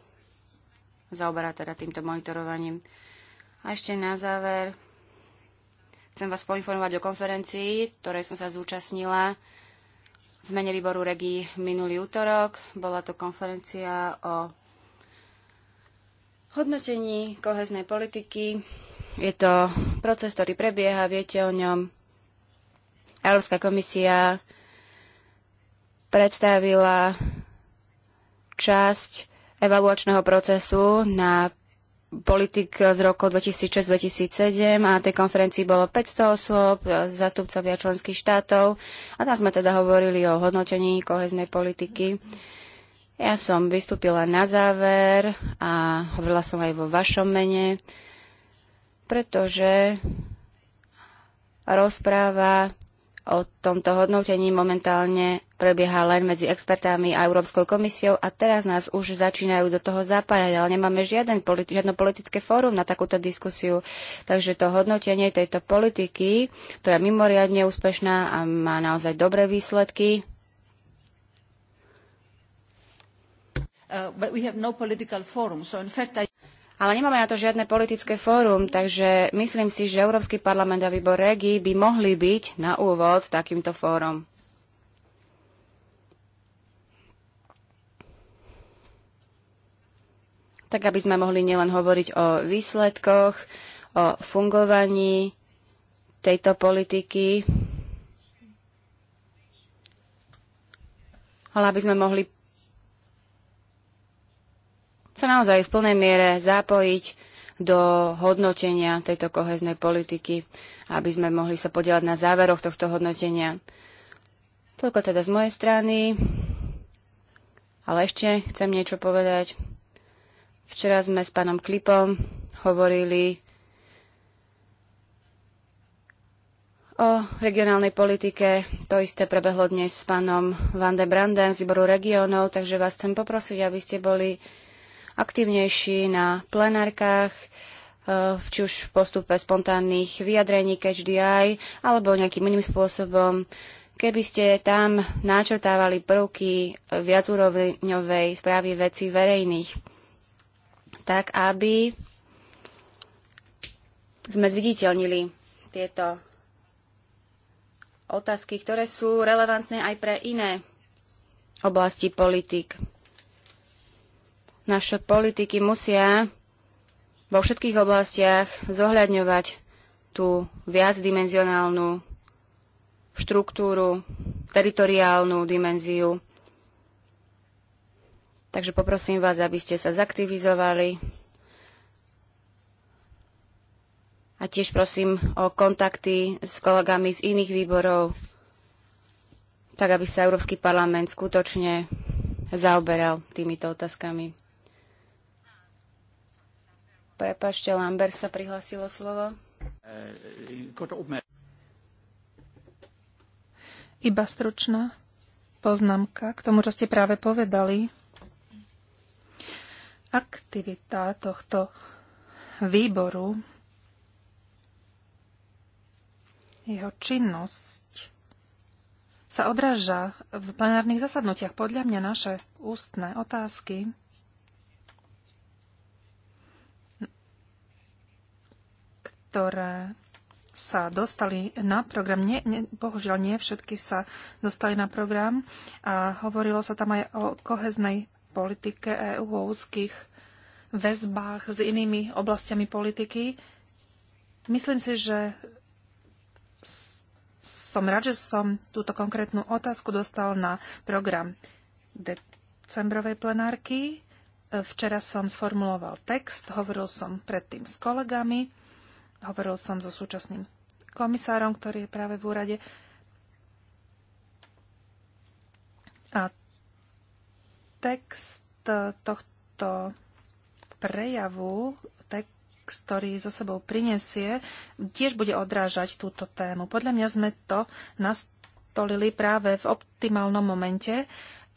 Zaoberá teda týmto monitorovaním. A ešte na záver chcem vás poinformovať o konferencii, ktorej som sa zúčastnila v mene výboru regí minulý útorok. Bola to konferencia o hodnotení koheznej politiky. Je to proces, ktorý prebieha, viete o ňom. Európska komisia predstavila časť evaluačného procesu na politik z roku 2006-2007 a na tej konferencii bolo 500 osôb, zastupcovia členských štátov a tam sme teda hovorili o hodnotení koheznej politiky. Ja som vystúpila na záver a hovorila som aj vo vašom mene, pretože rozpráva o tomto hodnotení momentálne prebieha len medzi expertami a Európskou komisiou a teraz nás už začínajú do toho zapájať, ale nemáme žiaden politi- žiadno politické fórum na takúto diskusiu. Takže to hodnotenie tejto politiky, ktorá je mimoriadne úspešná a má naozaj dobré výsledky, Uh, but we have no political forum. So in fact I ale nemáme na to žiadne politické fórum, takže myslím si, že Európsky parlament a výbor REGI by mohli byť na úvod takýmto fórum. tak aby sme mohli nielen hovoriť o výsledkoch, o fungovaní tejto politiky, ale aby sme mohli sa naozaj v plnej miere zapojiť do hodnotenia tejto koheznej politiky, aby sme mohli sa podielať na záveroch tohto hodnotenia. Toľko teda z mojej strany, ale ešte chcem niečo povedať. Včera sme s pánom Klipom hovorili o regionálnej politike. To isté prebehlo dnes s pánom Van de Brandem z výboru regionov, takže vás chcem poprosiť, aby ste boli aktívnejší na plenárkach, e, či už v postupe spontánnych vyjadrení Eye, alebo nejakým iným spôsobom, keby ste tam načrtávali prvky viacúrovňovej správy veci verejných tak aby sme zviditeľnili tieto otázky, ktoré sú relevantné aj pre iné oblasti politik. Naše politiky musia vo všetkých oblastiach zohľadňovať tú viacdimenzionálnu štruktúru, teritoriálnu dimenziu Takže poprosím vás, aby ste sa zaktivizovali. A tiež prosím o kontakty s kolegami z iných výborov, tak aby sa Európsky parlament skutočne zaoberal týmito otázkami. Prepašte, Lambert sa prihlásilo slovo. Iba stručná poznámka k tomu, čo ste práve povedali aktivita tohto výboru, jeho činnosť sa odráža v plenárnych zasadnutiach. Podľa mňa naše ústne otázky ktoré sa dostali na program. Nie, nie, bohužiaľ, nie všetky sa dostali na program a hovorilo sa tam aj o koheznej politike EÚ, o úzkých väzbách s inými oblastiami politiky. Myslím si, že som rád, že som túto konkrétnu otázku dostal na program decembrovej plenárky. Včera som sformuloval text, hovoril som predtým s kolegami, hovoril som so súčasným komisárom, ktorý je práve v úrade. A Text e, tohto prejavu, text, ktorý zo sebou prinesie, tiež bude odrážať túto tému. Podľa mňa sme to nastolili práve v optimálnom momente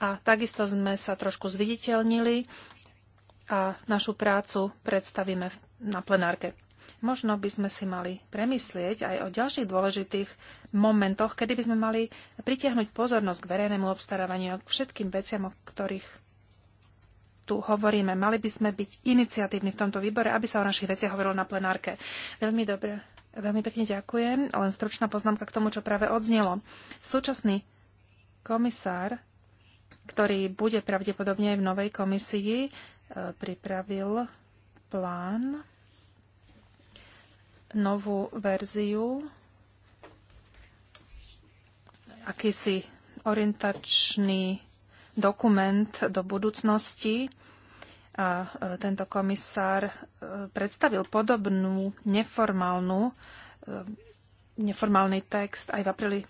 a takisto sme sa trošku zviditeľnili a našu prácu predstavíme na plenárke. Možno by sme si mali premyslieť aj o ďalších dôležitých momentoch, kedy by sme mali pritiahnuť pozornosť k verejnému obstarávaniu, k všetkým veciam, o ktorých tu hovoríme. Mali by sme byť iniciatívni v tomto výbore, aby sa o našich veciach hovorilo na plenárke. Veľmi dobre, veľmi pekne ďakujem. Len stručná poznámka k tomu, čo práve odznelo. Súčasný komisár, ktorý bude pravdepodobne aj v novej komisii, e, pripravil plán novú verziu, akýsi orientačný dokument do budúcnosti. A e, tento komisár e, predstavil podobnú neformálnu, e, neformálny text aj v apríli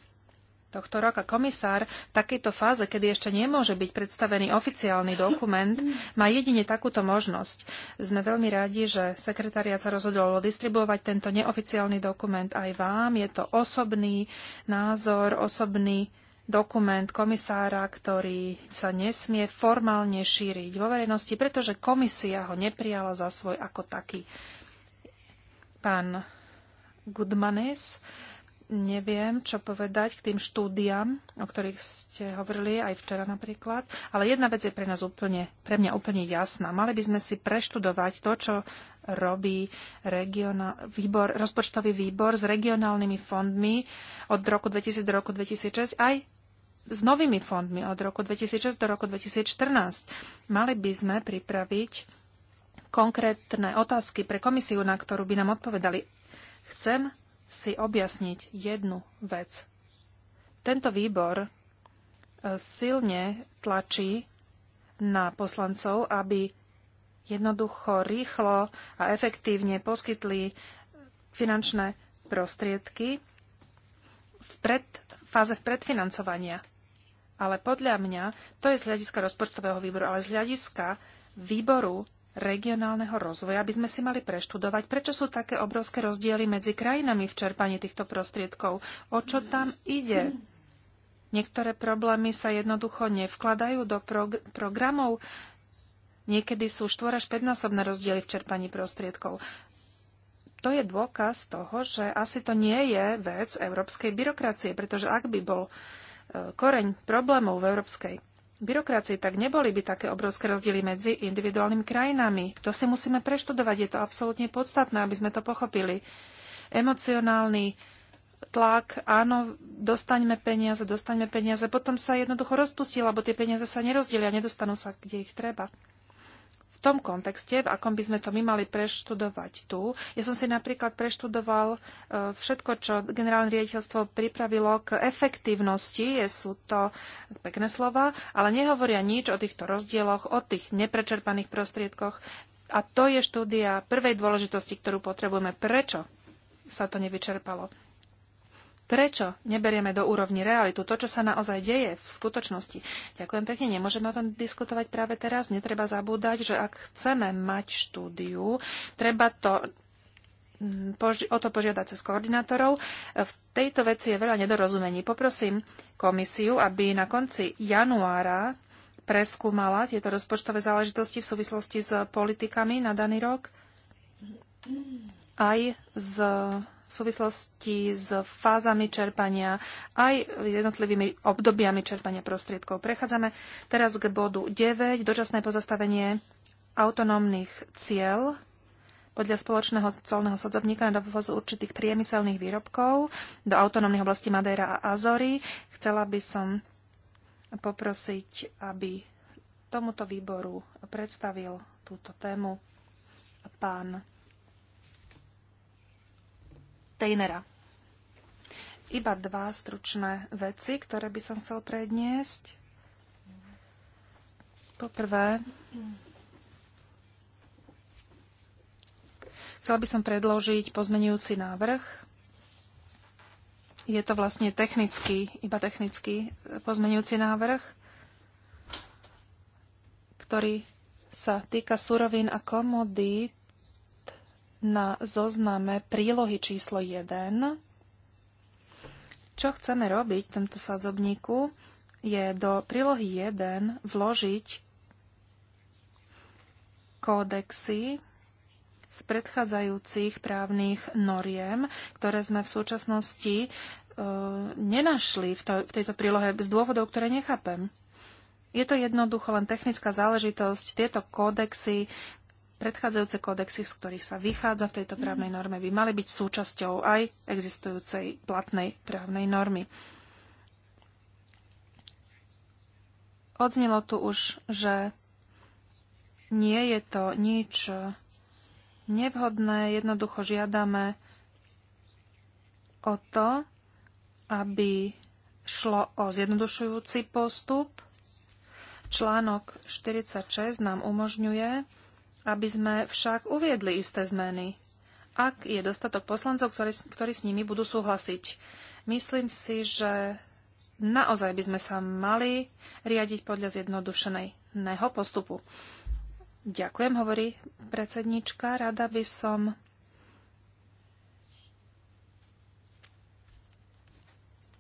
tohto roka. Komisár v takejto fáze, kedy ešte nemôže byť predstavený oficiálny dokument, má jedine takúto možnosť. Sme veľmi radi, že sekretariat sa rozhodol distribuovať tento neoficiálny dokument aj vám. Je to osobný názor, osobný dokument komisára, ktorý sa nesmie formálne šíriť vo verejnosti, pretože komisia ho neprijala za svoj ako taký. Pán Gudmanes neviem, čo povedať k tým štúdiam, o ktorých ste hovorili aj včera napríklad, ale jedna vec je pre nás úplne, pre mňa úplne jasná. Mali by sme si preštudovať to, čo robí regionál, výbor, rozpočtový výbor s regionálnymi fondmi od roku 2000 do roku 2006 aj s novými fondmi od roku 2006 do roku 2014. Mali by sme pripraviť konkrétne otázky pre komisiu, na ktorú by nám odpovedali. Chcem si objasniť jednu vec. Tento výbor e, silne tlačí na poslancov, aby jednoducho, rýchlo a efektívne poskytli finančné prostriedky v pred, fáze v predfinancovania. Ale podľa mňa, to je z hľadiska rozpočtového výboru, ale z hľadiska výboru regionálneho rozvoja by sme si mali preštudovať, prečo sú také obrovské rozdiely medzi krajinami v čerpaní týchto prostriedkov, o čo tam ide. Niektoré problémy sa jednoducho nevkladajú do prog- programov. Niekedy sú 4 až 5 rozdiely v čerpaní prostriedkov. To je dôkaz toho, že asi to nie je vec európskej byrokracie, pretože ak by bol e, koreň problémov v európskej Byrokracie, tak neboli by také obrovské rozdiely medzi individuálnymi krajinami. To si musíme preštudovať, je to absolútne podstatné, aby sme to pochopili. Emocionálny tlak, áno, dostaňme peniaze, dostaňme peniaze, potom sa jednoducho rozpustí, lebo tie peniaze sa nerozdelia, nedostanú sa, kde ich treba v tom kontexte, v akom by sme to my mali preštudovať tu. Ja som si napríklad preštudoval e, všetko, čo generálne riaditeľstvo pripravilo k efektívnosti. Sú to pekné slova, ale nehovoria nič o týchto rozdieloch, o tých neprečerpaných prostriedkoch. A to je štúdia prvej dôležitosti, ktorú potrebujeme. Prečo sa to nevyčerpalo? Prečo neberieme do úrovni realitu to, čo sa naozaj deje v skutočnosti? Ďakujem pekne, nemôžeme o tom diskutovať práve teraz. Netreba zabúdať, že ak chceme mať štúdiu, treba to mm, o to požiadať cez koordinátorov. V tejto veci je veľa nedorozumení. Poprosím komisiu, aby na konci januára preskúmala tieto rozpočtové záležitosti v súvislosti s politikami na daný rok aj s v súvislosti s fázami čerpania aj jednotlivými obdobiami čerpania prostriedkov. Prechádzame teraz k bodu 9, dočasné pozastavenie autonómnych cieľ podľa spoločného colného sadzobníka na dovoz určitých priemyselných výrobkov do autonómnych oblastí Madeira a Azory. Chcela by som poprosiť, aby tomuto výboru predstavil túto tému pán Steinera. Iba dva stručné veci, ktoré by som chcel predniesť. Poprvé, chcel by som predložiť pozmenujúci návrh. Je to vlastne technický, iba technický e, pozmenujúci návrh, ktorý sa týka surovín a komodít, na zozname prílohy číslo 1. Čo chceme robiť v tomto sadzobníku, je do prílohy 1 vložiť kódexy z predchádzajúcich právnych noriem, ktoré sme v súčasnosti e, nenašli v, to, v tejto prílohe z dôvodov, ktoré nechápem. Je to jednoducho len technická záležitosť. Tieto kódexy predchádzajúce kódexy, z ktorých sa vychádza v tejto právnej norme, by mali byť súčasťou aj existujúcej platnej právnej normy. Odznelo tu už, že nie je to nič nevhodné, jednoducho žiadame o to, aby šlo o zjednodušujúci postup. Článok 46 nám umožňuje aby sme však uviedli isté zmeny, ak je dostatok poslancov, ktorí, ktorí s nimi budú súhlasiť. Myslím si, že naozaj by sme sa mali riadiť podľa zjednodušeného postupu. Ďakujem, hovorí predsednička. Rada by som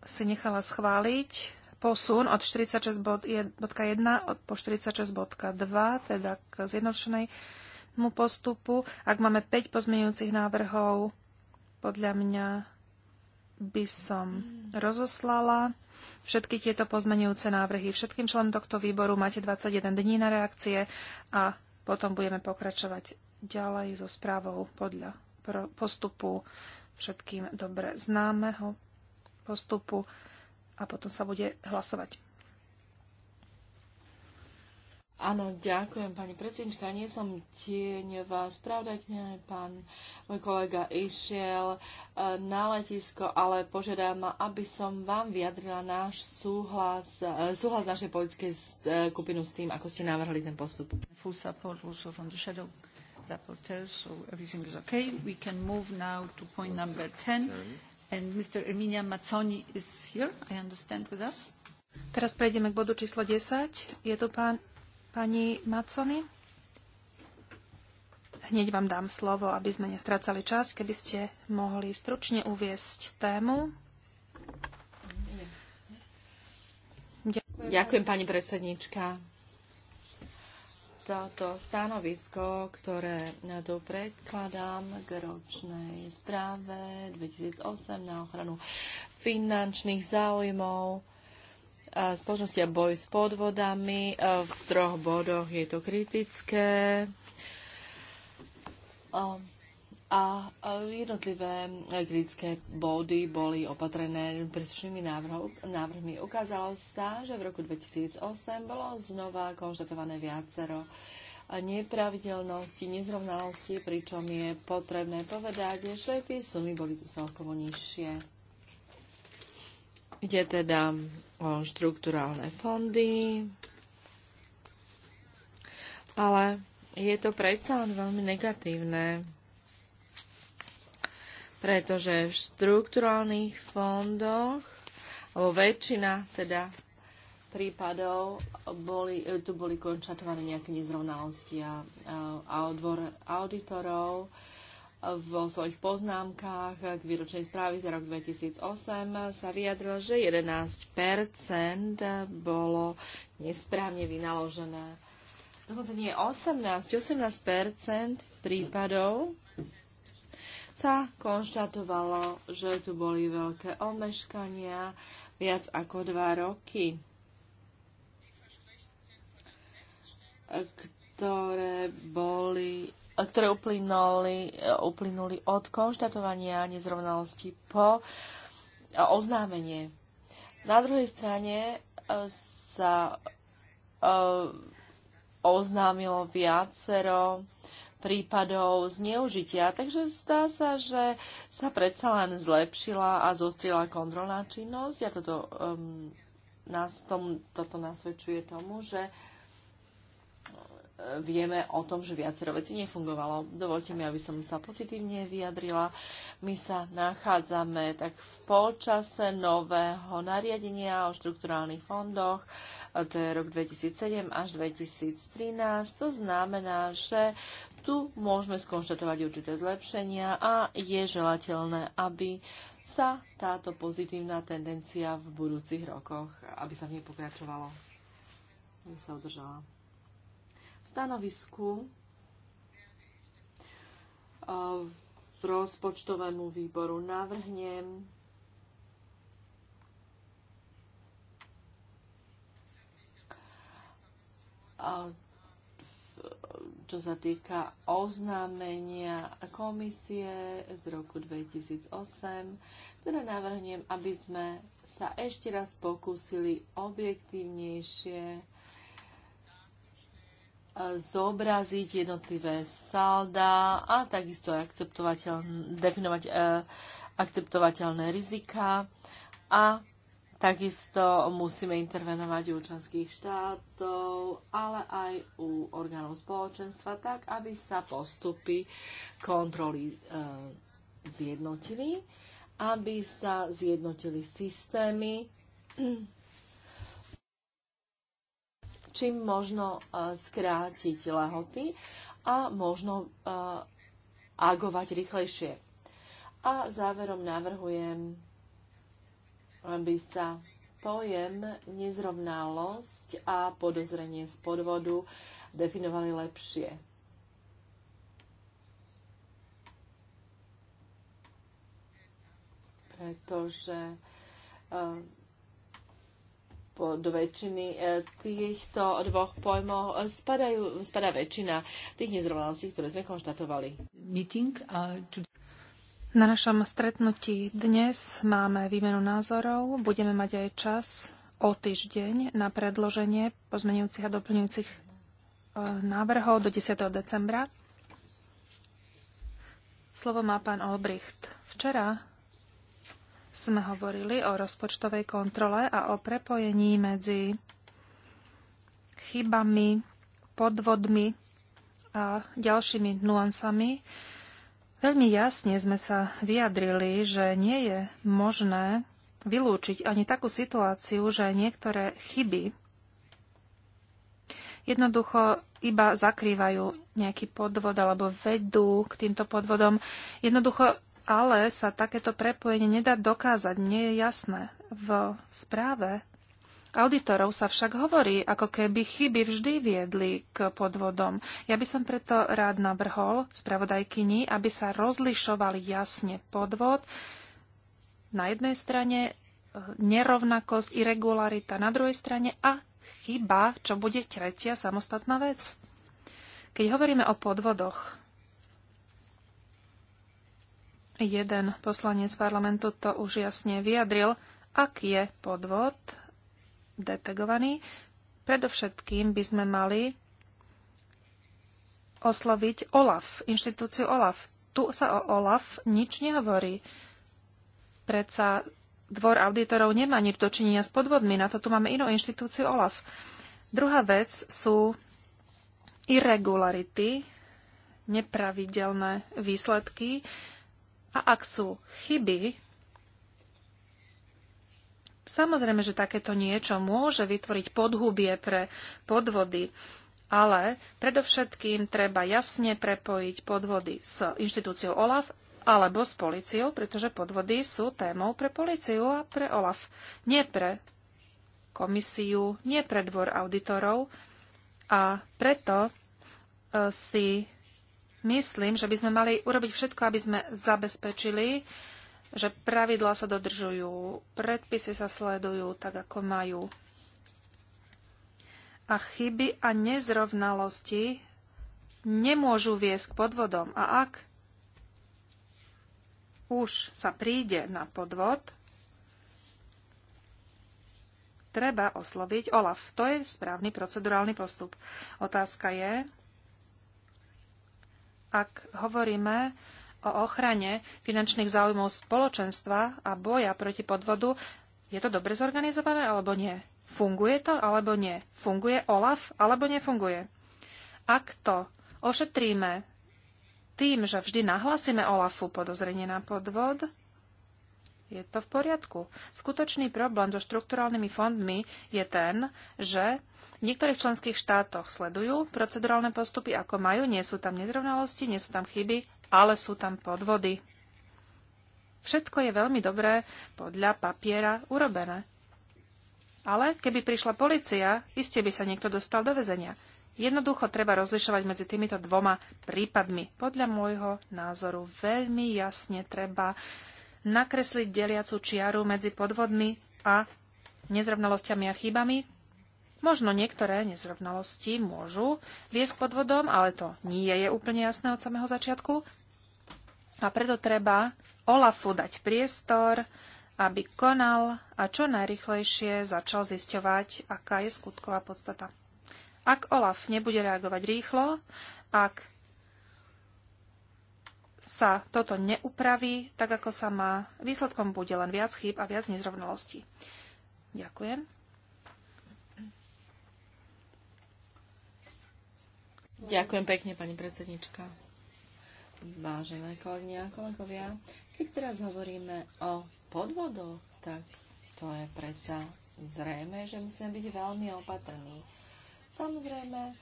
si nechala schváliť posun od 46.1 po 46.2, teda k zjednočenému postupu. Ak máme 5 pozmeňujúcich návrhov, podľa mňa by som rozoslala všetky tieto pozmeňujúce návrhy. Všetkým členom tohto výboru máte 21 dní na reakcie a potom budeme pokračovať ďalej so správou podľa postupu všetkým dobre známeho postupu a potom sa bude hlasovať. Áno, ďakujem pani predsednička. Nie som tieňová spravodajkňa, pán môj kolega išiel e, na letisko, ale požiadam ma, aby som vám vyjadrila náš súhlas, e, súhlas našej politickej e, skupinu s tým, ako ste navrhli ten postup. Full support also from the shadow rapporteur, so everything is okay. We can move now to point number 10. Teraz prejdeme k bodu číslo 10. Je to pán, pani Maconi? Hneď vám dám slovo, aby sme nestracali čas, keby ste mohli stručne uviesť tému. Ďakujem pani predsednička toto stanovisko, ktoré tu predkladám k ročnej správe 2008 na ochranu finančných záujmov spoločnosti a boj s podvodami. V troch bodoch je to kritické a jednotlivé kritické body boli opatrené príslušnými návrhmi. Ukázalo sa, že v roku 2008 bolo znova konštatované viacero nepravidelnosti, nezrovnalosti, pričom je potrebné povedať, že tie sumy boli celkovo nižšie. Ide teda o štruktúrálne fondy, ale je to predsa len veľmi negatívne pretože v štruktúrálnych fondoch, alebo väčšina teda prípadov, boli, e, tu boli končatované nejaké nezrovnalosti a, a odvor auditorov vo svojich poznámkach k výročnej správy za rok 2008 sa vyjadril, že 11 bolo nesprávne vynaložené. Dokonca nie 18, 18 prípadov sa konštatovalo, že tu boli veľké omeškania, viac ako dva roky, ktoré boli ktoré uplynuli, uplynuli od konštatovania nezrovnalosti po oznámenie. Na druhej strane eh, sa eh, oznámilo viacero prípadov zneužitia. Takže zdá sa, že sa predsa len zlepšila a zostrila kontrolná činnosť a toto, um, nás tom, toto nasvedčuje tomu, že e, vieme o tom, že viacero vecí nefungovalo. Dovolte mi, aby som sa pozitívne vyjadrila. My sa nachádzame tak v polčase nového nariadenia o štrukturálnych fondoch. E, to je rok 2007 až 2013. To znamená, že tu môžeme skonštatovať určité zlepšenia a je želateľné, aby sa táto pozitívna tendencia v budúcich rokoch, aby sa v nej pokračovalo, aby sa udržala. V stanovisku v rozpočtovému výboru navrhnem čo sa týka oznámenia komisie z roku 2008, teda navrhnem, aby sme sa ešte raz pokúsili objektívnejšie e, zobraziť jednotlivé salda a takisto akceptovateľ, definovať e, akceptovateľné rizika a Takisto musíme intervenovať u členských štátov, ale aj u orgánov spoločenstva, tak aby sa postupy kontroly e, zjednotili, aby sa zjednotili systémy, čím možno e, skrátiť lehoty a možno e, agovať rýchlejšie. A záverom navrhujem aby sa pojem nezrovnalosť a podozrenie z podvodu definovali lepšie. Pretože eh, do väčšiny eh, týchto dvoch pojmov spadajú, spadá väčšina tých nezrovnalostí, ktoré sme konštatovali. Meeting, uh, to... Na našom stretnutí dnes máme výmenu názorov. Budeme mať aj čas o týždeň na predloženie pozmenujúcich a doplňujúcich e, návrhov do 10. decembra. Slovo má pán Olbricht. Včera sme hovorili o rozpočtovej kontrole a o prepojení medzi chybami, podvodmi a ďalšími nuansami Veľmi jasne sme sa vyjadrili, že nie je možné vylúčiť ani takú situáciu, že niektoré chyby jednoducho iba zakrývajú nejaký podvod alebo vedú k týmto podvodom. Jednoducho ale sa takéto prepojenie nedá dokázať, nie je jasné. V správe auditorov sa však hovorí, ako keby chyby vždy viedli k podvodom. Ja by som preto rád navrhol spravodajkyni, aby sa rozlišoval jasne podvod na jednej strane, eh, nerovnakosť, irregularita na druhej strane a chyba, čo bude tretia samostatná vec. Keď hovoríme o podvodoch, jeden poslanec parlamentu to už jasne vyjadril, ak je podvod detegovaní. Predovšetkým by sme mali osloviť OLAF, inštitúciu OLAF. Tu sa o OLAF nič nehovorí. Predsa dvor auditorov nemá nič dočinenia s podvodmi, na to tu máme inú inštitúciu OLAF. Druhá vec sú irregularity, nepravidelné výsledky a ak sú chyby Samozrejme, že takéto niečo môže vytvoriť podhubie pre podvody, ale predovšetkým treba jasne prepojiť podvody s inštitúciou OLAF alebo s policiou, pretože podvody sú témou pre policiu a pre OLAF, nie pre komisiu, nie pre dvor auditorov. A preto e, si myslím, že by sme mali urobiť všetko, aby sme zabezpečili, že pravidlá sa dodržujú, predpisy sa sledujú tak, ako majú. A chyby a nezrovnalosti nemôžu viesť k podvodom. A ak už sa príde na podvod, treba osloviť OLAF. To je správny procedurálny postup. Otázka je, ak hovoríme o ochrane finančných záujmov spoločenstva a boja proti podvodu. Je to dobre zorganizované alebo nie? Funguje to alebo nie? Funguje OLAF alebo nefunguje? Ak to ošetríme tým, že vždy nahlasíme OLAFu podozrenie na podvod, je to v poriadku. Skutočný problém so štrukturálnymi fondmi je ten, že v niektorých členských štátoch sledujú procedurálne postupy, ako majú, nie sú tam nezrovnalosti, nie sú tam chyby ale sú tam podvody. Všetko je veľmi dobré podľa papiera urobené. Ale keby prišla policia, iste by sa niekto dostal do väzenia. Jednoducho treba rozlišovať medzi týmito dvoma prípadmi. Podľa môjho názoru veľmi jasne treba nakresliť deliacu čiaru medzi podvodmi a nezrovnalosťami a chybami. Možno niektoré nezrovnalosti môžu viesť k podvodom, ale to nie je úplne jasné od samého začiatku. A preto treba Olafu dať priestor, aby konal a čo najrychlejšie začal zisťovať, aká je skutková podstata. Ak Olaf nebude reagovať rýchlo, ak sa toto neupraví, tak ako sa má, výsledkom bude len viac chýb a viac nezrovnalostí. Ďakujem. Ďakujem pekne, pani predsednička vážené kolegyne a kolegovia, keď teraz hovoríme o podvodoch, tak to je predsa zrejme, že musíme byť veľmi opatrní. Samozrejme,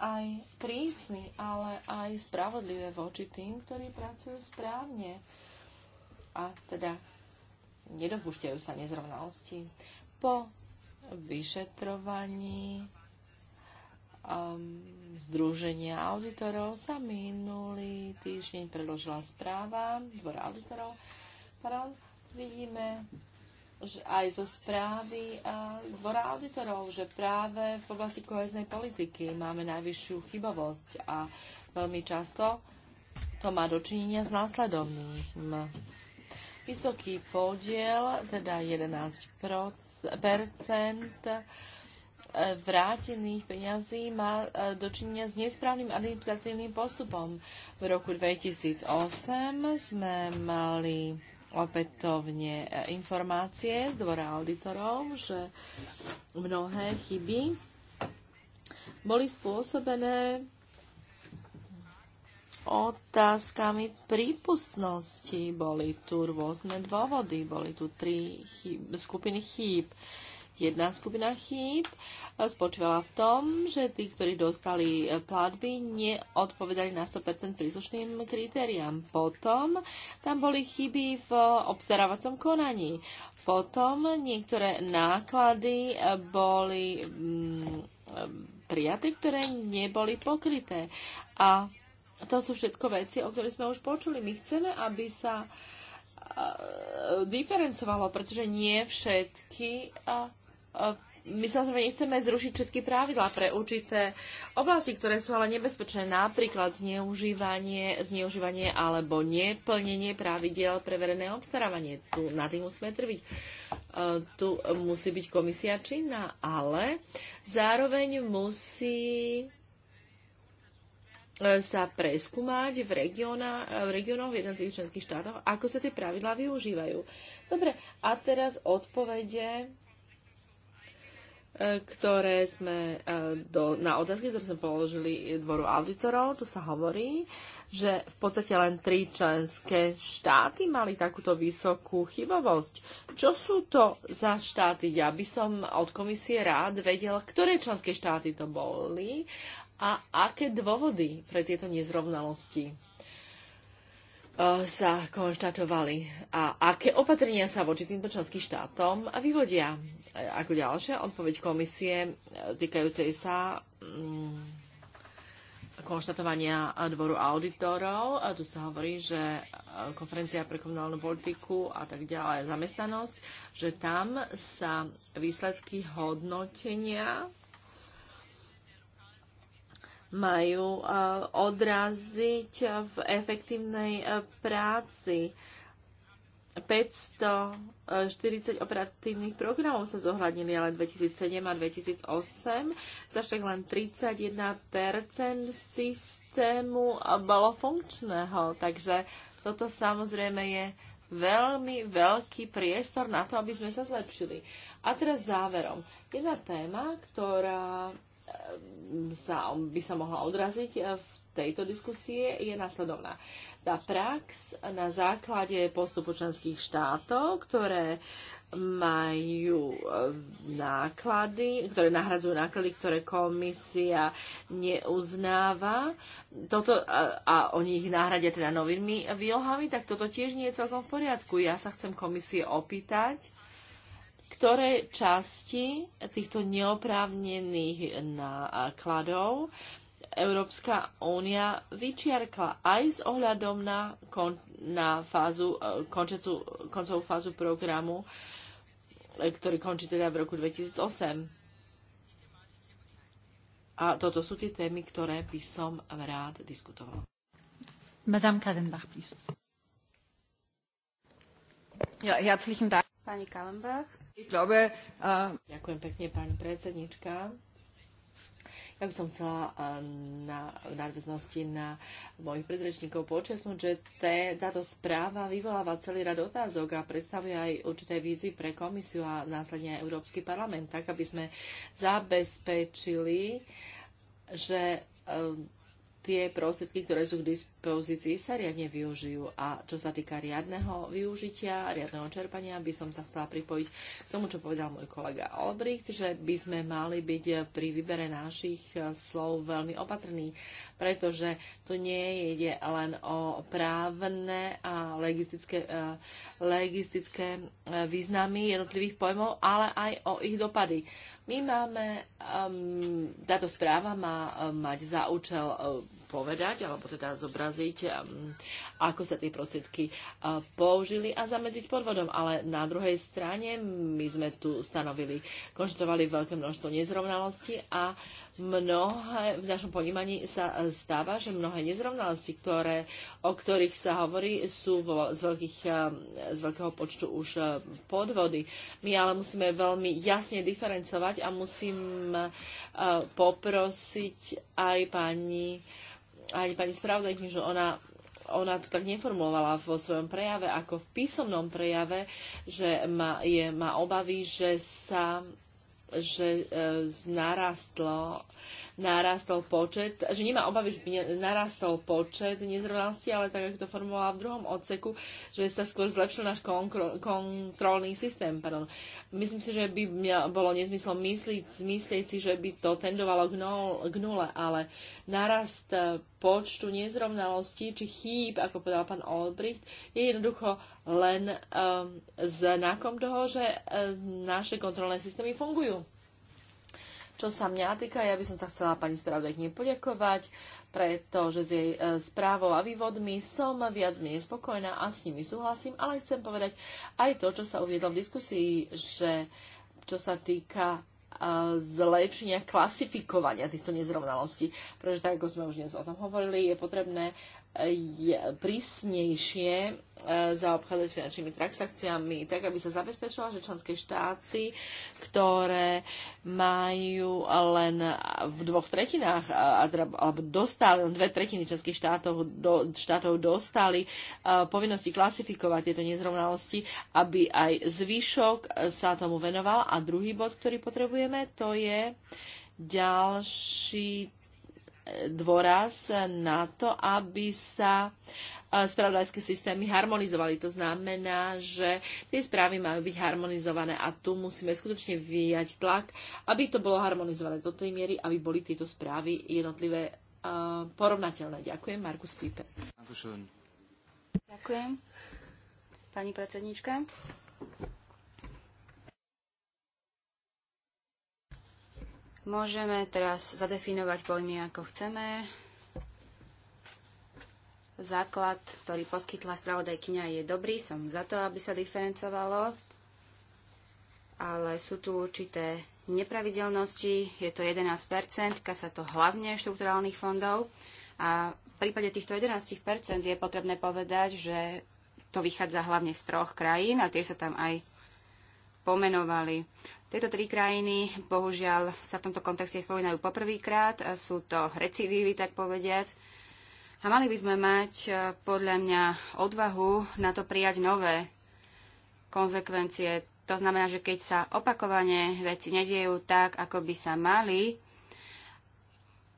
aj prísny, ale aj spravodlivé voči tým, ktorí pracujú správne. A teda nedopúšťajú sa nezrovnalosti. Po vyšetrovaní um, Združenia auditorov sa minulý týždeň predložila správa Dvora auditorov. Pardon, vidíme že aj zo správy uh, Dvora auditorov, že práve v oblasti koheznej politiky máme najvyššiu chybovosť a veľmi často to má dočinenia s následovným. Vysoký podiel, teda 11 percent, vrátených peňazí má e, dočinenia s nesprávnym administratívnym postupom. V roku 2008 sme mali opätovne e, informácie z dvora auditorov, že mnohé chyby boli spôsobené otázkami prípustnosti. Boli tu rôzne dôvody, boli tu tri chyb, skupiny chýb. Uh, Jedna skupina chýb spočívala v tom, že tí, ktorí dostali platby, neodpovedali na 100% príslušným kritériám. Potom tam boli chyby v obstarávacom konaní. Potom niektoré náklady boli mm, prijaté, ktoré neboli pokryté. A to sú všetko veci, o ktorých sme už počuli. My chceme, aby sa e, diferencovalo, pretože nie všetky Ehm, my samozrejme nechceme zrušiť všetky pravidlá pre určité oblasti, ktoré sú ale nebezpečné, napríklad zneužívanie, zneužívanie alebo neplnenie pravidel pre verejné obstarávanie. Tu, na tým musíme trviť. Ehm, tu musí byť komisia činná, ale zároveň musí ehm, sa preskúmať v, v regiónoch v jednotlivých členských štátoch, ako sa tie pravidlá využívajú. Dobre, a teraz odpovede ktoré sme e, do, na otázky, ktoré sme položili dvoru auditorov, tu sa hovorí, že v podstate len tri členské štáty mali takúto vysokú chybovosť. Čo sú to za štáty? Ja by som od komisie rád vedel, ktoré členské štáty to boli a aké dôvody pre tieto nezrovnalosti e, sa konštatovali a aké opatrenia sa voči týmto členským štátom vyvodia ako ďalšia odpoveď komisie e, týkajúcej sa mm, konštatovania dvoru auditorov. A tu sa hovorí, že e, konferencia pre komunálnu politiku a tak ďalej, zamestnanosť, že tam sa výsledky hodnotenia majú e, odraziť v efektívnej práci 540 operatívnych programov sa zohľadnili ale 2007 a 2008, za však len 31 systému bolo funkčného. Takže toto samozrejme je veľmi veľký priestor na to, aby sme sa zlepšili. A teraz záverom. Jedna téma, ktorá eh, sa, by sa mohla odraziť eh, v tejto diskusie je následovná. Tá prax na základe postupu členských štátov, ktoré majú eh, náklady, ktoré nahradzujú náklady, ktoré komisia neuznáva toto, a, eh, a oni ich nahradia teda novými výlohami, tak toto tiež nie je celkom v poriadku. Ja sa chcem komisie opýtať, ktoré časti týchto neoprávnených nákladov Európska únia vyčiarkla aj s ohľadom na, kon, na fázu, e, končecu, koncovú fázu programu, e, ktorý končí teda v roku 2008. A toto sú tie témy, ktoré by som rád diskutoval. Madame Kallenbach, please. Ja, herzlichen Dank. Pani Kallenbach. Ich glaube, uh... Ďakujem pekne, pani predsednička. Ja by som chcela eh, na, v nadväznosti na mojich predrečníkov početnúť, že te, táto správa vyvoláva celý rad otázok a predstavuje aj určité výzvy pre komisiu a následne aj Európsky parlament, tak aby sme zabezpečili, že eh, tie prostriedky, ktoré sú k dispozícii, sa riadne využijú. A čo sa týka riadneho využitia, riadneho čerpania, by som sa chcela pripojiť k tomu, čo povedal môj kolega Olbricht, že by sme mali byť pri výbere našich eh, slov veľmi opatrní, pretože tu nie ide len o právne a legistické, eh, legistické eh, významy jednotlivých pojmov, ale aj o ich dopady. My máme, um, táto správa má um, mať za účel um, povedať, alebo teda zobraziť, um, ako sa tie prostriedky uh, použili a zamedziť podvodom. Ale na druhej strane my sme tu stanovili, konštatovali veľké množstvo nezrovnalostí a mnohé, v našom ponímaní sa stáva, že mnohé nezrovnalosti, ktoré, o ktorých sa hovorí, sú vo, z, veľkých, eh, z veľkého počtu už eh, podvody. My ale musíme veľmi jasne diferencovať a musím eh, poprosiť aj pani, aj pani spravodajkyňu, že ona ona to tak neformulovala vo svojom prejave ako v písomnom prejave, že má, je, má obavy, že sa že e, narastlo narastol počet, že nemá obavy, že by narastol počet nezrovnalostí, ale tak, ako to formulovala v druhom odseku, že sa skôr zlepšil náš kontrolný systém. Pardon. Myslím si, že by bolo nezmyslom myslieť, myslieť si, že by to tendovalo k, nul, k nule, ale narast e, počtu nezrovnalostí či chýb, ako povedal pán Olbricht, je jednoducho len um, znakom toho, že um, naše kontrolné systémy fungujú. Čo sa mňa týka, ja by som sa chcela pani spravodajkyni poďakovať, pretože s jej e, správou a vývodmi som viac menej spokojná a s nimi súhlasím, ale chcem povedať aj to, čo sa uviedlo v diskusii, že čo sa týka e, zlepšenia klasifikovania týchto nezrovnalostí. Pretože tak, ako sme už dnes o tom hovorili, je potrebné prísnejšie e, zaobchádzať s finančnými transakciami, tak aby sa zabezpečilo, že členské štáty, ktoré majú len v dvoch tretinách, teda, alebo dostali, len dve tretiny členských štátov, do, štátov dostali e, povinnosti klasifikovať tieto nezrovnalosti, aby aj zvyšok sa tomu venoval. A druhý bod, ktorý potrebujeme, to je ďalší dôraz na to, aby sa e, spravodajské systémy harmonizovali. To znamená, že tie správy majú byť harmonizované a tu musíme skutočne vyjať tlak, aby to bolo harmonizované do tej miery, aby boli tieto správy jednotlivé e, porovnateľné. Ďakujem, Markus Piper. Ďakujem. Pani predsednička. Môžeme teraz zadefinovať pojmy, ako chceme. Základ, ktorý poskytla spravodajkyňa, je dobrý. Som za to, aby sa diferencovalo. Ale sú tu určité nepravidelnosti. Je to 11 týka sa to hlavne štrukturálnych fondov. A v prípade týchto 11 je potrebné povedať, že to vychádza hlavne z troch krajín a tie sa tam aj pomenovali. Tieto tri krajiny, bohužiaľ, sa v tomto kontexte spomínajú poprvýkrát. Sú to recidívy, tak povediať. A mali by sme mať, e, podľa mňa, odvahu na to prijať nové konzekvencie. To znamená, že keď sa opakovane veci nedejú tak, ako by sa mali,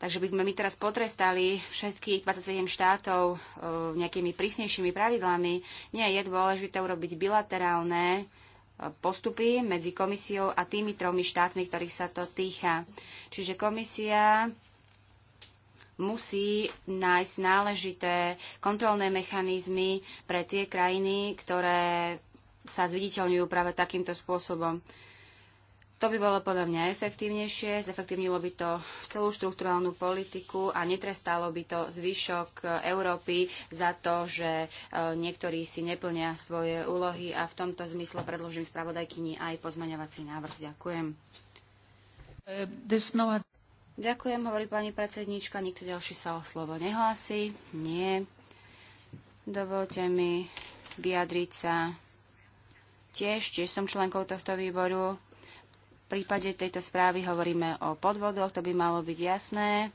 Takže by sme my teraz potrestali všetkých 27 štátov e, nejakými prísnejšími pravidlami. Nie, je dôležité urobiť bilaterálne postupy medzi komisiou a tými tromi štátmi, ktorých sa to týka. Čiže komisia musí nájsť náležité kontrolné mechanizmy pre tie krajiny, ktoré sa zviditeľňujú práve takýmto spôsobom. To by bolo podľa mňa efektívnejšie, zefektívnilo by to celú štruktúrálnu politiku a netrestalo by to zvyšok eh, Európy za to, že eh, niektorí si neplnia svoje úlohy a v tomto zmysle predložím spravodajkyni aj pozmaňovací návrh. Ďakujem. Eh, no Ďakujem, hovorí pani predsednička. Nikto ďalší sa o slovo nehlási. Nie. Dovolte mi vyjadriť sa tiež, tiež som členkou tohto výboru prípade tejto správy hovoríme o podvodoch, to by malo byť jasné.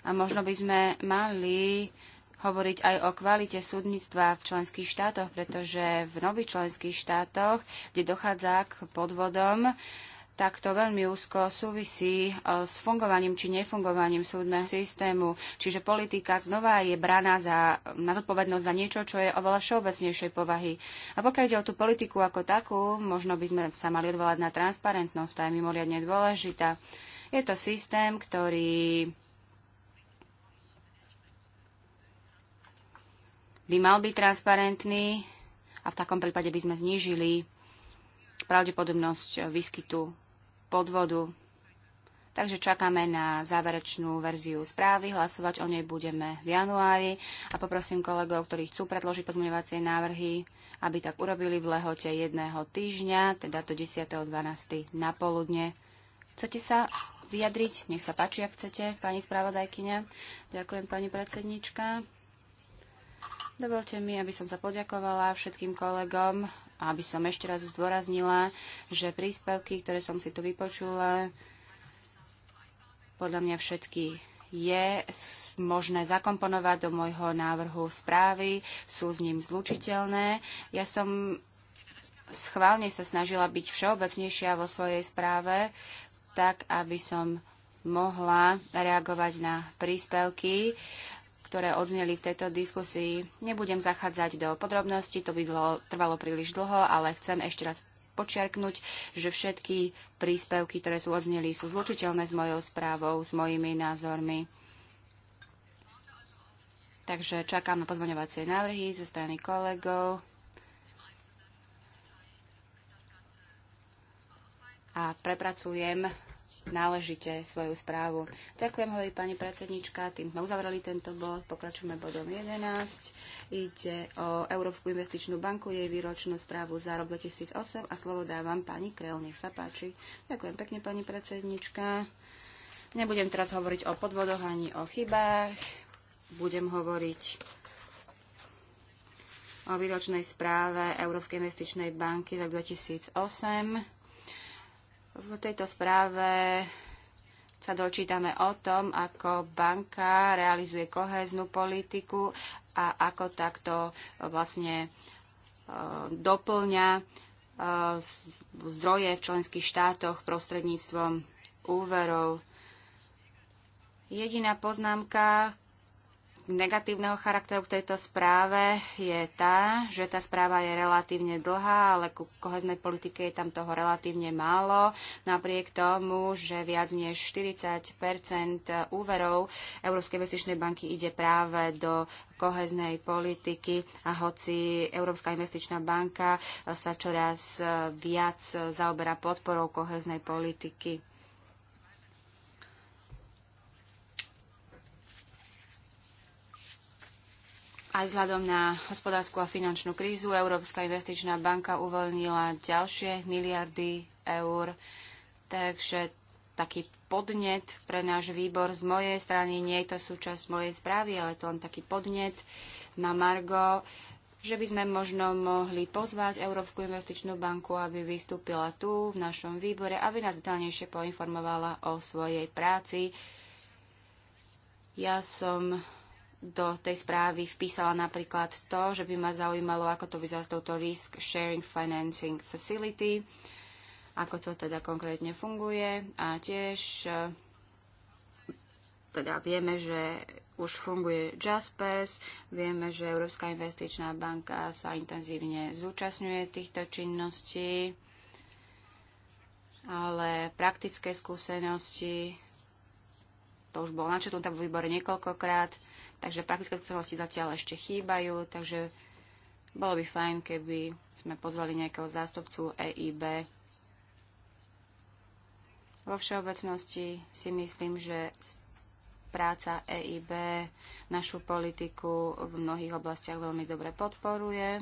A možno by sme mali hovoriť aj o kvalite súdnictva v členských štátoch, pretože v nových členských štátoch, kde dochádza k podvodom, tak to veľmi úzko súvisí eh, s fungovaním či nefungovaním súdneho systému. Čiže politika znova je braná za, na zodpovednosť za niečo, čo je oveľa všeobecnejšej povahy. A pokiaľ ide o tú politiku ako takú, možno by sme sa mali odvolať na transparentnosť, tá je mimoriadne dôležitá. Je to systém, ktorý by mal byť transparentný a v takom prípade by sme znížili pravdepodobnosť eh, výskytu podvodu. Takže čakáme na záverečnú verziu správy, hlasovať o nej budeme v januári a poprosím kolegov, ktorí chcú predložiť pozmeňovacie návrhy, aby tak urobili v lehote jedného týždňa, teda do 10.12. na poludne. Chcete sa vyjadriť? Nech sa páči, ak chcete, pani spravodajkyňa. Ďakujem, pani predsednička. Dovolte mi, aby som sa poďakovala všetkým kolegom a aby som ešte raz zdôraznila, že príspevky, ktoré som si tu vypočula, podľa mňa všetky je možné zakomponovať do môjho návrhu správy, sú s ním zlučiteľné. Ja som schválne sa snažila byť všeobecnejšia vo svojej správe, tak aby som mohla reagovať na príspevky, ktoré odzneli v tejto diskusii. Nebudem zachádzať do podrobností, to by dlho, trvalo príliš dlho, ale chcem ešte raz počiarknúť, že všetky príspevky, ktoré sú odzneli, sú zlučiteľné s mojou správou, s mojimi názormi. Takže čakám na pozvoňovacie návrhy zo strany kolegov. A prepracujem náležite svoju správu. Ďakujem, hovorí pani predsednička, tým sme uzavreli tento bod, pokračujeme bodom 11. Ide o Európsku investičnú banku, jej výročnú správu za rok 2008 a slovo dávam pani Kreol, nech sa páči. Ďakujem pekne, pani predsednička. Nebudem teraz hovoriť o podvodoch ani o chybách, budem hovoriť o výročnej správe Európskej investičnej banky za 2008 v tejto správe sa dočítame o tom, ako banka realizuje koheznú politiku a ako takto e, vlastne e, doplňa e, zdroje v členských štátoch prostredníctvom úverov. Jediná poznámka, negatívneho charakteru v tejto správe je tá, že tá správa je relatívne dlhá, ale ku koheznej politike je tam toho relatívne málo. Napriek tomu, že viac než 40 úverov Európskej investičnej banky ide práve do koheznej politiky a hoci Európska investičná banka sa čoraz viac zaoberá podporou koheznej politiky. Aj vzhľadom na hospodárskú a finančnú krízu Európska investičná banka uvoľnila ďalšie miliardy eur, takže taký podnet pre náš výbor z mojej strany, nie je to súčasť mojej správy, ale to len taký podnet na Margo, že by sme možno mohli pozvať Európsku investičnú banku, aby vystúpila tu v našom výbore, aby nás detaľnejšie poinformovala o svojej práci. Ja som do tej správy vpísala napríklad to, že by ma zaujímalo, ako to vyzerá s touto Risk Sharing Financing Facility, ako to teda konkrétne funguje. A tiež e, teda vieme, že už funguje Jaspers, vieme, že Európska investičná banka sa intenzívne zúčastňuje týchto činností, ale praktické skúsenosti, to už bolo načetnuté vo výbore niekoľkokrát, Takže praktické skúsenosti zatiaľ ešte chýbajú, takže bolo by fajn, keby sme pozvali nejakého zástupcu EIB. Vo všeobecnosti si myslím, že práca EIB našu politiku v mnohých oblastiach veľmi dobre podporuje,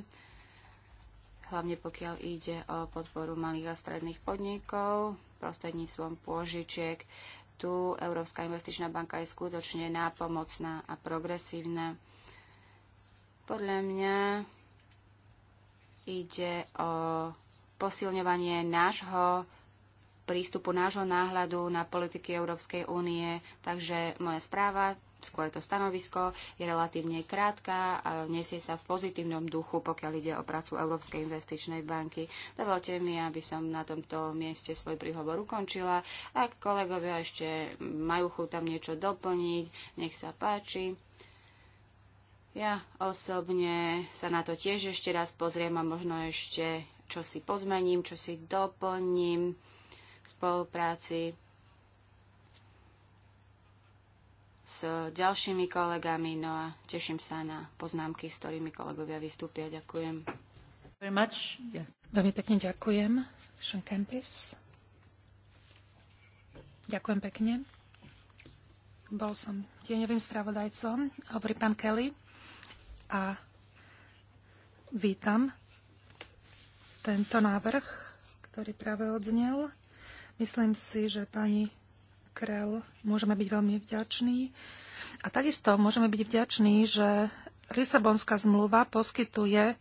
hlavne pokiaľ ide o podporu malých a stredných podnikov prostredníctvom pôžičiek tu Európska investičná banka je skutočne nápomocná a progresívna. Podľa mňa ide o posilňovanie nášho prístupu nášho náhľadu na politiky Európskej únie. Takže moja správa skôr to stanovisko je relatívne krátka a nesie sa v pozitívnom duchu, pokiaľ ide o prácu Európskej investičnej banky. Dovolte mi, aby som na tomto mieste svoj príhovor ukončila. Ak kolegovia ešte majú chuť tam niečo doplniť, nech sa páči. Ja osobne sa na to tiež ešte raz pozriem a možno ešte čo si pozmením, čo si doplním v spolupráci s ďalšími kolegami, no a teším sa na poznámky, s ktorými kolegovia vystúpia. Ďakujem. Yeah. Veľmi pekne ďakujem. Sean Campis. Ďakujem pekne. Bol som tieňovým spravodajcom, hovorí pán Kelly. A vítam tento návrh, ktorý práve odznel. Myslím si, že pani makrel môžeme byť veľmi vďační. A takisto môžeme byť vďační, že Lisabonská zmluva poskytuje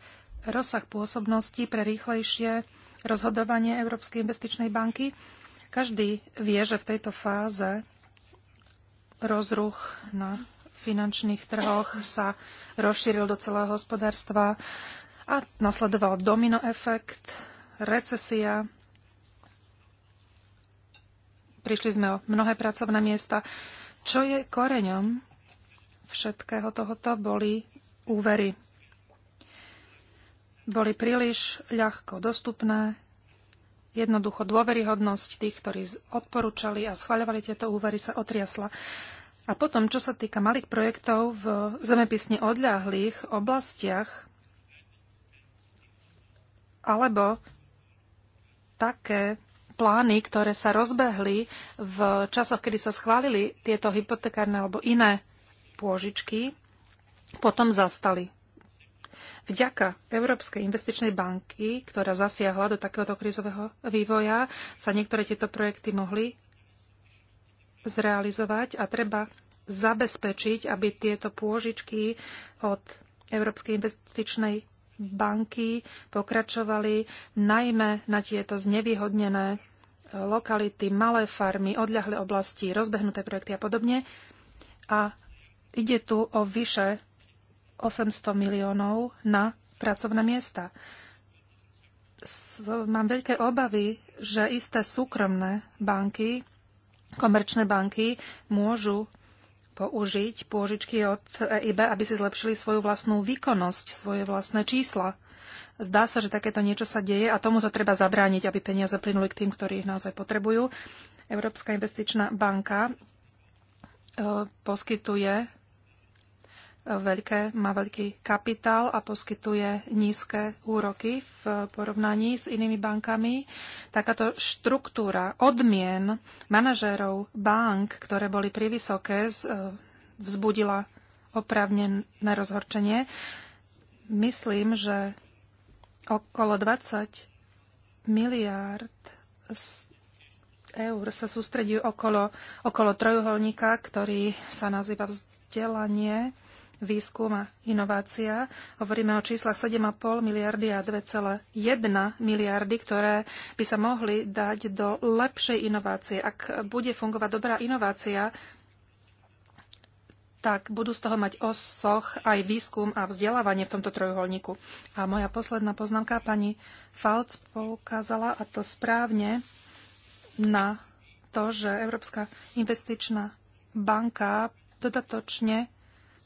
rozsah pôsobnosti pre rýchlejšie rozhodovanie Európskej investičnej banky. Každý vie, že v tejto fáze rozruch na finančných trhoch sa rozšíril do celého hospodárstva a nasledoval domino efekt, recesia, prišli sme o mnohé pracovné miesta. Čo je koreňom všetkého tohoto boli úvery. Boli príliš ľahko dostupné, jednoducho dôveryhodnosť tých, ktorí odporúčali a schvaľovali tieto úvery, sa otriasla. A potom, čo sa týka malých projektov v zemepisne odľahlých oblastiach, alebo také plány, ktoré sa rozbehli v časoch, kedy sa schválili tieto hypotekárne alebo iné pôžičky, potom zastali. Vďaka Európskej investičnej banky, ktorá zasiahla do takéhoto krizového vývoja, sa niektoré tieto projekty mohli zrealizovať a treba zabezpečiť, aby tieto pôžičky od Európskej investičnej banky pokračovali najmä na tieto znevýhodnené e, lokality, malé farmy, odľahlé oblasti, rozbehnuté projekty a podobne. A ide tu o vyše 800 miliónov na pracovné miesta. Mám veľké obavy, že isté súkromné banky, komerčné banky môžu použiť pôžičky od EIB, aby si zlepšili svoju vlastnú výkonnosť, svoje vlastné čísla. Zdá sa, že takéto niečo sa deje a tomuto treba zabrániť, aby peniaze plynuli k tým, ktorí ich naozaj potrebujú. Európska investičná banka e, poskytuje veľké, má veľký kapitál a poskytuje nízke úroky v porovnaní s inými bankami. Takáto štruktúra odmien manažérov bank, ktoré boli privysoké, e, vzbudila na rozhorčenie. Myslím, že okolo 20 miliárd eur sa sústredí okolo, okolo trojuholníka, ktorý sa nazýva vzdelanie výskum a inovácia. Hovoríme o číslach 7,5 miliardy a 2,1 miliardy, ktoré by sa mohli dať do lepšej inovácie. Ak bude fungovať dobrá inovácia, tak budú z toho mať osoch aj výskum a vzdelávanie v tomto trojuholníku. A moja posledná poznámka, pani Falc poukázala, a to správne, na to, že Európska investičná banka dodatočne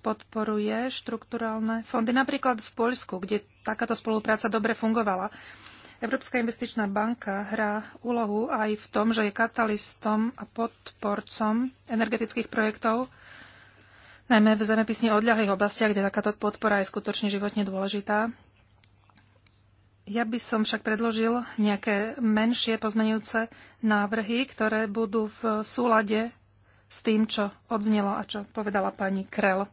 podporuje štrukturálne fondy, napríklad v Poľsku, kde takáto spolupráca dobre fungovala. Európska investičná banka hrá úlohu aj v tom, že je katalistom a podporcom energetických projektov, najmä v zemepisne odľahlých oblastiach, kde takáto podpora je skutočne životne dôležitá. Ja by som však predložil nejaké menšie pozmenujúce návrhy, ktoré budú v súlade s tým, čo odznelo a čo povedala pani Krell.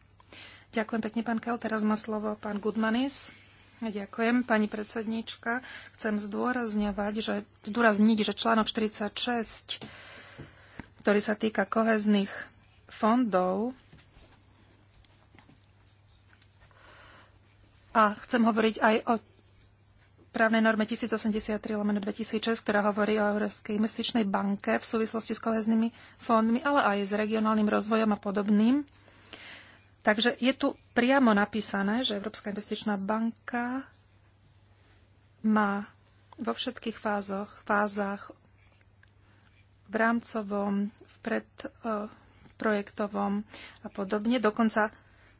Ďakujem pekne, pán Kel. Teraz má slovo pán Gudmanis. Ďakujem, pani predsednička. Chcem zdôrazňovať, že, zdôrazniť, že článok 46, ktorý sa týka kohezných fondov, a chcem hovoriť aj o právnej norme 1083 lomeno 2006, ktorá hovorí o Európskej investičnej banke v súvislosti s koheznými fondmi, ale aj s regionálnym rozvojom a podobným. Takže je tu priamo napísané, že Európska investičná banka má vo všetkých fázoch, fázach v rámcovom, v predprojektovom e, a podobne. Dokonca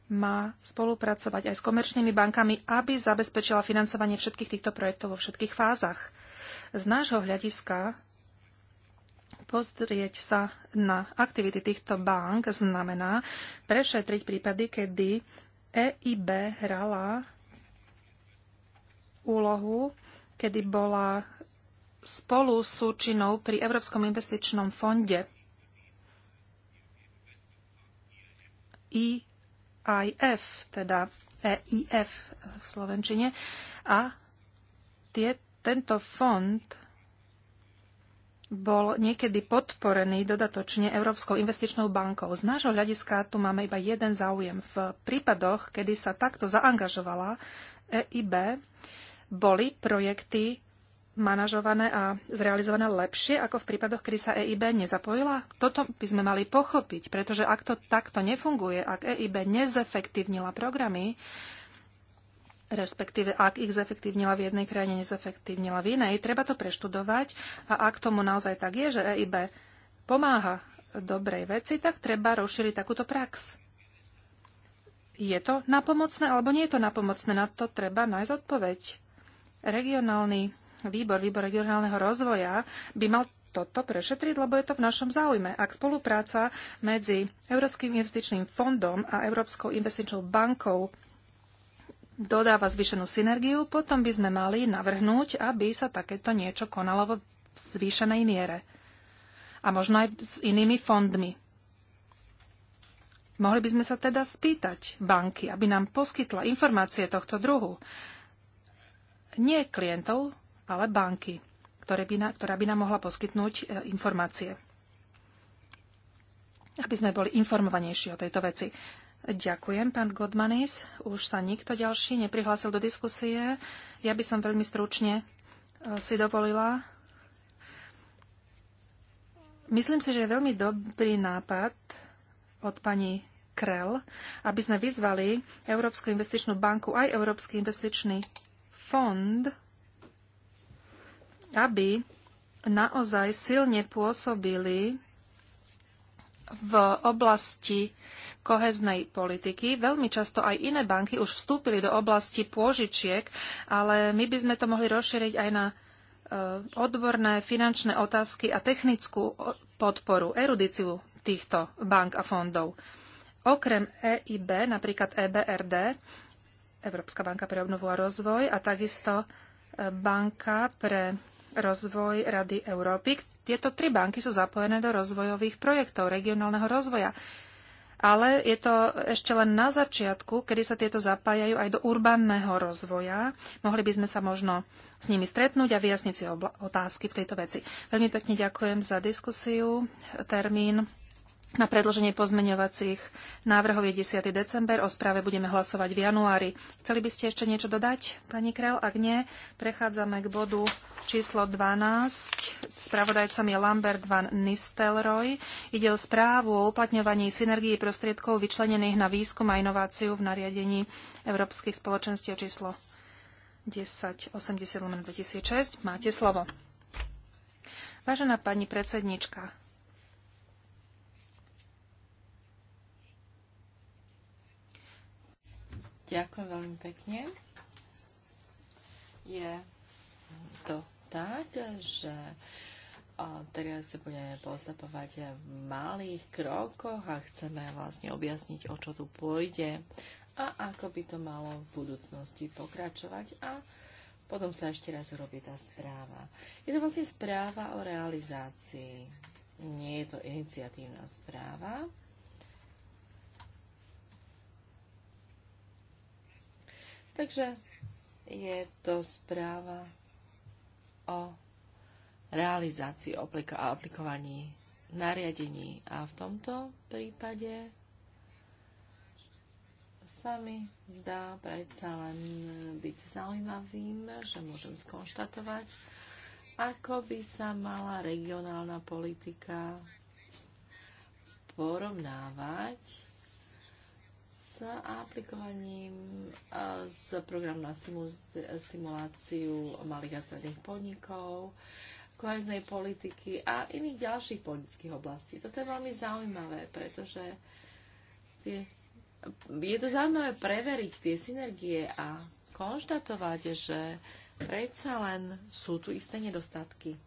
má spolupracovať aj s komerčnými bankami, aby zabezpečila financovanie všetkých týchto projektov vo všetkých fázach. Z nášho hľadiska Pozrieť sa na aktivity týchto bank znamená prešetriť prípady, kedy EIB hrala úlohu, kedy bola spolu súčinou pri Európskom investičnom fonde EIF, teda EIF v Slovenčine. A tie, tento fond bol niekedy podporený dodatočne Európskou investičnou bankou. Z nášho hľadiska tu máme iba jeden záujem. V prípadoch, kedy sa takto zaangažovala EIB, boli projekty manažované a zrealizované lepšie ako v prípadoch, kedy sa EIB nezapojila? Toto by sme mali pochopiť, pretože ak to takto nefunguje, ak EIB nezefektívnila programy, respektíve ak ich zefektívnila v jednej krajine, nezefektívnila v inej. Treba to preštudovať a ak tomu naozaj tak je, že EIB pomáha dobrej veci, tak treba rozšíriť takúto prax. Je to napomocné alebo nie je to napomocné? Na to treba nájsť odpoveď. Regionálny výbor, výbor regionálneho rozvoja by mal toto prešetriť, lebo je to v našom záujme. Ak spolupráca medzi Európskym investičným fondom a Európskou investičnou bankou dodáva zvýšenú synergiu, potom by sme mali navrhnúť, aby sa takéto niečo konalo vo zvýšenej miere. A možno aj s inými fondmi. Mohli by sme sa teda spýtať banky, aby nám poskytla informácie tohto druhu. Nie klientov, ale banky, ktoré by na, ktorá by nám mohla poskytnúť e, informácie. Aby sme boli informovanejší o tejto veci. Ďakujem, pán Godmanis. Už sa nikto ďalší neprihlásil do diskusie. Ja by som veľmi stručne e, si dovolila. Myslím si, že je veľmi dobrý nápad od pani Krell, aby sme vyzvali Európsku investičnú banku aj Európsky investičný fond, aby naozaj silne pôsobili v oblasti koheznej politiky. Veľmi často aj iné banky už vstúpili do oblasti pôžičiek, ale my by sme to mohli rozšíriť aj na eh, odborné finančné otázky a technickú podporu, erudiciu týchto bank a fondov. Okrem EIB, napríklad EBRD, Európska banka pre obnovu a rozvoj a takisto eh, Banka pre rozvoj Rady Európy. Tieto tri banky sú zapojené do rozvojových projektov regionálneho rozvoja ale je to ešte len na začiatku, kedy sa tieto zapájajú aj do urbánneho rozvoja. Mohli by sme sa možno s nimi stretnúť a vyjasniť si otázky v tejto veci. Veľmi pekne ďakujem za diskusiu. Termín na predloženie pozmeňovacích návrhov je 10. december, o správe budeme hlasovať v januári. Chceli by ste ešte niečo dodať, pani Krel? Ak nie, prechádzame k bodu číslo 12. Spravodajcom je Lambert van Nistelrooy. Ide o správu o uplatňovaní synergii prostriedkov vyčlenených na výskum a inováciu v nariadení Európskych spoločenstiev číslo 1080 2006. Máte slovo. Vážená pani predsednička, Ďakujem veľmi pekne. Je to tak, že teraz sa budeme postupovať v malých krokoch a chceme vlastne objasniť, o čo tu pôjde a ako by to malo v budúcnosti pokračovať a potom sa ešte raz urobí tá správa. Je to vlastne správa o realizácii. Nie je to iniciatívna správa, Takže je to správa o realizácii oplika a aplikovaní nariadení. A v tomto prípade sa mi zdá predsa len byť zaujímavým, že môžem skonštatovať, ako by sa mala regionálna politika porovnávať s aplikovaním z programu na stimuláciu malých a stredných podnikov, koheznej politiky a iných ďalších politických oblastí. Toto je veľmi zaujímavé, pretože tie, je to zaujímavé preveriť tie synergie a konštatovať, že predsa len sú tu isté nedostatky.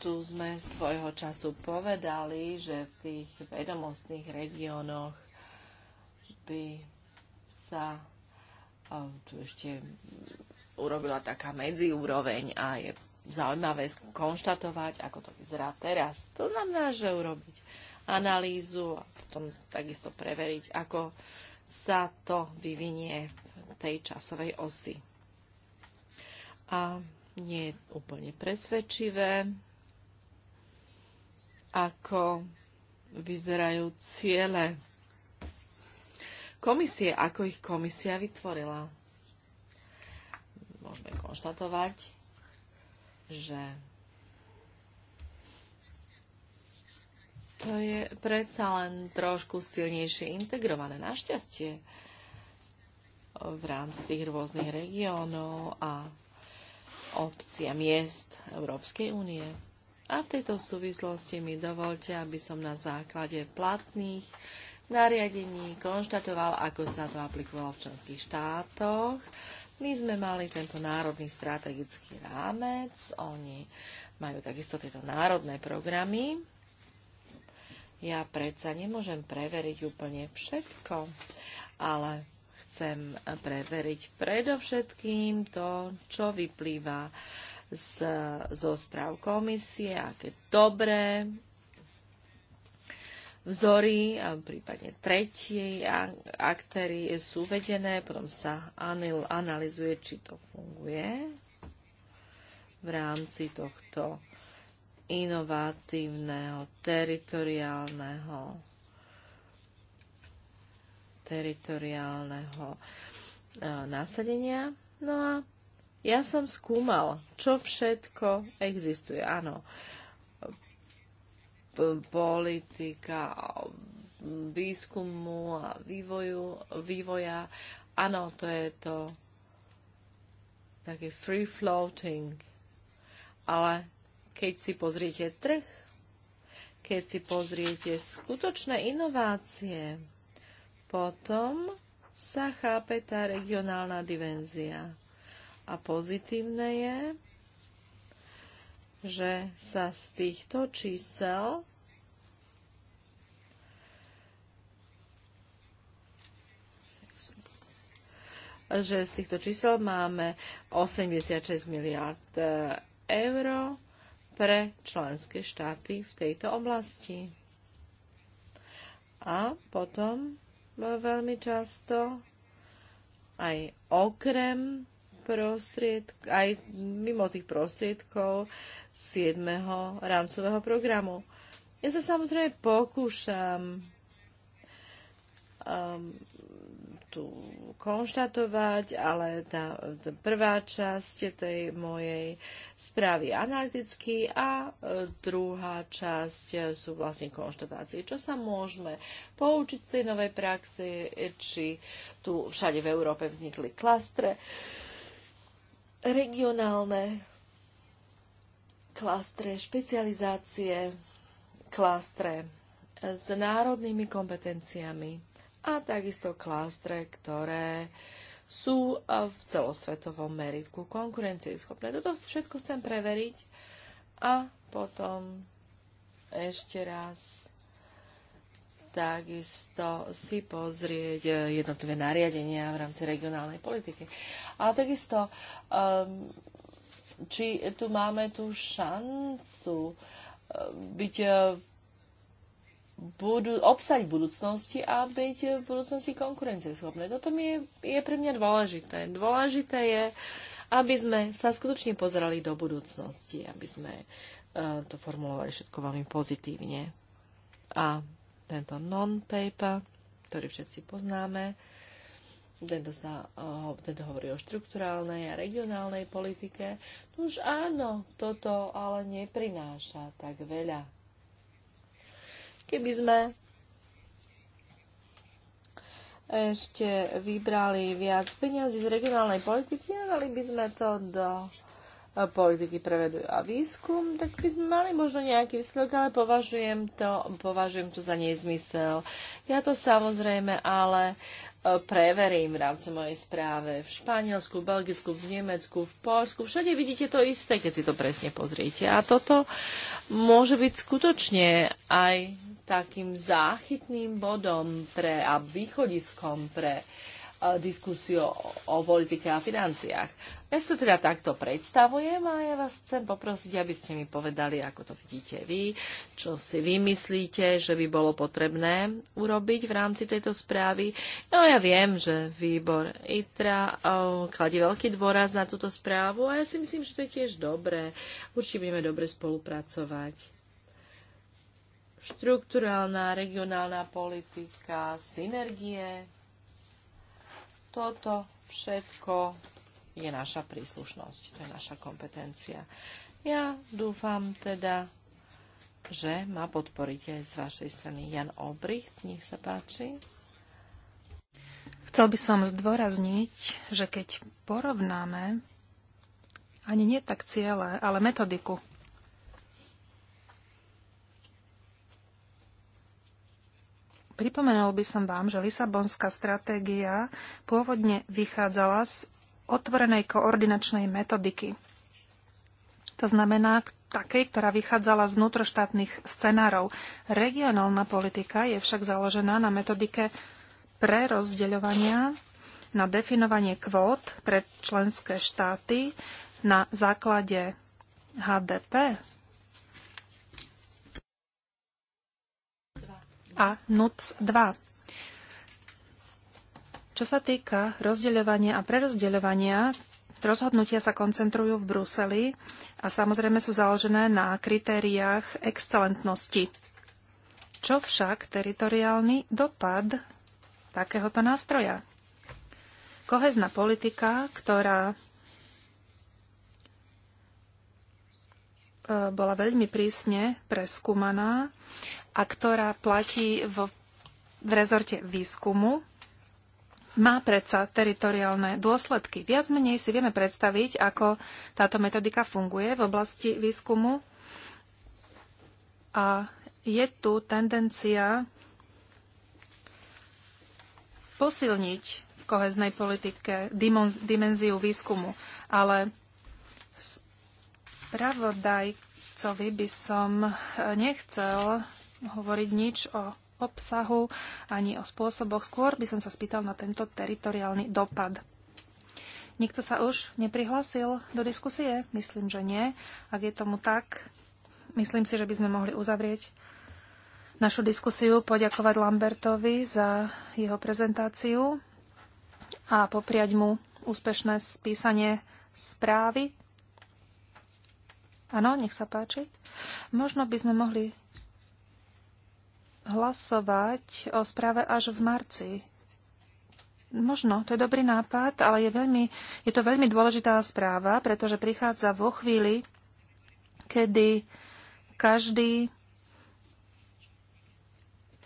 tu sme svojho času povedali, že v tých vedomostných regiónoch by sa tu ešte urobila taká medziúroveň a je zaujímavé skonštatovať, ako to vyzerá teraz. To znamená, že urobiť analýzu a potom takisto preveriť, ako sa to vyvinie v tej časovej osi. A nie je úplne presvedčivé, ako vyzerajú ciele komisie, ako ich komisia vytvorila. Môžeme konštatovať, že to je predsa len trošku silnejšie integrované. Našťastie v rámci tých rôznych regiónov a obcí miest Európskej únie. A v tejto súvislosti mi dovolte, aby som na základe platných nariadení konštatoval, ako sa to aplikovalo v členských štátoch. My sme mali tento národný strategický rámec, oni majú takisto tieto národné programy. Ja predsa nemôžem preveriť úplne všetko, ale chcem preveriť predovšetkým to, čo vyplýva uh, z, zo správ komisie, aké dobré vzory, prípadne tretí aktéry sú vedené, potom sa analizuje, či to funguje v rámci tohto inovatívneho, teritoriálneho teritoriálneho e, nasadenia. No a ja som skúmal, čo všetko existuje. Áno, politika výskumu a vývoju, vývoja. Áno, to je to také free floating. Ale keď si pozriete trh, keď si pozriete skutočné inovácie, potom sa chápe tá regionálna divenzia. A pozitívne je, že sa z týchto čísel že z týchto čísel máme 86 miliard eur pre členské štáty v tejto oblasti. A potom veľmi často aj okrem prostriedk- aj mimo tých prostriedkov 7. rámcového programu. Ja sa samozrejme pokúšam um, tu konštatovať, ale tá, tá prvá časť tej mojej správy je analytický a e, druhá časť sú vlastne konštatácie. Čo sa môžeme poučiť z tej novej praxe, či tu všade v Európe vznikli klastre. Uh, regionálne klastre, špecializácie, klastre s národnými kompetenciami a takisto klastre, ktoré sú v celosvetovom meritku konkurencieschopné. Toto všetko chcem preveriť a potom ešte raz takisto si pozrieť eh, jednotlivé nariadenia v rámci regionálnej politiky. A takisto, ehm, či tu máme tú šancu eh, byť eh, budu, obsať v budúcnosti a byť v budúcnosti konkurencieschopné. Toto mi je, je pre mňa dôležité. Dôležité je, aby sme sa skutočne pozerali do budúcnosti, aby sme uh, to formulovali všetko veľmi pozitívne. A tento non-paper, ktorý všetci poznáme. Tento, sa, eh, tento hovorí o štruktúrálnej a regionálnej politike. No už áno, toto ale neprináša tak veľa. Keby sme ešte vybrali viac peniazy z regionálnej politiky dali by sme to do politiky pre vedu a výskum, tak by sme mali možno nejaký výsledok, ale považujem to, považujem to za nezmysel. Ja to samozrejme ale e, preverím v rámci mojej správe v Španielsku, v Belgicku, v Nemecku, v Polsku. Všade vidíte to isté, keď si to presne pozriete. A toto môže byť skutočne aj takým záchytným bodom pre a východiskom pre uh, diskusiu o politike a financiách. Ja si to teda takto predstavujem a ja vás chcem poprosiť, aby ste mi povedali, ako to vidíte vy, čo si vymyslíte, že by bolo potrebné urobiť v rámci tejto správy. No ja viem, že výbor ITRA kladie veľký dôraz na túto správu a ja si myslím, že to je tiež dobré. Určite budeme dobre spolupracovať štruktúrálna, regionálna politika, synergie toto všetko je naša príslušnosť, to je naša kompetencia. Ja dúfam teda, že ma podporíte z vašej strany. Jan Obricht, nech sa páči. Chcel by som zdôrazniť, že keď porovnáme ani nie tak ciele, ale metodiku Pripomenul by som vám, že Lisabonská stratégia pôvodne vychádzala z otvorenej koordinačnej metodiky. To znamená takej, ktorá vychádzala z vnútroštátnych scenárov. Regionálna politika je však založená na metodike prerozdeľovania, na definovanie kvót pre členské štáty na základe HDP a NUC 2. Čo sa týka rozdeľovania a prerozdeľovania, rozhodnutia sa koncentrujú v Bruseli a samozrejme sú založené na kritériách excelentnosti. Čo však teritoriálny dopad takéhoto nástroja? Kohezná politika, ktorá e, bola veľmi prísne preskúmaná a ktorá platí v, v rezorte výskumu, má predsa teritoriálne dôsledky. Viac menej si vieme predstaviť, ako táto metodika funguje v oblasti výskumu. A je tu tendencia posilniť v koheznej politike dimenziu výskumu. Ale spravodajcovi by som nechcel hovoriť nič o obsahu ani o spôsoboch. Skôr by som sa spýtal na tento teritoriálny dopad. Nikto sa už neprihlásil do diskusie? Myslím, že nie. Ak je tomu tak, myslím si, že by sme mohli uzavrieť našu diskusiu, poďakovať Lambertovi za jeho prezentáciu a popriať mu úspešné spísanie správy. Áno, nech sa páči. Možno by sme mohli hlasovať o správe až v marci. Možno, to je dobrý nápad, ale je, veľmi, je to veľmi dôležitá správa, pretože prichádza vo chvíli, kedy každý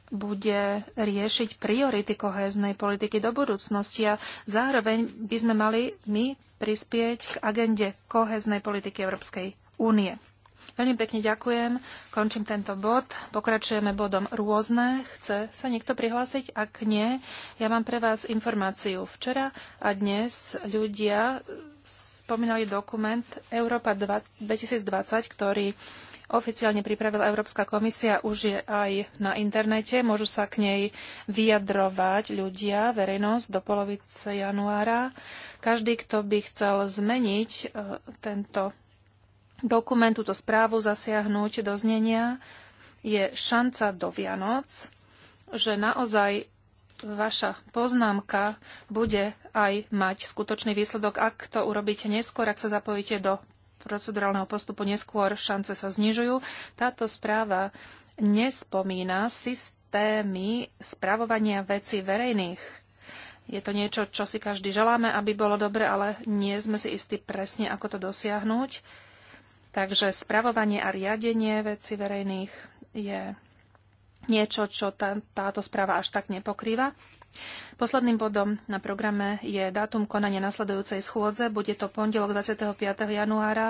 bude riešiť priority kohéznej politiky do budúcnosti a zároveň by sme mali my prispieť k agende kohéznej politiky Európskej únie. Veľmi pekne ďakujem. Končím tento bod. Pokračujeme bodom rôzne. Chce sa niekto prihlásiť? Ak nie, ja mám pre vás informáciu. Včera a dnes ľudia spomínali dokument Európa 2020, ktorý oficiálne pripravila Európska komisia, už je aj na internete. Môžu sa k nej vyjadrovať ľudia, verejnosť do polovice januára. Každý, kto by chcel zmeniť e, tento dokument, túto správu zasiahnuť do znenia, je šanca do Vianoc, že naozaj vaša poznámka bude aj mať skutočný výsledok. Ak to urobíte neskôr, ak sa zapojíte do procedurálneho postupu neskôr, šance sa znižujú. Táto správa nespomína systémy spravovania veci verejných. Je to niečo, čo si každý želáme, aby bolo dobre, ale nie sme si istí presne, ako to dosiahnuť. Takže spravovanie a riadenie veci verejných je niečo, čo tá, táto správa až tak nepokrýva. Posledným bodom na programe je dátum konania nasledujúcej schôdze. Bude to pondelok 25. januára